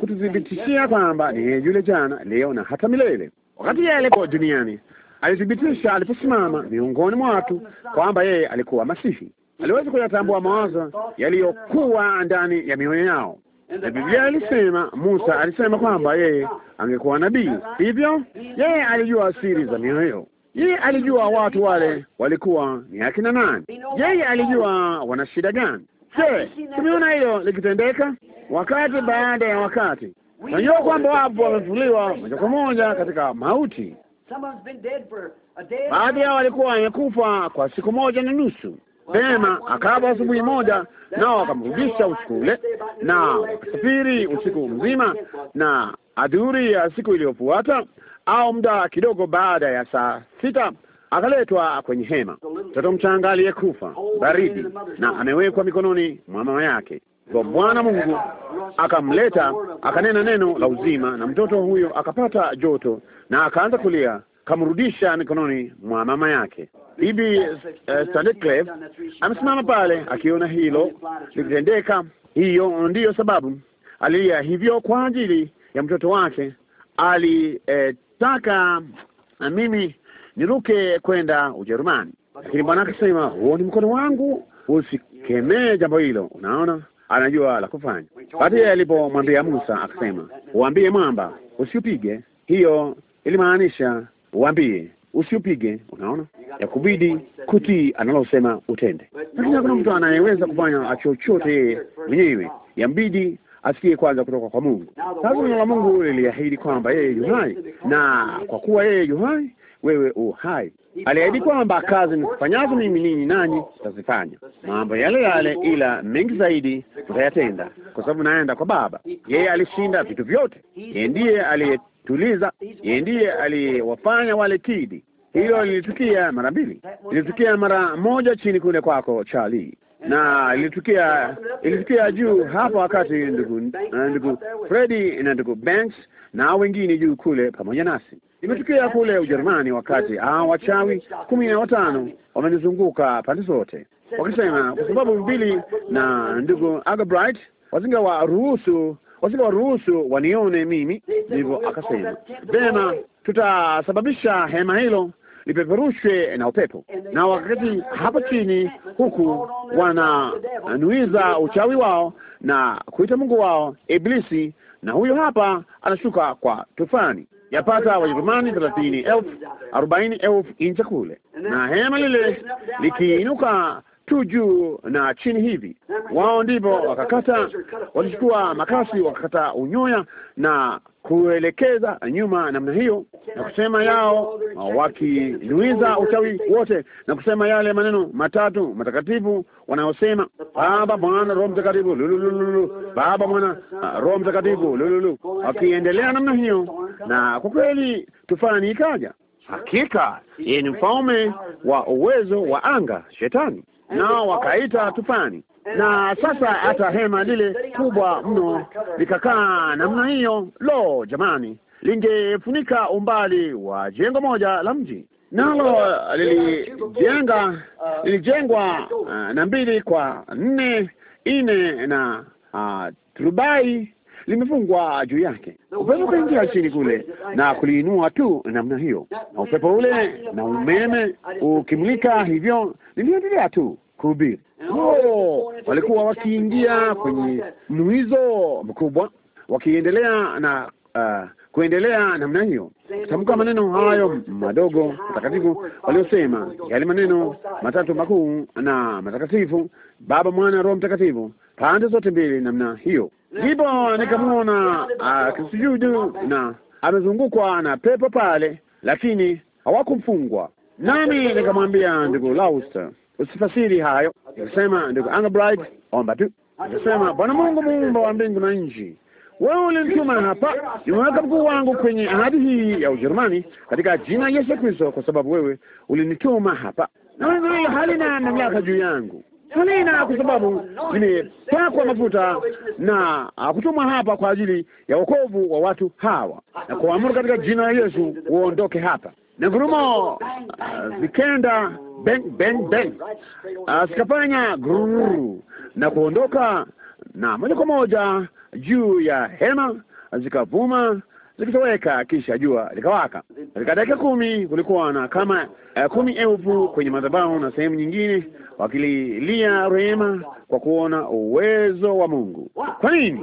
kututhibitishia kwamba ni yeye yule jana, leo na hata milele. Wakati yeye alipo duniani, alithibitisha aliposimama miongoni mwa watu kwamba yeye alikuwa Masihi. Aliweza kuyatambua mawazo yaliyokuwa ndani ya mioyo yao na Biblia alisema Musa alisema kwamba yeye angekuwa nabii, hivyo yeye alijua siri za mioyo. Yeye alijua watu wale walikuwa ni akina nani, yeye alijua wana shida gani. Je, tumeona hiyo likitendeka wakati baada ya wakati. Unajua kwamba wapo wamefufuliwa moja kwa moja katika mauti. Baadhi yao walikuwa wamekufa kwa siku moja na nusu bema akawa asubuhi moja, nao wakamrudisha usiku ule, na wakasafiri usiku mzima, na adhuri ya siku iliyofuata au muda kidogo baada ya saa sita akaletwa kwenye hema mtoto mchanga aliyekufa baridi, na amewekwa mikononi mwa mama yake. Kwa Bwana Mungu akamleta, akanena neno la uzima, na mtoto huyo akapata joto na akaanza kulia kamrudisha mikononi mwa mama yake. Bibi uh, amesimama pale akiona hilo likitendeka. Hiyo ndiyo sababu alilia hivyo kwa ajili ya mtoto wake. Alitaka eh, mimi niruke kwenda Ujerumani, lakini bwana akasema, huo ni mkono wangu, usikemee jambo hilo. Unaona, anajua la kufanya. Baadaye alipomwambia Musa akasema, uambie mwamba usiupige. Hiyo ilimaanisha uambie usiupige. Unaona, ya kubidi kutii analosema utende, lakini hakuna mtu anayeweza kufanya chochote yeye mwenyewe, yambidi asikie kwanza kutoka kwa Mungu. Sasa neno la Mungu liliahidi kwamba yeye yuhai na kwa kuwa yeye yuhai wewe uhai aliahidi kwamba kazi nizifanyazo mimi ninyi nanyi tazifanya mambo yale yale, ila mengi zaidi utayatenda kwa sababu naenda kwa Baba. Yeye alishinda vitu vyote, yeye ndiye aliyetuliza, yeye ndiye aliyewafanya wale tidi. Hilo lilitukia mara mbili, lilitukia mara moja chini kule kwako Charlie, na ilitukia ilitukia juu hapa wakati ndugu ndugu Freddy na ndugu Banks na wengine juu kule pamoja nasi Imetukia kule Ujerumani wakati hao ah, wachawi kumi na watano wamenizunguka pande zote wakisema, kwa sababu mbili na ndugu Agabright wazinga wa ruhusu wazinga wa ruhusu wanione mimi. Ndivyo akasema, vema, tutasababisha hema hilo lipeperushwe na upepo, na wakati hapo chini huku wananuiza uchawi wao na kuita mungu wao Iblisi, na huyo hapa anashuka kwa tufani yapata Wajerumani thelathini elfu arobaini elfu nje kule, na hema lile likiinuka tu juu na chini hivi. Wao ndipo wakakata, walichukua makasi wakakata unyoya na kuelekeza nyuma namna hiyo, na kusema yao, wakinuiza uchawi wote na kusema yale maneno matatu matakatifu wanayosema Baba, Mwana, Roho Mtakatifu, lulululu, Baba, Mwana, ah, Roho Mtakatifu, lululu, wakiendelea namna hiyo. Na kwa kweli tufani ikaja. Hakika yeye ni mfalme wa uwezo wa anga, Shetani nao wakaita tufani, na sasa hata hema lile kubwa mno likakaa namna hiyo. Lo, jamani, lingefunika umbali wa jengo moja la mji, nalo lilijenga uh, lilijengwa uh, na mbili kwa nne ine na uh, turubai limefungwa juu yake. Upepo ukaingia chini kule na kuliinua tu namna hiyo, na upepo ule na umeme ukimulika hivyo, liliendelea tu kuhubiri. Oo, walikuwa wakiingia kwenye mwizo mkubwa, wakiendelea na uh, kuendelea namna hiyo kutamka maneno hayo madogo matakatifu waliosema yale maneno matatu makuu na matakatifu Baba, Mwana, Roho Mtakatifu pande zote mbili namna hiyo. Ndipo nikamwona akisujudu ah, na amezungukwa na pepo pale, lakini hawakumfungwa. Nami nikamwambia ndugu Lauster, usifasiri hayo. Nikasema ndugu Anglebright, omba tu. Nikasema Bwana Mungu muumba wa mbingu na nchi, wewe ulinituma hapa. Nimeweka mguu wangu kwenye ahadi hii ya Ujerumani katika jina Yesu Kristo, kwa sababu wewe ulinituma hapa, na wewe halina mamlaka juu yangu nina kwa sababu nimepakwa mafuta na akutumwa hapa kwa ajili ya wokovu wa watu hawa, na kuamuru katika jina la Yesu uondoke hapa. Na ngurumo uh, zikenda bang bang bang, uh, zikafanya gururu na kuondoka, na moja kwa moja juu ya hema zikavuma zikitoweka, kisha jua likawaka. Katika dakika kumi kulikuwa na kama uh, kumi elfu kwenye madhabahu na sehemu nyingine wakililia rehema kwa kuona uwezo wa Mungu. Kwa nini?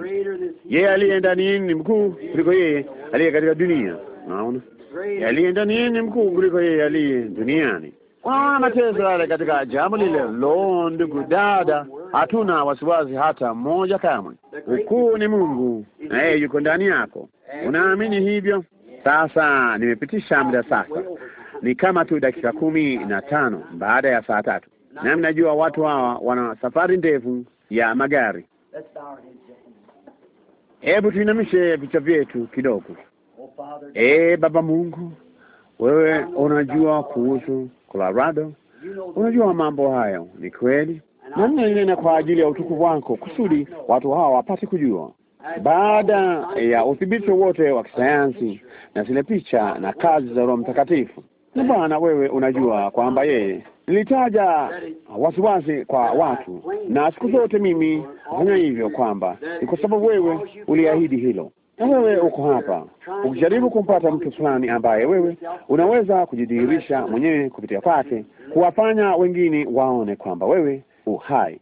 Yeye aliye ndani yenu ni mkuu kuliko yeye aliye katika dunia. naona aliye ndani yenu ni mkuu kuliko yeye aliye duniani. Kwa mateso yale katika jambo lile, lo ndugu dada, hatuna wasiwasi hata mmoja kamwe. Ukuu ni Mungu na yeye yuko ndani yako. Unaamini hivyo? Sasa nimepitisha muda sasa, ni kama tu dakika kumi na tano baada ya saa tatu, nami najua watu hawa wana safari ndefu ya magari. Hebu tuinamishe vichwa vyetu kidogo. E Baba Mungu, wewe unajua kuhusu Colorado, unajua mambo hayo, ni kweli, na ninanena kwa ajili ya utukufu wako, kusudi watu hawa wapate kujua baada ya udhibiti wote wa kisayansi na zile picha na kazi za Roho Mtakatifu. ni Bwana, wewe unajua kwamba yeye nilitaja wasiwasi kwa watu, na siku zote mimi nafanya hivyo, kwamba ni kwa sababu wewe uliahidi hilo, na wewe uko hapa ukijaribu kumpata mtu fulani ambaye wewe unaweza kujidhihirisha mwenyewe kupitia kwake, kuwafanya wengine waone kwamba wewe uhai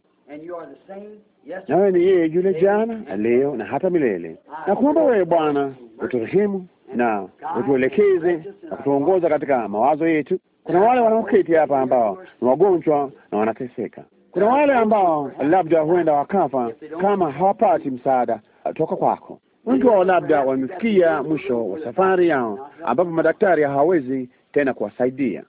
nawe ni yeye yule jana, leo na hata milele, ah, na kuomba wewe Bwana ah, uturehemu na utuelekeze na kutuongoza katika mawazo yetu. Kuna wale wanaoketi hapa ambao ni wagonjwa na wanateseka. Kuna wale ambao labda huenda wakafa kama hawapati msaada toka kwako. Wengi wao labda wamefikia mwisho wa safari yao, ambapo madaktari hawawezi tena kuwasaidia.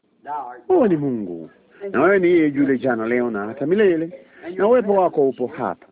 Wewe ni Mungu na wewe ni yeye yule jana, leo na hata milele na uwepo wako upo hapa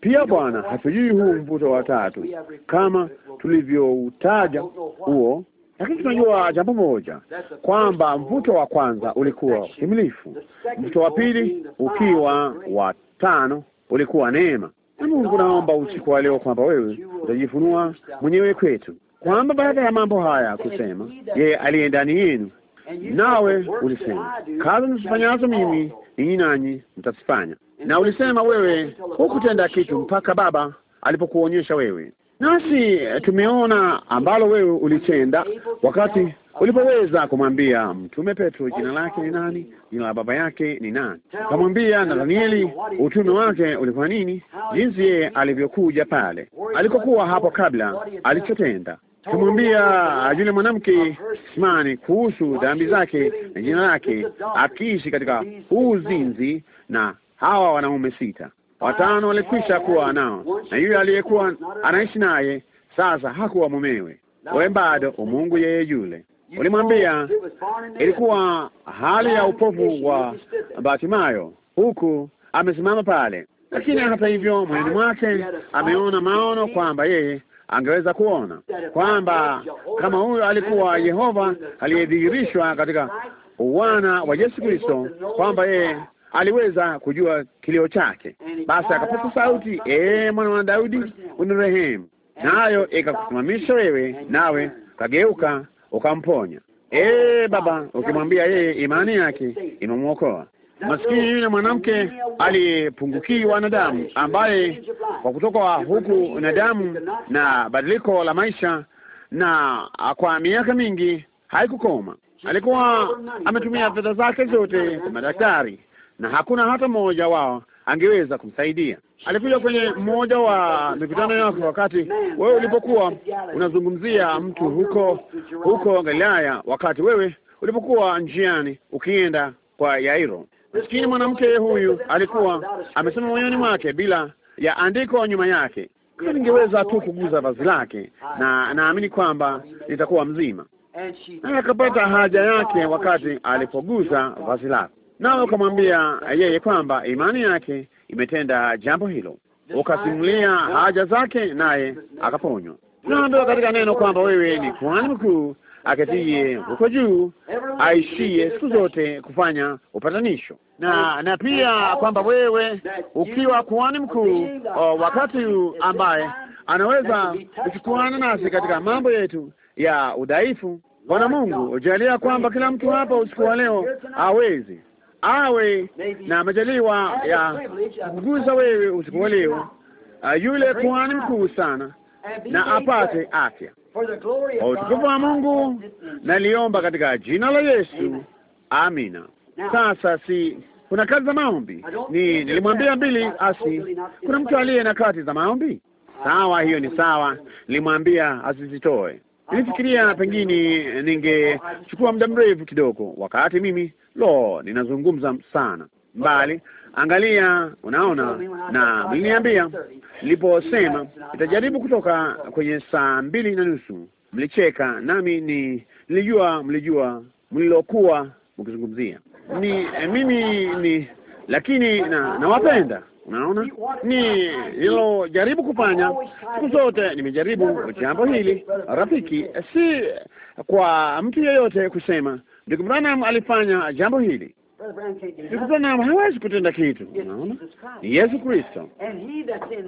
pia Bwana, hatujui huu mvuto wa tatu kama tulivyoutaja huo, lakini tunajua jambo moja, kwamba mvuto wa kwanza ulikuwa utimilifu, mvuto wa pili ukiwa wa tano ulikuwa neema. Na Mungu, naomba usiku wa leo kwamba wewe utajifunua mwenyewe kwetu, kwamba baada ya mambo haya kusema, yeye aliye ndani yenu nawe ulisema kazi nizifanyazo mimi ninyi nanyi mtazifanya, na ulisema wewe hukutenda kitu mpaka Baba alipokuonyesha wewe, nasi eh, tumeona ambalo wewe ulitenda wakati ulipoweza kumwambia Mtume Petro jina lake ni nani, jina la baba yake ni nani, ukamwambia Danieli utume wake ulikuwa nini, jinsi yeye alivyokuja pale, alikokuwa hapo kabla, alichotenda kumwambia yule mwanamke simani kuhusu dhambi zake na jina lake, akiishi katika uzinzi na hawa wanaume sita, watano walikwisha kuwa nao, na yule aliyekuwa anaishi naye sasa hakuwa mumewe. Wewe bado umungu yeye yule ulimwambia, ilikuwa hali ya upofu wa Batimayo, huku amesimama pale, lakini hata hivyo moyoni mwake ameona maono kwamba yeye angeweza kuona kwamba kama huyo alikuwa Yehova aliyedhihirishwa katika uwana wa Yesu Kristo, kwamba yeye aliweza kujua kilio chake, basi akapata sauti, ee mwana wa Daudi, unirehemu, nayo ikakusimamisha wewe, nawe kageuka ukamponya. Ee Baba, ukimwambia yeye imani yake imemwokoa maskini yule mwanamke aliyepungukiwa na damu, ambaye kwa kutoka huku na damu na badiliko la maisha, na kwa miaka mingi haikukoma. Alikuwa ametumia fedha zake zote kwa madaktari, na hakuna hata mmoja wao angeweza kumsaidia. Alikuja kwenye mmoja wa mikutano yako, wakati wewe ulipokuwa unazungumzia mtu huko huko Galilaya, wakati wewe ulipokuwa njiani ukienda kwa Yairo. Maskini mwanamke huyu alikuwa amesema moyoni mwake bila ya andiko nyuma yake, kama ningeweza tu kuguza vazi lake, na naamini kwamba nitakuwa mzima. Naye akapata haja yake wakati alipoguza vazi lake, nao akamwambia yeye kwamba imani yake imetenda jambo hilo, ukasimulia haja zake, naye akaponywa. Tunaambiwa katika neno kwamba wewe ni kuhani mkuu aketiye huko juu aishie siku zote kufanya upatanisho, na na pia kwamba wewe ukiwa kuhani mkuu wakati huu ambaye anaweza kuchukuana nasi katika mambo yetu ya udhaifu. Bwana Mungu, ujalia kwamba kila mtu hapa usiku wa leo awezi awe na majaliwa ya kukuguza wewe usiku wa leo, uh, yule kuhani mkuu sana, na apate afya kwa utukufu wa Mungu naliomba katika jina la Yesu, amina. Sasa si kuna kati za maombi? Ni nilimwambia mbili asi, kuna mtu aliye na kati za maombi? Sawa, hiyo ni sawa. Nilimwambia asizitoe. Nilifikiria pengine ningechukua muda mrefu kidogo, wakati mimi lo, ninazungumza sana mbali. Angalia, unaona, na mliniambia niliposema nitajaribu kutoka kwenye saa mbili na nusu, mlicheka nami ni nilijua, mlijua mlilokuwa mkizungumzia ni mimi ni lakini na nawapenda. Unaona, ni nilojaribu kufanya siku zote, nimejaribu jambo hili rafiki, si kwa mtu yeyote kusema Ndugu Branham alifanya jambo hili, Nikupendao hawezi kutenda kitu. Unaona, ni Yesu Kristo.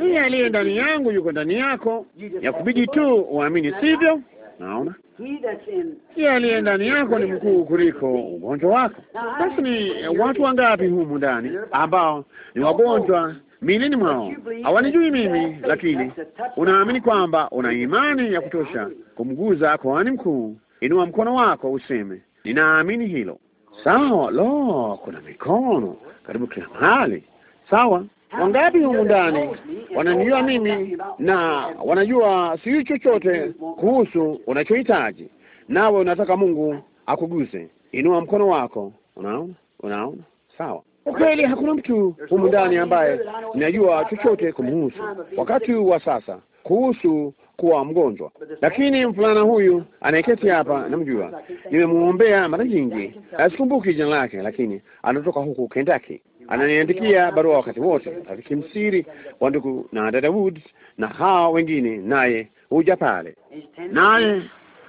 Yeye aliye ndani yangu yuko ndani yako, ya kubidi tu uamini, sivyo? Naona yeye aliye ndani yako ni mkuu kuliko ugonjwa wako. Basi ni watu wangapi humu ndani ambao ni wagonjwa milini mwao hawanijui mimi, lakini unaamini kwamba una imani ya kutosha kumguza kuhani mkuu. Inua mkono wako useme, ninaamini hilo. Sawa. Lo, kuna mikono karibu kila mahali. Sawa, wangapi humu ndani wananijua mimi na wanajua sijui chochote kuhusu unachohitaji, nawe unataka Mungu akuguse? Inua mkono wako. Unaona, unaona? Sawa. Ukweli hakuna mtu humu ndani ambaye najua chochote kumhusu wakati wa sasa kuhusu kuwa mgonjwa, lakini mfulana huyu anaeketi hapa namjua, nimemuombea mara nyingi, sikumbuki jina lake, lakini anatoka huku Kentucky. Ananiandikia barua wakati wote, rafiki msiri wa ndugu na dada Woods na hao wengine, naye huja pale, naye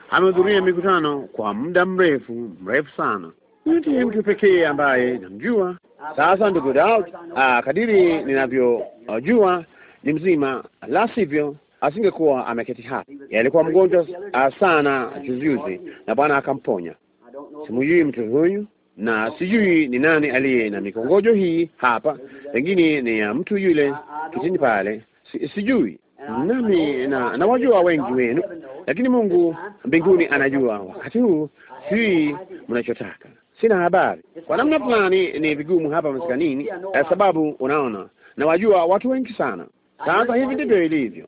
amehudhuria mikutano kwa muda mrefu mrefu sana. Ndiye mtu pekee ambaye namjua. Sasa ndugu Daud, ah, kadiri ninavyojua ni mzima, la sivyo asingekuwa ameketi hapa. Alikuwa mgonjwa ah, sana juzijuzi na Bwana akamponya. Simjui mtu huyu na sijui ni nani aliye na mikongojo hii hapa, pengine ni ya mtu yule kitini pale, si, sijui nami na nawajua wengi wenu, lakini Mungu mbinguni anajua wakati huu, sijui mnachotaka, sina habari. Kwa namna fulani ni vigumu hapa msikanini, eh, sababu unaona, nawajua watu wengi sana sasa hivi ndivyo ilivyo,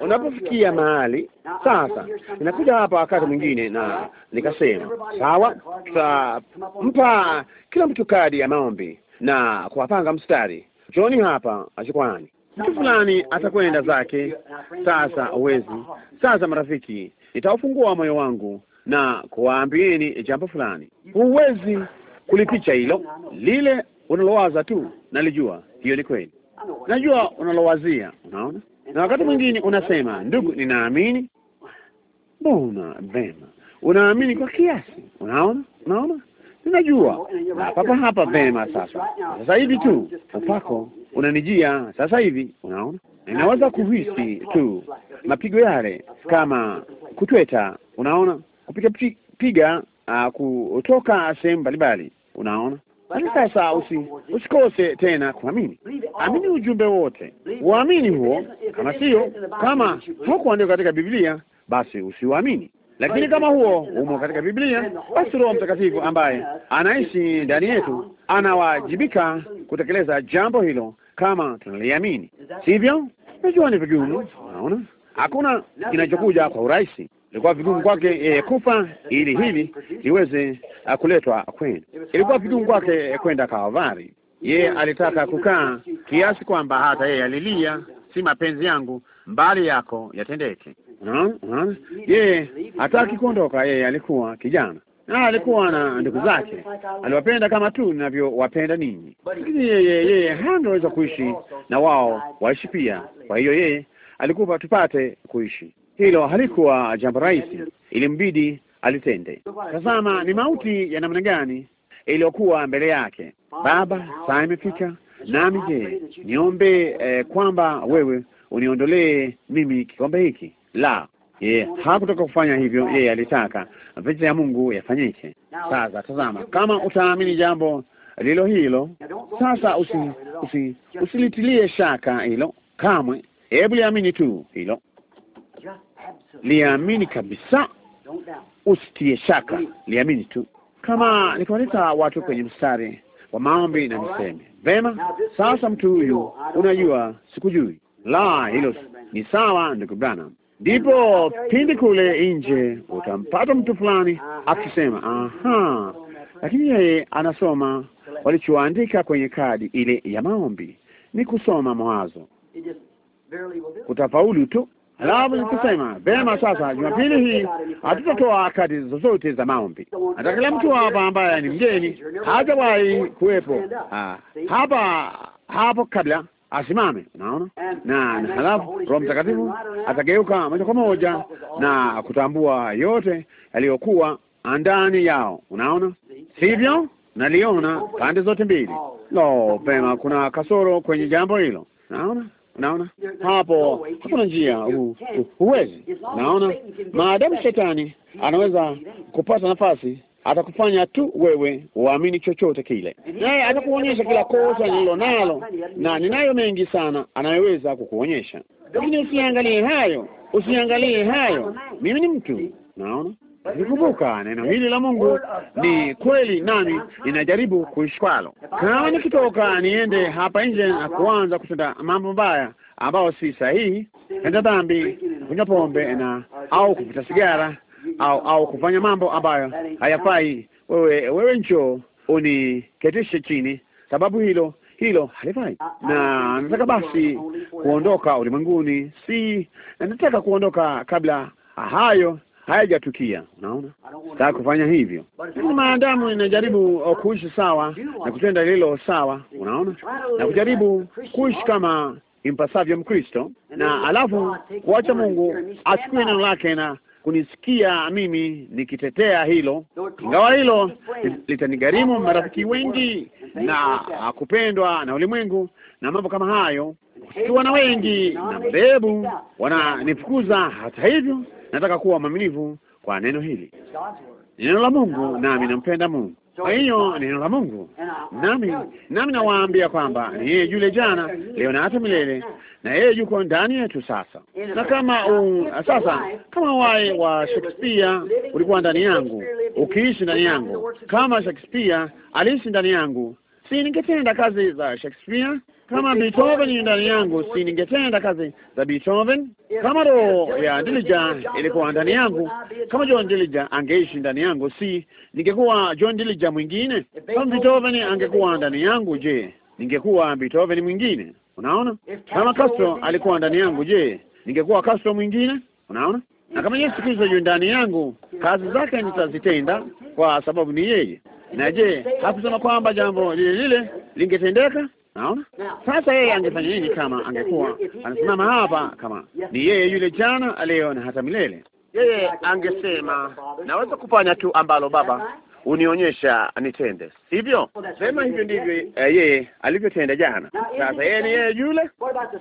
unapofikia mahali sasa. inakuja hapa wakati mwingine na nikasema sawa, tutampa kila mtu kadi ya maombi na kuwapanga mstari. Joni hapa jukwani, mtu fulani atakwenda zake. Sasa uwezi sasa, marafiki, nitaufungua moyo wangu na kuwaambieni jambo fulani. Huwezi kulipicha hilo, lile unalowaza tu, nalijua hiyo ni kweli najua unalowazia, unaona. Na wakati mwingine unasema, ndugu, ninaamini. Mbona vema, unaamini kwa kiasi, unaona, unaona, ninajua. Na papa hapa, vema. Sasa sasa hivi tu upako unanijia sasa hivi, unaona, ninaweza kuhisi tu mapigo yale kama kutweta, unaona, kupiga piga, uh, kutoka sehemu mbalimbali, unaona lakini sasa usi, usikose tena kuamini. Amini ujumbe wote, uamini huo. Kama sio kama hukuandikwa katika Biblia, basi usiuamini. Lakini kama huo umo katika Biblia, basi Roho Mtakatifu ambaye anaishi ndani yetu anawajibika kutekeleza jambo hilo kama tunaliamini, sivyo? Najua ni vigumu, naona hakuna kinachokuja kwa urahisi, Ilikuwa vigumu kwake yeye eh, kufa ili hili liweze eh, kuletwa kwenu. Ilikuwa vigumu kwake eh, kwenda Kalvari. Yeye alitaka kukaa kiasi kwamba hata yeye alilia, si mapenzi yangu mbali yako yatendeke. Yeye hataki kuondoka. Yeye alikuwa kijana na alikuwa na ndugu zake, aliwapenda kama tu ninavyowapenda ninyi, lakini yeye yeye hangeweza kuishi na wao waishi pia. Kwa hiyo yeye alikufa tupate kuishi. Hilo halikuwa jambo rahisi, ilimbidi alitende. Tazama ni mauti ya namna gani iliyokuwa mbele yake. Baba, saa imefika, nami je, niombe eh, kwamba wewe uniondolee mimi kikombe hiki? La, yeye hakutaka kufanya hivyo. Yeye alitaka vita ya Mungu yafanyike. Sasa tazama, kama utaamini jambo lilo hilo sasa, usi- usi- usilitilie shaka hilo kamwe. Hebu liamini tu hilo liamini kabisa, usitie shaka, liamini tu. Kama nikiwaleta watu kwenye mstari wa maombi na niseme vema, sasa mtu huyu, unajua, sikujui. La, hilo ni sawa, ndugu Branham. Ndipo pindi kule nje utampata mtu fulani uh-huh. akisema aha, lakini yeye anasoma walichoandika kwenye kadi ile ya maombi. Ni kusoma mawazo, kutafaulu tu. Alafu nikusema vema, sasa Jumapili hii hatutatoa kadi zozote za maombi. Hata kila mtu hapa ambaye ni mgeni hajawahi kuwepo ah, hapa hapo kabla asimame, unaona na na, halafu Roho Mtakatifu atageuka moja kwa moja na kutambua yote yaliyokuwa ndani yao, unaona sivyo? Naliona pande zote mbili. No, pema, kuna kasoro kwenye jambo hilo, naona naona hapo hakuna njia, huwezi. Naona maadamu shetani anaweza kupata nafasi atakufanya tu wewe uamini chochote kile, naye atakuonyesha kila kosa nililo nalo, na ninayo mengi sana anayeweza kukuonyesha. Lakini usiangalie hayo, usiangalie hayo. Mimi ni mtu, naona Nikumbuka neno hili la Mungu ni kweli, nami ninajaribu kuishi kwalo. Kama nikitoka niende hapa nje na kuanza kutenda mambo mabaya ambayo si sahihi, enda dhambi, kunywa pombe na au kuvuta sigara au au kufanya mambo ambayo hayafai, wewe wewe njoo uniketishe chini, sababu hilo hilo halifai, na nataka basi kuondoka ulimwenguni, si nataka kuondoka kabla hayo haijatukia. Unaona, nataka kufanya hivyo, lakini maadamu inajaribu uh, kuishi sawa na kutenda lilo sawa, unaona, na kujaribu kuishi kama impasavyo Mkristo, na alafu kuacha Mungu achukue neno lake na kunisikia mimi nikitetea hilo, ingawa hilo litanigharimu marafiki wengi na kupendwa na ulimwengu na mambo kama hayo, kusikiwa na wengi na madhehebu wananifukuza. Hata hivyo, nataka kuwa mwaminifu kwa neno hili, neno la Mungu, nami nampenda Mungu. Kwa hiyo neno la Mungu nami nami nawaambia kwamba ni yeye yule jana, leo na hata milele, na yeye yuko ndani yetu sasa. Na kama u, sasa kama wae wa Shakespeare ulikuwa ndani yangu, ukiishi ndani yangu, kama Shakespeare aliishi ndani yangu, si ningetenda kazi za Shakespeare kama Beethoven ni ndani yangu, si ningetenda kazi za Beethoven? Kama roho ya Dillinger ilikuwa ndani yangu, kama John Dillinger angeishi ndani yangu, si ningekuwa John Dillinger mwingine? Kama Beethoven angekuwa ndani yangu, je, ningekuwa Beethoven mwingine? Unaona, kama Castro alikuwa ndani yangu, je, ningekuwa Castro mwingine? Unaona, na kama Yesu Kristo yu ndani yangu, kazi zake nitazitenda kwa sababu ni yeye. Na je, hakusema kwamba jambo lile lile lingetendeka? Naona sasa, yeye angefanya nini kama angekuwa anasimama hapa? Kama ni yeye yule jana, leo na hata milele, yeye angesema naweza kufanya tu ambalo Baba unionyesha nitende, sivyo? Sema hivyo ndivyo eh, yeye alivyotenda jana. Sasa yeye ni yeye yule.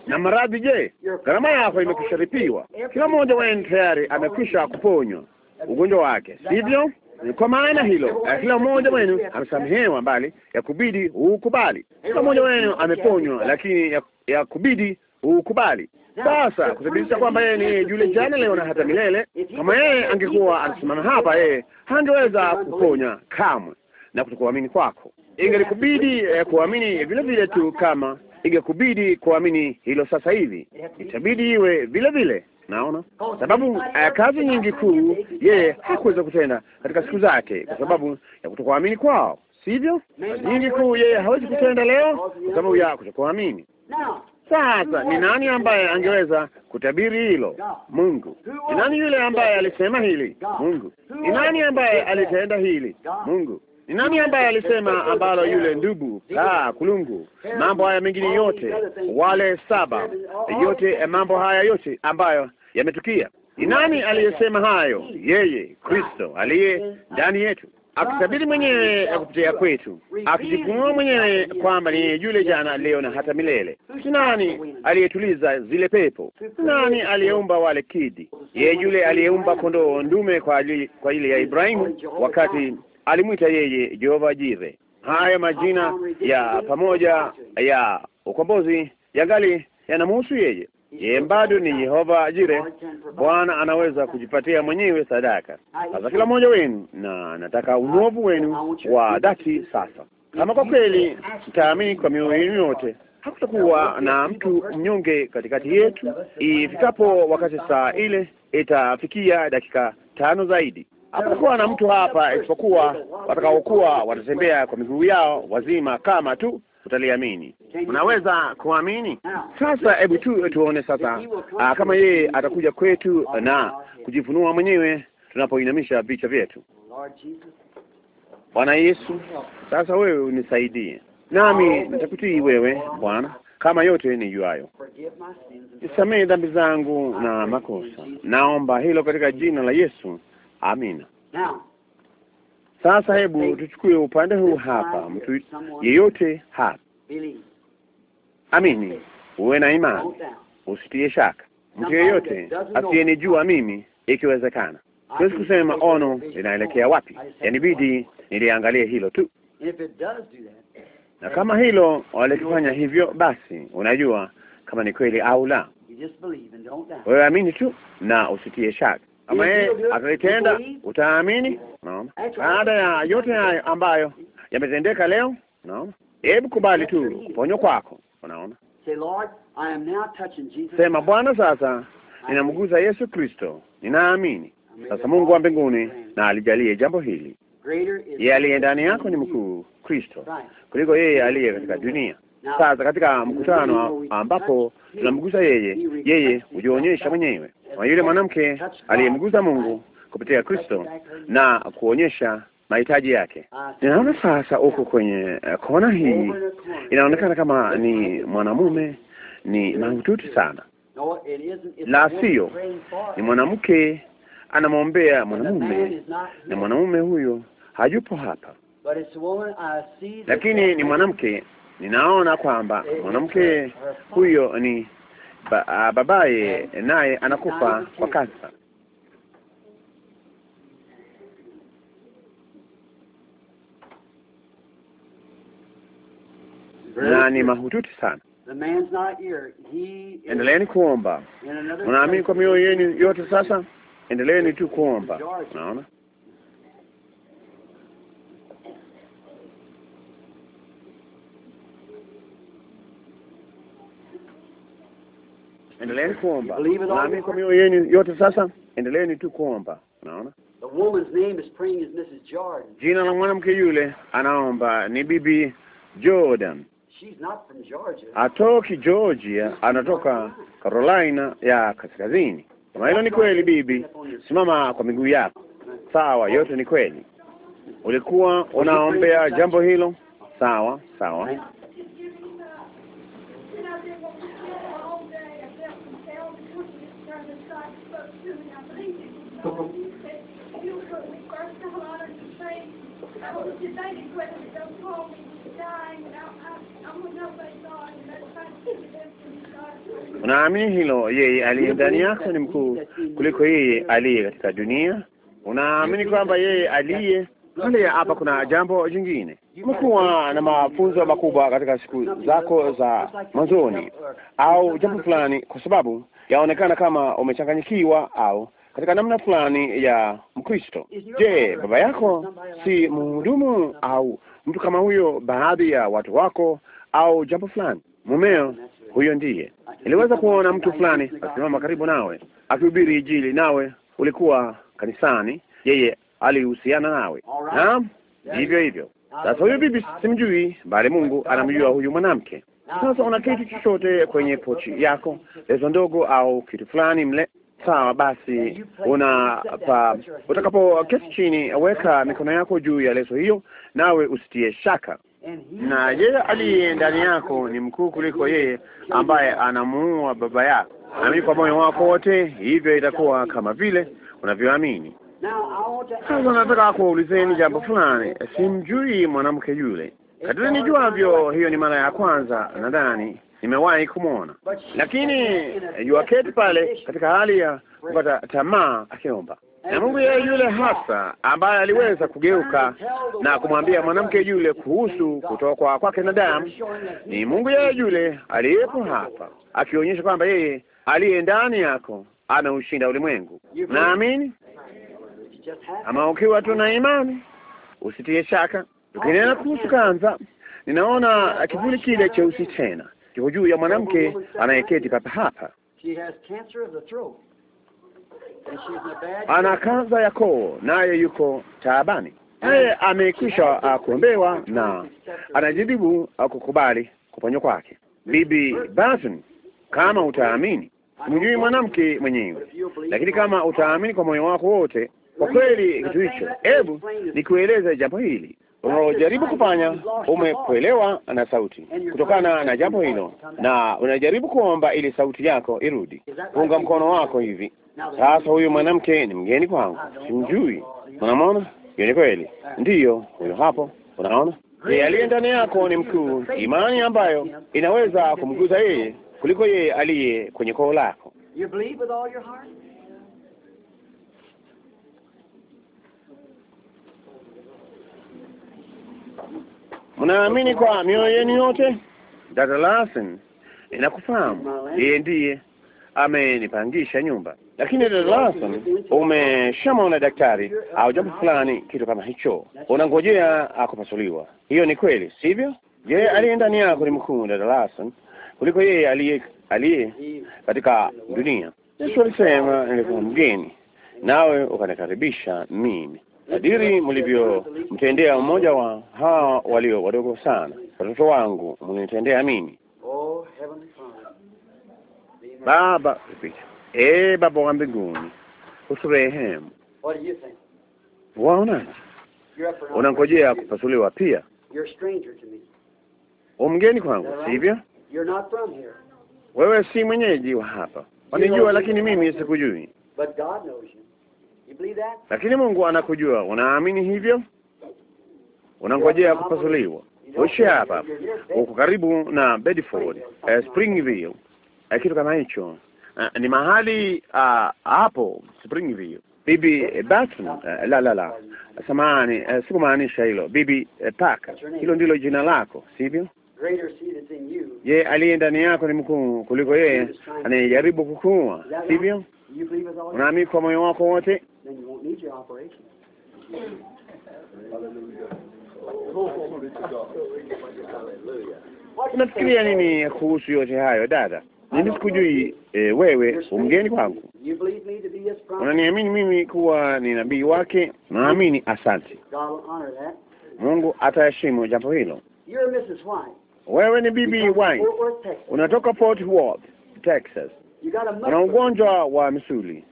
Na maradhi, je, gharama yako imekusharipiwa? Kila mmoja wenu tayari amekwisha kuponywa ugonjwa wake, sivyo? Kwa maana hilo eh, kila mmoja wenu amesamehewa, mbali ya kubidi ukubali. Kila mmoja wenu ameponywa, lakini ya, ya kubidi ukubali. Sasa kuthibitisha kwamba yeye ni yule jana, leo na hata milele. Kama yeye angekuwa anasimama hapa, yeye hangeweza kuponya kamwe na kutokuamini kwako. Ingelikubidi eh, kuamini vile vile tu kama ingekubidi kuamini hilo sasa hivi, itabidi iwe vile vile. Naona sababu uh, kazi nyingi kuu yeye hakuweza kutenda katika siku zake kwa sababu ya kutokuamini kwao, sivyo? Nyingi kuu yeye hawezi kutenda leo kwa sababu ya kutokuamini. Sasa ni nani ambaye angeweza kutabiri hilo? Mungu. Ni nani yule ambaye alisema hili? Mungu. Ni nani ambaye alitenda hili? Mungu. Ni nani ambaye alisema ambalo yule ndugu la kulungu, mambo haya mengine yote, wale saba yote, mambo haya yote ambayo yametukia? Ni nani aliyesema hayo? Yeye Kristo aliye ndani yetu, akitabiri mwenyewe kupitia kwetu, akijifunua mwenyewe kwamba ni yule jana, leo na hata milele. si nani aliyetuliza zile pepo? si nani aliyeumba wale kidi? Yeye yule aliyeumba kondoo ndume kwa ajili kwa ajili ya Ibrahimu wakati alimwita yeye Jehova Jire. Haya majina ya pamoja ya ukombozi yangali yanamhusu yeye. Yeye bado ni Yehova Jire. Bwana anaweza kujipatia mwenyewe sadaka. Sasa kila mmoja wenu, na nataka uovu wenu wa dhati sasa. Kama kwa kweli mtaamini kwa mioyo yenu yote, hakutakuwa na mtu mnyonge katikati yetu. Ifikapo wakati saa ile itafikia dakika tano zaidi Hapatakuwa na mtu hapa isipokuwa watakaokuwa watatembea kwa miguu yao wazima, kama tu utaliamini unaweza kuamini? Sasa hebu tu tuone sasa, aa, ah, kama yeye atakuja kwetu na kujifunua mwenyewe tunapoinamisha vichwa vyetu. Bwana Yesu, sasa wewe unisaidie, nami nitakutii wewe Bwana kama yote nijuayo. Nisamehe dhambi zangu na makosa, naomba hilo katika jina la Yesu. Amina. Sasa hebu tuchukue upande huu hapa, mtu yeyote hapa, amini, uwe na imani, usitie shaka. Mtu yeyote asiyenijua mimi, ikiwezekana siwezi kusema ono linaelekea wapi, yanibidi niliangalie hilo tu, na kama hilo walikifanya hivyo, basi unajua kama ni kweli au la. Wewe amini tu na usitie shaka ama atalitenda, utaamini. Naona baada ya yote hayo ambayo yametendeka leo, naona hebu kubali tu kuponywa kwako. Unaona, sema Bwana, sasa ninamguza Yesu Kristo, ninaamini. Sasa Mungu wa mbinguni na alijalie jambo hili. Yeye aliye ndani yako ni mkuu Kristo kuliko yeye aliye katika dunia. Sasa katika mkutano ambapo tunamgusa yeye, yeye hujionyesha mwenyewe kwa yule mwanamke aliyemguza Mungu kupitia Kristo na kuonyesha mahitaji yake. Ninaona sasa huko kwenye eh, kona hii inaonekana kama ni mwanamume, ni mahututi sana, la sio, ni mwanamke anamwombea mwanamume na mwanamume huyo hayupo hapa, lakini ni mwanamke. Ninaona kwamba mwanamke huyo ni ba, ah, babaye naye anakufa kwa kansa. na ni mahututi sana. Endeleeni kuomba, unaamini kwa mioyo yenu yote. Sasa endeleeni tu kuomba, unaona endeleeni kuomba, naamini kwa mioyo yenu yote. Sasa endeleeni tu kuomba. Unaona, jina la mwanamke yule anaomba ni Bibi Jordan. Atoki Georgia, anatoka Carolina ya Kaskazini. Kama hilo ni kweli, bibi, simama kwa miguu yako. Sawa, yote ni kweli. Ulikuwa unaombea jambo hilo, sawa sawa. Unaamini hilo? Yeye aliye ndani yako ni mkuu kuliko yeye aliye katika dunia. Unaamini kwamba yeye aliye pale hapa kuna jambo jingine. Umekuwa na mafunzo makubwa katika siku zako za mwanzoni au jambo fulani, kwa sababu yaonekana kama umechanganyikiwa au katika namna fulani ya Mkristo. Je, baba yako si mhudumu au mtu kama huyo, baadhi ya watu wako au jambo fulani? Mumeo huyo ndiye. Niliweza kuona mtu fulani akisimama karibu nawe akihubiri Injili, nawe ulikuwa kanisani, yeye alihusiana nawe. Naam, hivyo hivyo. Sasa huyo bibi simjui, bali Mungu anamjua huyu mwanamke. Sasa una kitu chochote kwenye pochi yako, lezo ndogo au kitu fulani mle Sawa basi, utakapo kesi chini, weka mikono yako juu ya leso hiyo, nawe usitie shaka. Na yeye aliye ndani yako ni mkuu kuliko yeye ambaye anamuua baba yako. Amini kwa moyo wako wote, hivyo itakuwa kama vile unavyoamini. Sasa nataka kuwaulizeni jambo fulani. Simjui mwanamke yule, kadiri nijuavyo, hiyo ni mara ya kwanza nadhani nimewahi kumwona, lakini eh, yuaketi pale katika hali ya kupata tamaa akiomba na Mungu yeye yule hasa ambaye aliweza kugeuka na kumwambia mwanamke yule kuhusu kutokwa kwake na damu, ni Mungu yeye yule aliyepo hapa akionyesha kwamba yeye aliye ndani yako ameushinda ulimwengu. Naamini ama ukiwa tuna imani, usitie shaka. Tukinena kuhusu kanza, ninaona kivuli kile cheusi tena kiko juu ya mwanamke anayeketi papa hapa. Ana kansa ya koo, naye yuko taabani, naye amekwisha uh, kuombewa na anajaribu uh, kukubali kuponywa kwake. Bibi Barton, kama utaamini, mjui mwanamke mwenyewe, lakini kama utaamini kwa moyo wako wote, kwa kweli kitu hicho, hebu nikueleze jambo hili unaojaribu kufanya umepwelewa na sauti kutokana na jambo hilo, na unajaribu kuomba ili sauti yako irudi. unga mkono wako hivi sasa. Huyu mwanamke ni mgeni kwangu, simjui. Unamwona? Hiyo ni kweli, ndiyo huyo hapo. Unaona, yeye aliye ndani yako ni mkuu imani ambayo inaweza kumguza yeye kuliko yeye aliye kwenye koo lako. Mnaamini kwa mioyo yenu yote? Dada Larson inakufahamu, yeye ndiye amenipangisha nyumba. Lakini dada Larson, umeshamwona daktari au jambo fulani, kitu kama hicho? Unangojea akupasuliwa. Hiyo ni kweli, sivyo? Je, aliye ndani yako ni mkuu, dada Larson, kuliko yeye aliye aliye katika dunia. Yesu alisema, nilikuwa mgeni nawe ukanikaribisha mimi kadiri mtendea mmoja wa hawa walio wadogo sana, watoto wangu mlinitendea mimi. Baba e, Baba wa mbinguni usurehemu. Waona, Unangojea kupasuliwa pia. Umgeni kwangu, sivyo? Wewe si mwenyeji wa hapa, wanijua, lakini mimi sikujui. Lakini Mungu anakujua. Unaamini hivyo? Unangojea kupasuliwa? Uishi hapa, uko karibu na Bedford, eh, Springville, eh, kitu kama hicho. Uh, ni mahali uh, hapo Springville. Bibi eh, Batson, eh, la la la, samahani, eh, sikumaanisha hilo. Bibi eh, Parker, hilo ndilo jina lako, sivyo? Ye aliye ndani yako ni mkuu kuliko yeye anayejaribu kukuua, sivyo? unaamini kwa moyo wako wote unafikiria nini kuhusu yote hayo dada? Mimi sikujui eh, wewe umgeni kwangu. Unaniamini mimi kuwa ni nabii wake? Naamini. Asante. Mungu ataheshimu jambo hilo. Wewe ni bibi White, unatoka Fort Worth, Texas. Kuna ugonjwa wa misuli,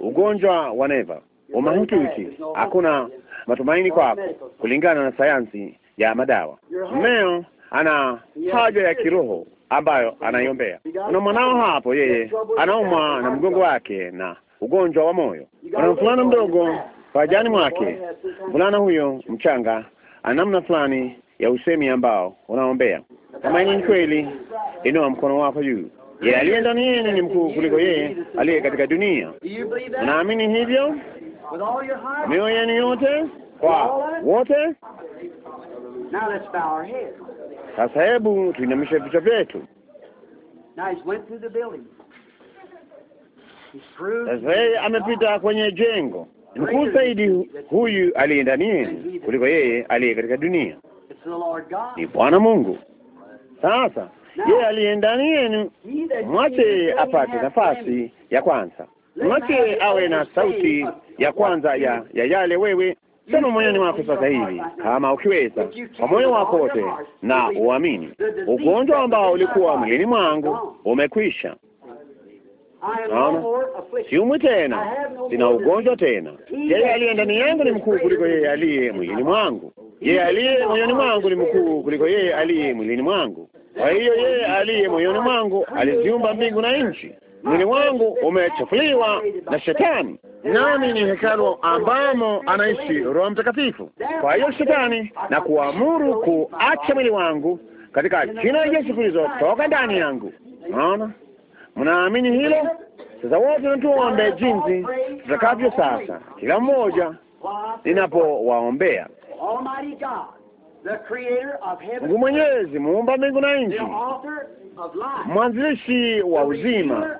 ugonjwa wa neva, umahututi. Hakuna matumaini kwako kulingana na sayansi ya madawa. Mmeo ana haja ya kiroho ambayo anaiombea. Kuna mwanao hapo, yeye anaumwa na mgongo wake na ugonjwa wa moyo. Kuna mvulana mdogo pajani mwake, mvulana huyo mchanga ana namna fulani ya usemi ambao unaombea. Kama ni kweli, inua mkono wako juu ye aliye ndani yenu ni mkuu kuliko yeye aliye katika dunia. Unaamini hivyo mioyo yenu yote kwa wote? Sasa hebu tuinamishe vichwa vyetu. Sasa yeye amepita kwenye jengo. Mkuu zaidi huyu aliye ndani yenu kuliko yeye aliye katika dunia ni Bwana Mungu. Sasa yeye aliye ndani yenu, mwache apate nafasi ya kwanza, mwache awe na sauti ya kwanza ya, ya yale wewe sema moyoni mwako sasa hivi, kama ukiweza, kwa moyo wako wote na uamini, ugonjwa ambao ulikuwa mwilini mwangu umekwisha. Naona siumwi tena, sina ugonjwa tena. Yeye aliye ndani yangu ni mkuu kuliko yeye aliye mwilini mwangu. Yeye aliye moyoni mwangu ni mkuu kuliko yeye aliye mwilini mwangu. Kwa hiyo yeye aliye moyoni mwangu aliziumba mbingu na nchi. Mwili wangu umechafuliwa na Shetani, nami ni hekalu ambamo anaishi Roho Mtakatifu. Kwa hiyo Shetani na kuamuru kuacha mwili wangu katika jina la Yesu Kristo, toka ndani yangu. Unaona, mnaamini hilo? Sasa wote natuombe jinsi tutakavyo. Sasa kila mmoja ninapowaombea Mungu Mwenyezi, muumba mbingu na nchi, mwanzilishi wa uzima,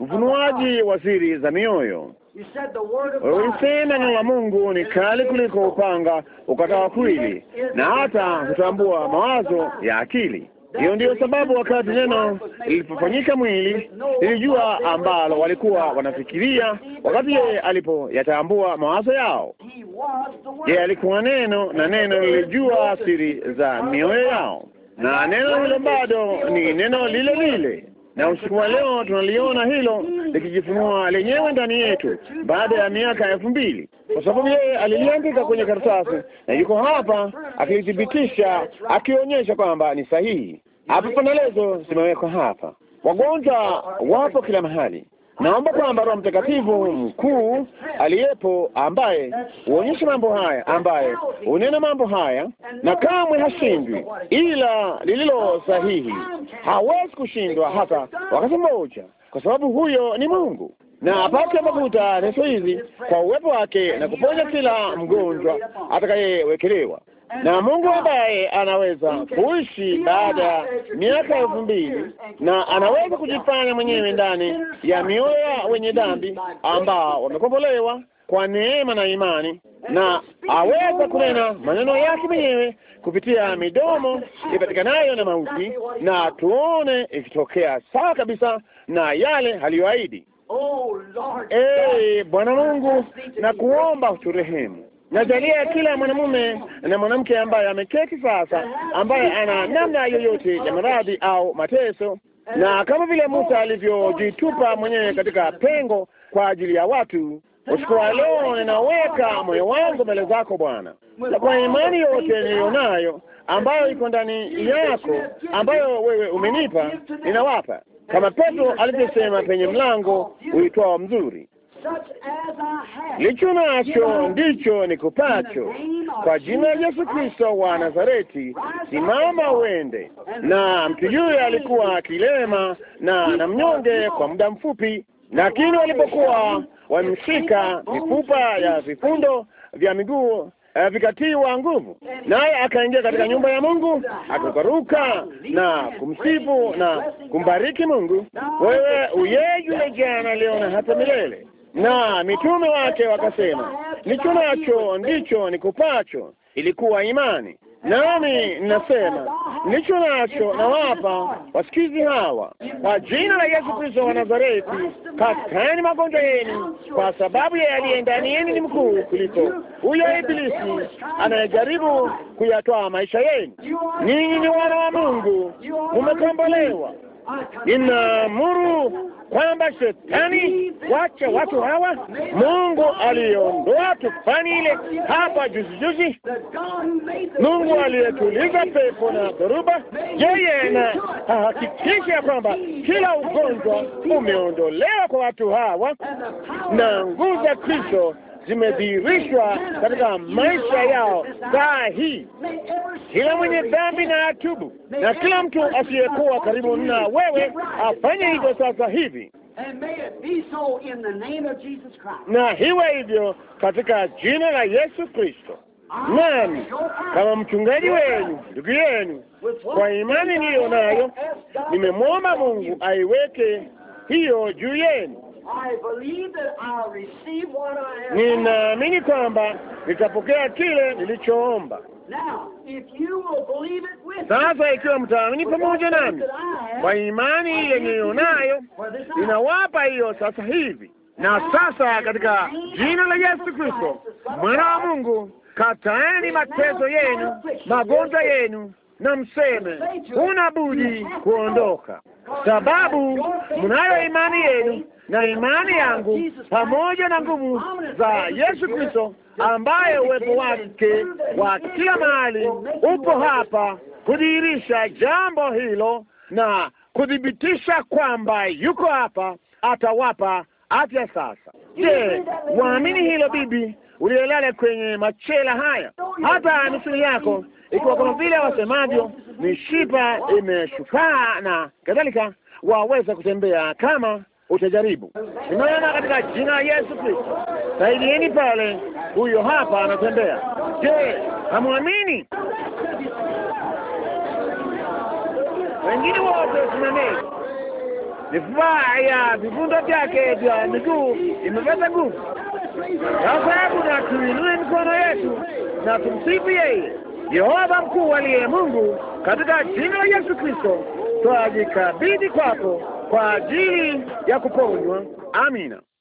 mfunuaji wa siri za mioyo. Ulisema neno la Mungu ni kali kuliko upanga ukatao kwili, na hata hutambua mawazo ya akili. Hiyo ndiyo sababu wakati neno lilipofanyika mwili, lilijua ambalo walikuwa wanafikiria wakati yeye alipoyatambua mawazo yao. Yeye alikuwa neno na neno lilijua siri za mioyo yao, na neno hilo bado ni neno lile lile na usiku wa leo tunaliona hilo likijifunua lenyewe ndani yetu baada ya miaka elfu mbili kwa sababu yeye aliliandika kwenye karatasi na yuko hapa akilithibitisha, akionyesha kwamba ni sahihi. Hapo zimewekwa hapa. Wagonjwa wapo kila mahali. Naomba kwamba Roho Mtakatifu mkuu aliyepo, ambaye huonyesha mambo haya, ambaye unena mambo haya na kamwe hashindwi, ila lililo sahihi, hawezi kushindwa hata wakati mmoja, kwa sababu huyo ni Mungu na apate mafuta leso hizi kwa uwepo wake na kuponya kila mgonjwa atakayewekelewa na Mungu ah. ambaye anaweza kuishi baada ya miaka elfu mbili na anaweza kujifanya mwenyewe ndani ya mioyo wenye dhambi ambao wamekombolewa kwa neema na imani, na aweza kunena maneno yake mwenyewe kupitia midomo ipatikanayo na mauti, na tuone ikitokea sawa kabisa na yale aliyoahidi. Oh, ee Bwana Mungu, na kuomba uturehemu Nadharia ya kila mwanamume na mwanamke ambaye ameketi sasa, ambaye ana namna yoyote ya maradhi au mateso, na kama vile Musa alivyojitupa mwenyewe katika pengo kwa ajili ya watu, usiku wa leo ninaweka moyo wangu mbele zako Bwana, na kwa imani yote niliyonayo ambayo iko ndani yako, ambayo wewe umenipa, ninawapa kama Petro alivyosema penye mlango uitwao mzuri Nicho nacho ndicho nikupacho. Kwa jina la Yesu Kristo wa Nazareti, simama uende. Na mtu yule alikuwa akilema na na mnyonge kwa muda mfupi, lakini walipokuwa wamshika, mifupa ya vifundo vya miguu Uh, vikatiwa nguvu, naye akaingia katika nyumba ya Mungu akakaruka na kumsifu na kumbariki Mungu. Wewe uye yule jana, leo na hata milele na mitume wake wakasema, nichunacho ndicho nikupacho. Ilikuwa imani. Nami nasema nacho nawapa wasikizi hawa, kwa jina la Yesu Kristo wa Nazareti, katikani magonjwa yenu, kwa sababu yeye aliye ndani yenu ni mkuu kuliko huyo Ibilisi anayejaribu kuyatwaa maisha yenu. Ninyi ni wana wa Mungu, mumekombolewa ninaamuru kwamba shetani, wacha watu hawa. Mungu aliondoa tufani ile hapa juzi juzi. Mungu aliyetuliza pepo na dhoruba, yeye na ahakikisha kwamba kila ugonjwa umeondolewa kwa watu hawa na nguvu za Kristo zimedhihirishwa katika maisha yao saa hii. Kila mwenye dhambi na atubu, na kila mtu asiyekuwa karibu na wewe afanye hivyo sasa hivi, na hiwe hivyo katika jina la Yesu Kristo. Nami kama mchungaji wenu, ndugu yenu, kwa imani niliyo nayo, nimemwomba Mungu aiweke hiyo juu yenu. Ninaamini kwamba nitapokea kile nilichoomba. Sasa ikiwa mtaamini pamoja nami kwa imani yenye ionayo, ninawapa hiyo sasa hivi na sasa, katika jina la Yesu Kristo mwana wa Mungu, kataeni mateso yenu, magonjwa yenu, na mseme huna budi kuondoka sababu mnayo imani yenu na imani yangu pamoja na nguvu za Yesu Kristo, ambaye uwepo wake wa kila mahali upo hapa kudhihirisha jambo hilo na kuthibitisha kwamba yuko hapa, atawapa afya. Sasa je, waamini hilo, bibi uliyelala kwenye machela haya? Hata misuli yako ikiwa kama vile wasemavyo mishipa imeshukaa na kadhalika, waweza kutembea kama utajaribu. Inaona katika jina la Yesu Kristo, saidieni pale, huyo hapa anatembea. Je, hamwamini? Wengine wote simameni. Vifaa ya vifundo vyake vya miguu imepata nguvu. Sasa hebu na tuinue mikono yetu na tumsifu yeye. Yehova mkuu aliye Mungu, katika jina la Yesu Kristo twajikabidhi kwako kwa ajili ya kuponywa. Amina.